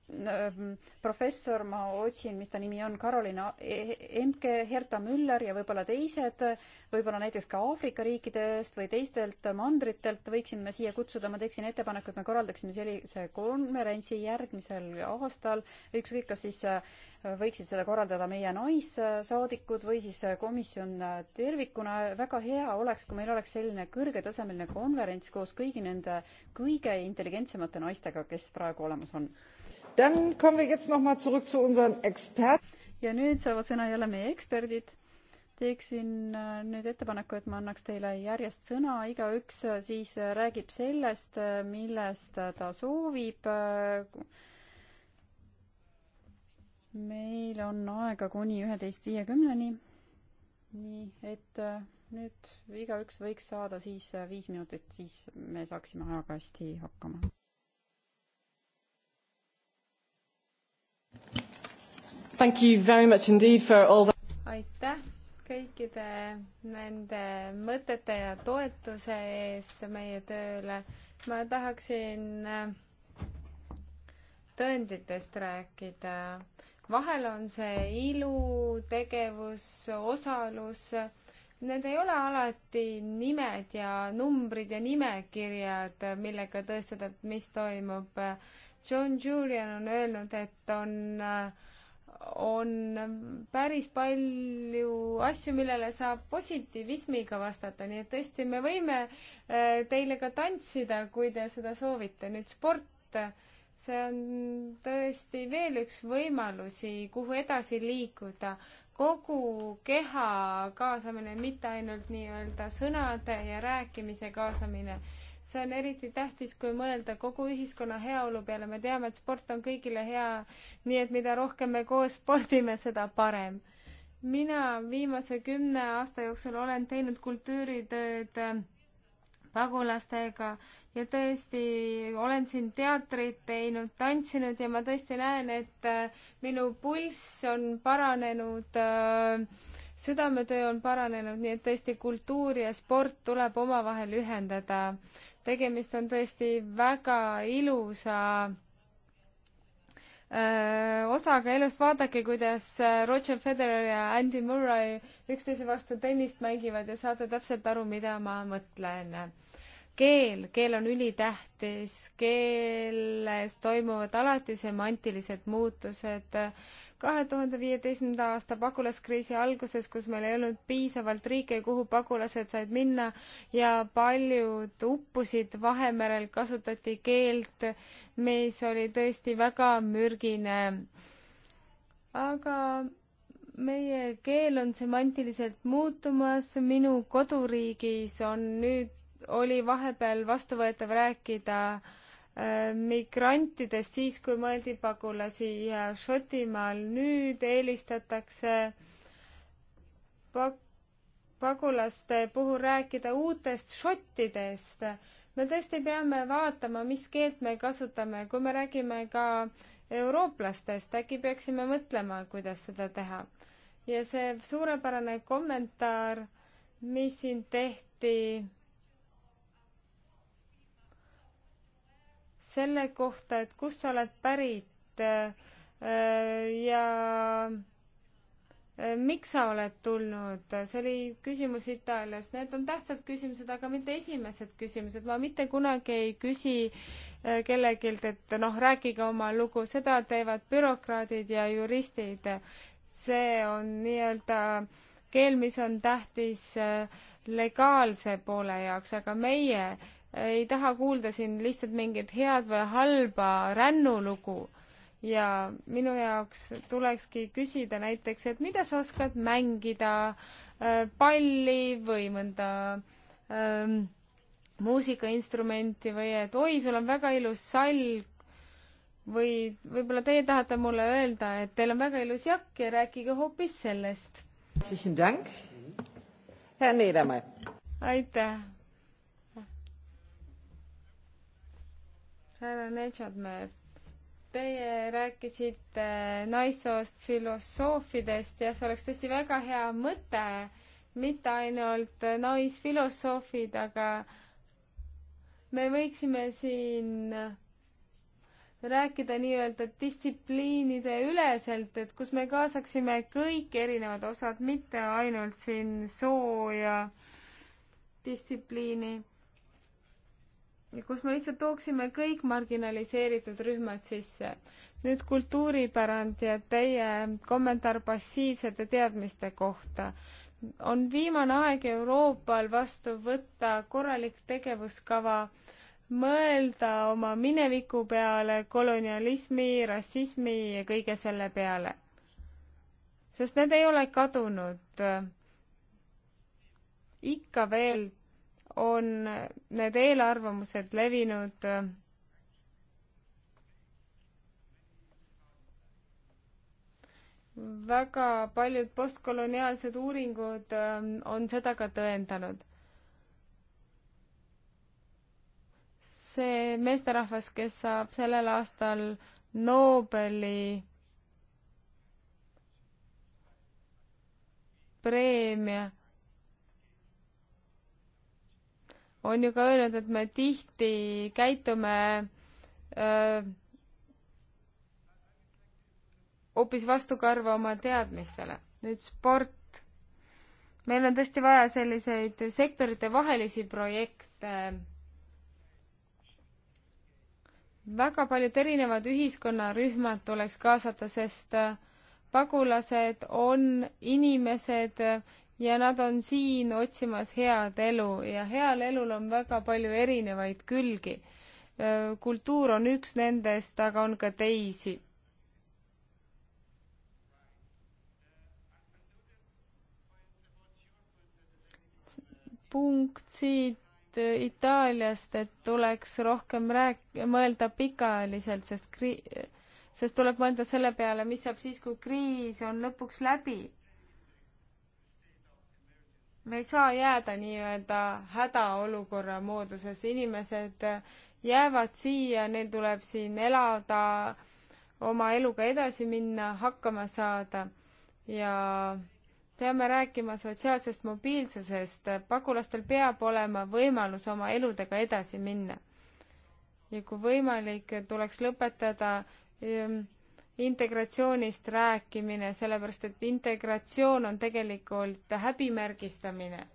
professor, ma otsin, mis ta nimi on, Karolina e-, Emke, Herta Müller ja võib-olla teised, võib-olla näiteks ka Aafrika riikidest või teistelt mandritelt võiksime siia kutsuda, ma teeksin ettepaneku, et me korraldaksime sellise konverentsi järgmisel aastal, ükskõik, kas siis äh, võiksid seda korraldada meie naissaadikud või siis äh, komisjon äh, tervikuna, väga hea oleks, kui meil oleks selline kõrgetasemeline konverents koos kõigi nende kõige intelligentsemate naistega, kes praegu olemas on ja nüüd saavad sõna jälle meie eksperdid. teeksin äh, nüüd ettepaneku, et ma annaks teile järjest sõna, igaüks äh, siis äh, räägib sellest, millest ta soovib. meil on aega kuni üheteist viiekümneni. nii et nüüd igaüks võiks saada siis viis minutit, siis me saaksime ajaga hästi hakkama. Thank you
very much indeed for all the aitäh kõikide nende mõtete ja toetuse eest meie tööle. ma tahaksin äh, tõenditest rääkida. vahel on see ilu, tegevus, osalus, need ei ole alati nimed ja numbrid ja nimekirjad, millega tõestada, et mis toimub. John Julian on öelnud, et on äh, on päris palju asju, millele saab positiivismiga vastata, nii et tõesti, me võime äh, teile ka tantsida, kui te seda soovite. nüüd sport, see on tõesti veel üks võimalusi, kuhu edasi liikuda. kogu keha kaasamine, mitte ainult nii-öelda sõnade ja rääkimise kaasamine see on eriti tähtis, kui mõelda kogu ühiskonna heaolu peale, me teame, et sport on kõigile hea, nii et mida rohkem me koos spordime, seda parem. mina viimase kümne aasta jooksul olen teinud kultuuritööd äh, pagulastega ja tõesti olen siin teatrit teinud, tantsinud ja ma tõesti näen, et äh, minu pulss on paranenud äh, südametöö on paranenud, nii et tõesti kultuur ja sport tuleb omavahel ühendada tegemist on tõesti väga ilusa osaga elust, vaadake, kuidas Roger Federer ja Andy Murray üksteise vastu tennist mängivad ja saate täpselt aru, mida ma mõtlen. keel, keel on ülitähtis, keeles toimuvad alati semantilised muutused kahe tuhande viieteistkümnenda aasta pagulaskriisi alguses, kus meil ei olnud piisavalt riike, kuhu pagulased said minna ja paljud uppusid Vahemerel, kasutati keelt, mis oli tõesti väga mürgine. aga meie keel on semantiliselt muutumas, minu koduriigis on nüüd, oli vahepeal vastuvõetav rääkida äh, Äh, migrantidest siis, kui mõeldi pagulasi ja Šotimaal nüüd eelistatakse pag-, pagulaste puhul rääkida uutest šottidest. me tõesti peame vaatama, mis keelt me kasutame, kui me räägime ka eurooplastest, äkki peaksime mõtlema, kuidas seda teha. ja see suurepärane kommentaar, mis siin tehti selle kohta, et kust sa oled pärit äh, ja äh, miks sa oled tulnud, see oli küsimus Itaaliast, need on tähtsad küsimused, aga mitte esimesed küsimused, ma mitte kunagi ei küsi äh, kellelgi, et noh, rääkige oma lugu, seda teevad bürokraadid ja juristid. see on nii-öelda keel, mis on tähtis legaalse poole jaoks, aga meie äh, ei taha kuulda siin lihtsalt mingit head või halba rännulugu ja minu jaoks tulekski küsida näiteks, et mida sa oskad mängida, äh, palli või mõnda ähm, muusikainstrumenti või et oi, sul on väga ilus salg või võib-olla teie tahate mulle öelda, et teil on väga ilus jakk ja rääkige hoopis sellest. aitäh härra Neljadmäe, teie rääkisite naissoost filosoofidest ja see oleks tõesti väga hea mõte, mitte ainult naisfilosoofid, aga me võiksime siin rääkida nii-öelda distsipliinide üleselt, et kus me kaasaksime kõik erinevad osad, mitte ainult siin soo ja distsipliini kus me lihtsalt tooksime kõik marginaliseeritud rühmad sisse. nüüd kultuuripärand ja teie kommentaar passiivsete teadmiste kohta. on viimane aeg Euroopal vastu võtta korralik tegevuskava, mõelda oma mineviku peale, kolonialismi, rassismi ja kõige selle peale. sest need ei ole kadunud. ikka veel on need eelarvamused levinud väga paljud postkoloniaalsed uuringud ähm, on seda ka tõendanud. see meesterahvas, kes saab sellel aastal Nobeli preemia on ju ka öelnud, et me tihti käitume hoopis vastukarva oma teadmistele. nüüd sport. meil on tõesti vaja selliseid sektoritevahelisi projekte. väga paljud erinevad ühiskonnarühmad tuleks kaasata, sest pagulased on inimesed ja nad on siin otsimas head elu ja heal elul on väga palju erinevaid külgi. kultuur on üks nendest, aga on ka teisi. punkt siit Itaaliast, et tuleks rohkem rääk-, mõelda pikaajaliselt, sest kri-, sest tuleb mõelda selle peale, mis saab siis, kui kriis on lõpuks läbi me ei saa jääda nii-öelda hädaolukorra moodusesse, inimesed jäävad siia, neil tuleb siin elada, oma eluga edasi minna, hakkama saada ja peame rääkima sotsiaalsest mobiilsusest, pagulastel peab olema võimalus oma eludega edasi minna. ja kui võimalik, tuleks lõpetada ehm, integratsioonist rääkimine, sellepärast et integratsioon on tegelikult häbimärgistamine.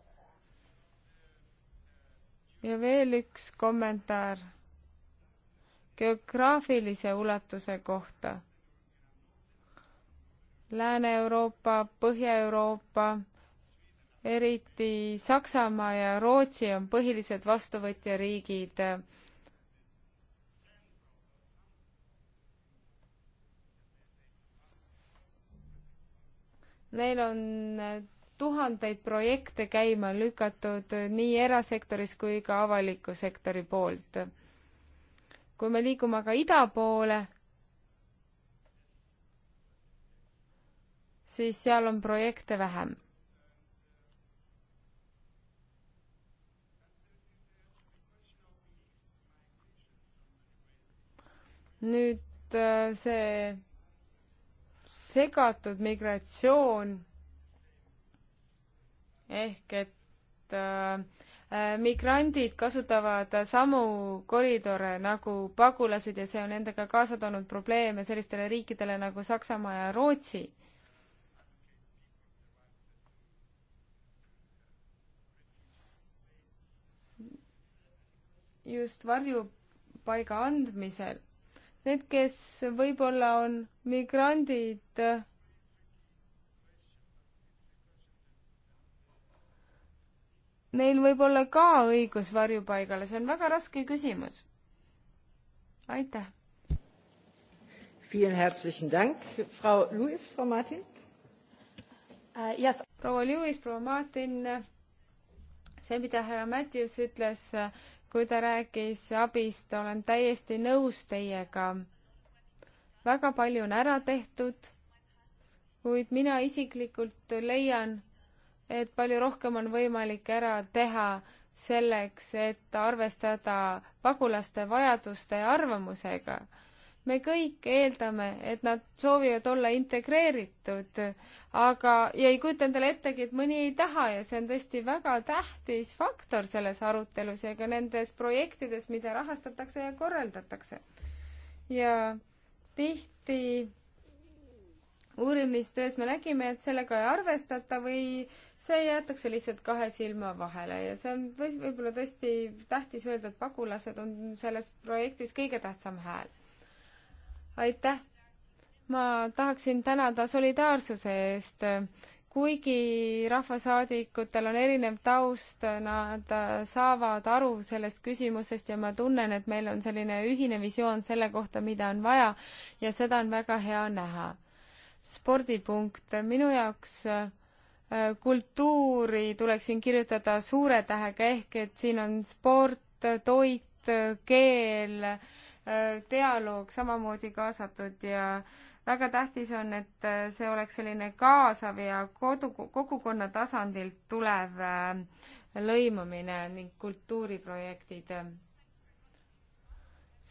ja veel üks kommentaar geograafilise ulatuse kohta. Lääne-Euroopa, Põhja-Euroopa, eriti Saksamaa ja Rootsi on põhilised vastuvõtjariigid äh, Neil on äh, tuhandeid projekte käima lükatud äh, nii erasektoris kui ka avaliku sektori poolt. kui me liigume aga ida poole, siis seal on projekte vähem. nüüd äh, see segatud migratsioon ehk et äh, äh, migrandid kasutavad samu koridore nagu pagulased ja see on endaga kaasa toonud probleeme sellistele riikidele nagu Saksamaa ja Rootsi. just varjupaiga andmisel Need, kes võib-olla on migrandid, neil võib olla ka õigus varjupaigale, see on väga raske küsimus. aitäh. Vielen herzlichen Dank, Frau Luis, Frau Martin uh,. Yes. proua Lewis, proua Martin, see, mida härra Matthews ütles, kui ta rääkis abist, olen täiesti nõus teiega. väga palju on ära tehtud, kuid mina isiklikult leian, et palju rohkem on võimalik ära teha selleks, et arvestada pagulaste vajaduste ja arvamusega me kõik eeldame, et nad soovivad olla integreeritud, aga, ja ei kujuta endale ettegi, et mõni ei taha ja see on tõesti väga tähtis faktor selles arutelus ja ka nendes projektides, mida rahastatakse ja korraldatakse. ja tihti uurimistöös me nägime, et sellega ei arvestata või see jäetakse lihtsalt kahe silma vahele ja see on võib-olla tõesti tähtis öelda, et pagulased on selles projektis kõige tähtsam hääl aitäh! ma tahaksin tänada solidaarsuse eest. kuigi rahvasaadikutel on erinev taust, nad saavad aru sellest küsimusest ja ma tunnen, et meil on selline ühine visioon selle kohta, mida on vaja ja seda on väga hea näha. spordipunkt minu jaoks äh, kultuuri tuleks siin kirjutada suure tähega ehk et siin on sport, toit, keel äh,, Äh, dialoog samamoodi kaasatud ja väga tähtis on, et äh, see oleks selline kaasav ja kodu, kogukonna tasandilt tulev äh, lõimumine ning kultuuriprojektid.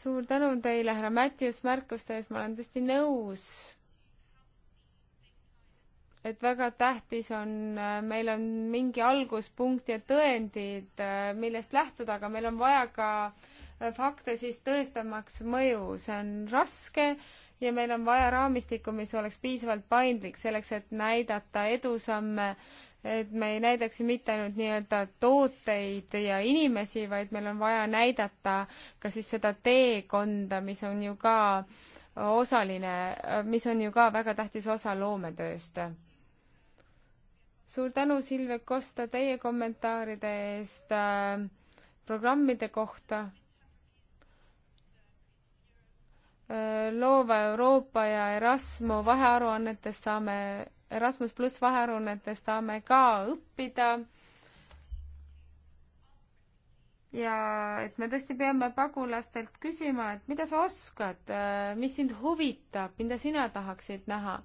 suur tänu teile, härra Mattius, märkuste eest, ma olen tõesti nõus. et väga tähtis on, meil on mingi alguspunkt ja tõendid, millest lähtuda, aga meil on vaja ka äh, fakte siis tõestamaks mõju, see on raske ja meil on vaja raamistikku, mis oleks piisavalt paindlik selleks, et näidata edusamme, et me ei näidaks mitte ainult nii-öelda tooteid ja inimesi, vaid meil on vaja näidata ka siis seda teekonda, mis on ju ka osaline, mis on ju ka väga tähtis osa loometööst suur tänu, Silvia Kosta, teie kommentaaride eest äh, programmide kohta loova Euroopa ja Erasmo vahearuannetest saame, Erasmus pluss vahearuannetest saame ka õppida. ja et me tõesti peame pagulastelt küsima, et mida sa oskad, mis sind huvitab, mida sina tahaksid näha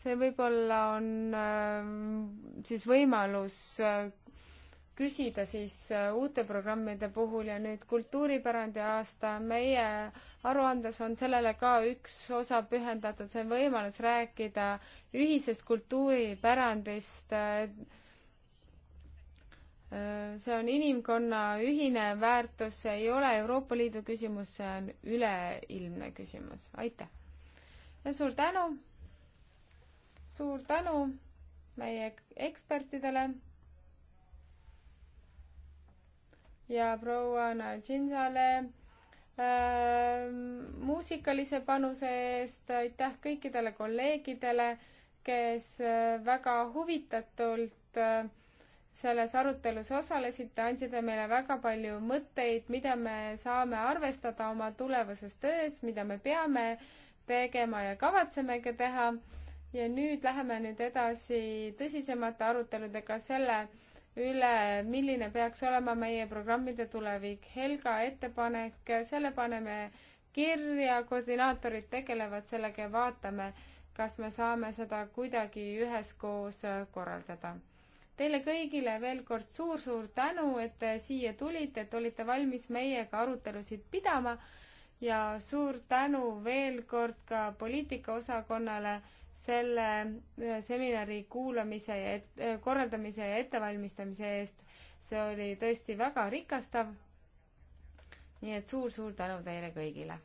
see võib-olla on äh, siis võimalus äh, küsida siis äh, uute programmide puhul ja nüüd kultuuripärandi aasta, meie aruandes on sellele ka üks osa pühendatud, see on võimalus rääkida ühisest kultuuripärandist. Äh, see on inimkonna ühine väärtus, see ei ole Euroopa Liidu küsimus, see on üleilmne küsimus, aitäh. ja suur tänu, suur tänu meie ekspertidele ja proua Nadžinsale äh, muusikalise panuse eest, aitäh kõikidele kolleegidele, kes äh, väga huvitatult äh, selles arutelus osalesite, andsite meile väga palju mõtteid, mida me saame arvestada oma tulevases töös, mida me peame tegema ja kavatsemegi teha. ja nüüd läheme nüüd edasi tõsisemate aruteludega selle üle, milline peaks olema meie programmide tulevik. Helga ettepanek, selle paneme kirja, koordinaatorid tegelevad sellega ja vaatame, kas me saame seda kuidagi üheskoos korraldada. Teile kõigile veel kord suur-suur tänu, et te siia tulite, et olite valmis meiega arutelusid pidama ja suur tänu veel kord ka poliitikaosakonnale selle äh, seminari kuulamise ja et, äh, korraldamise ja ettevalmistamise eest. see oli tõesti väga rikastav. nii et suur-suur tänu teile kõigile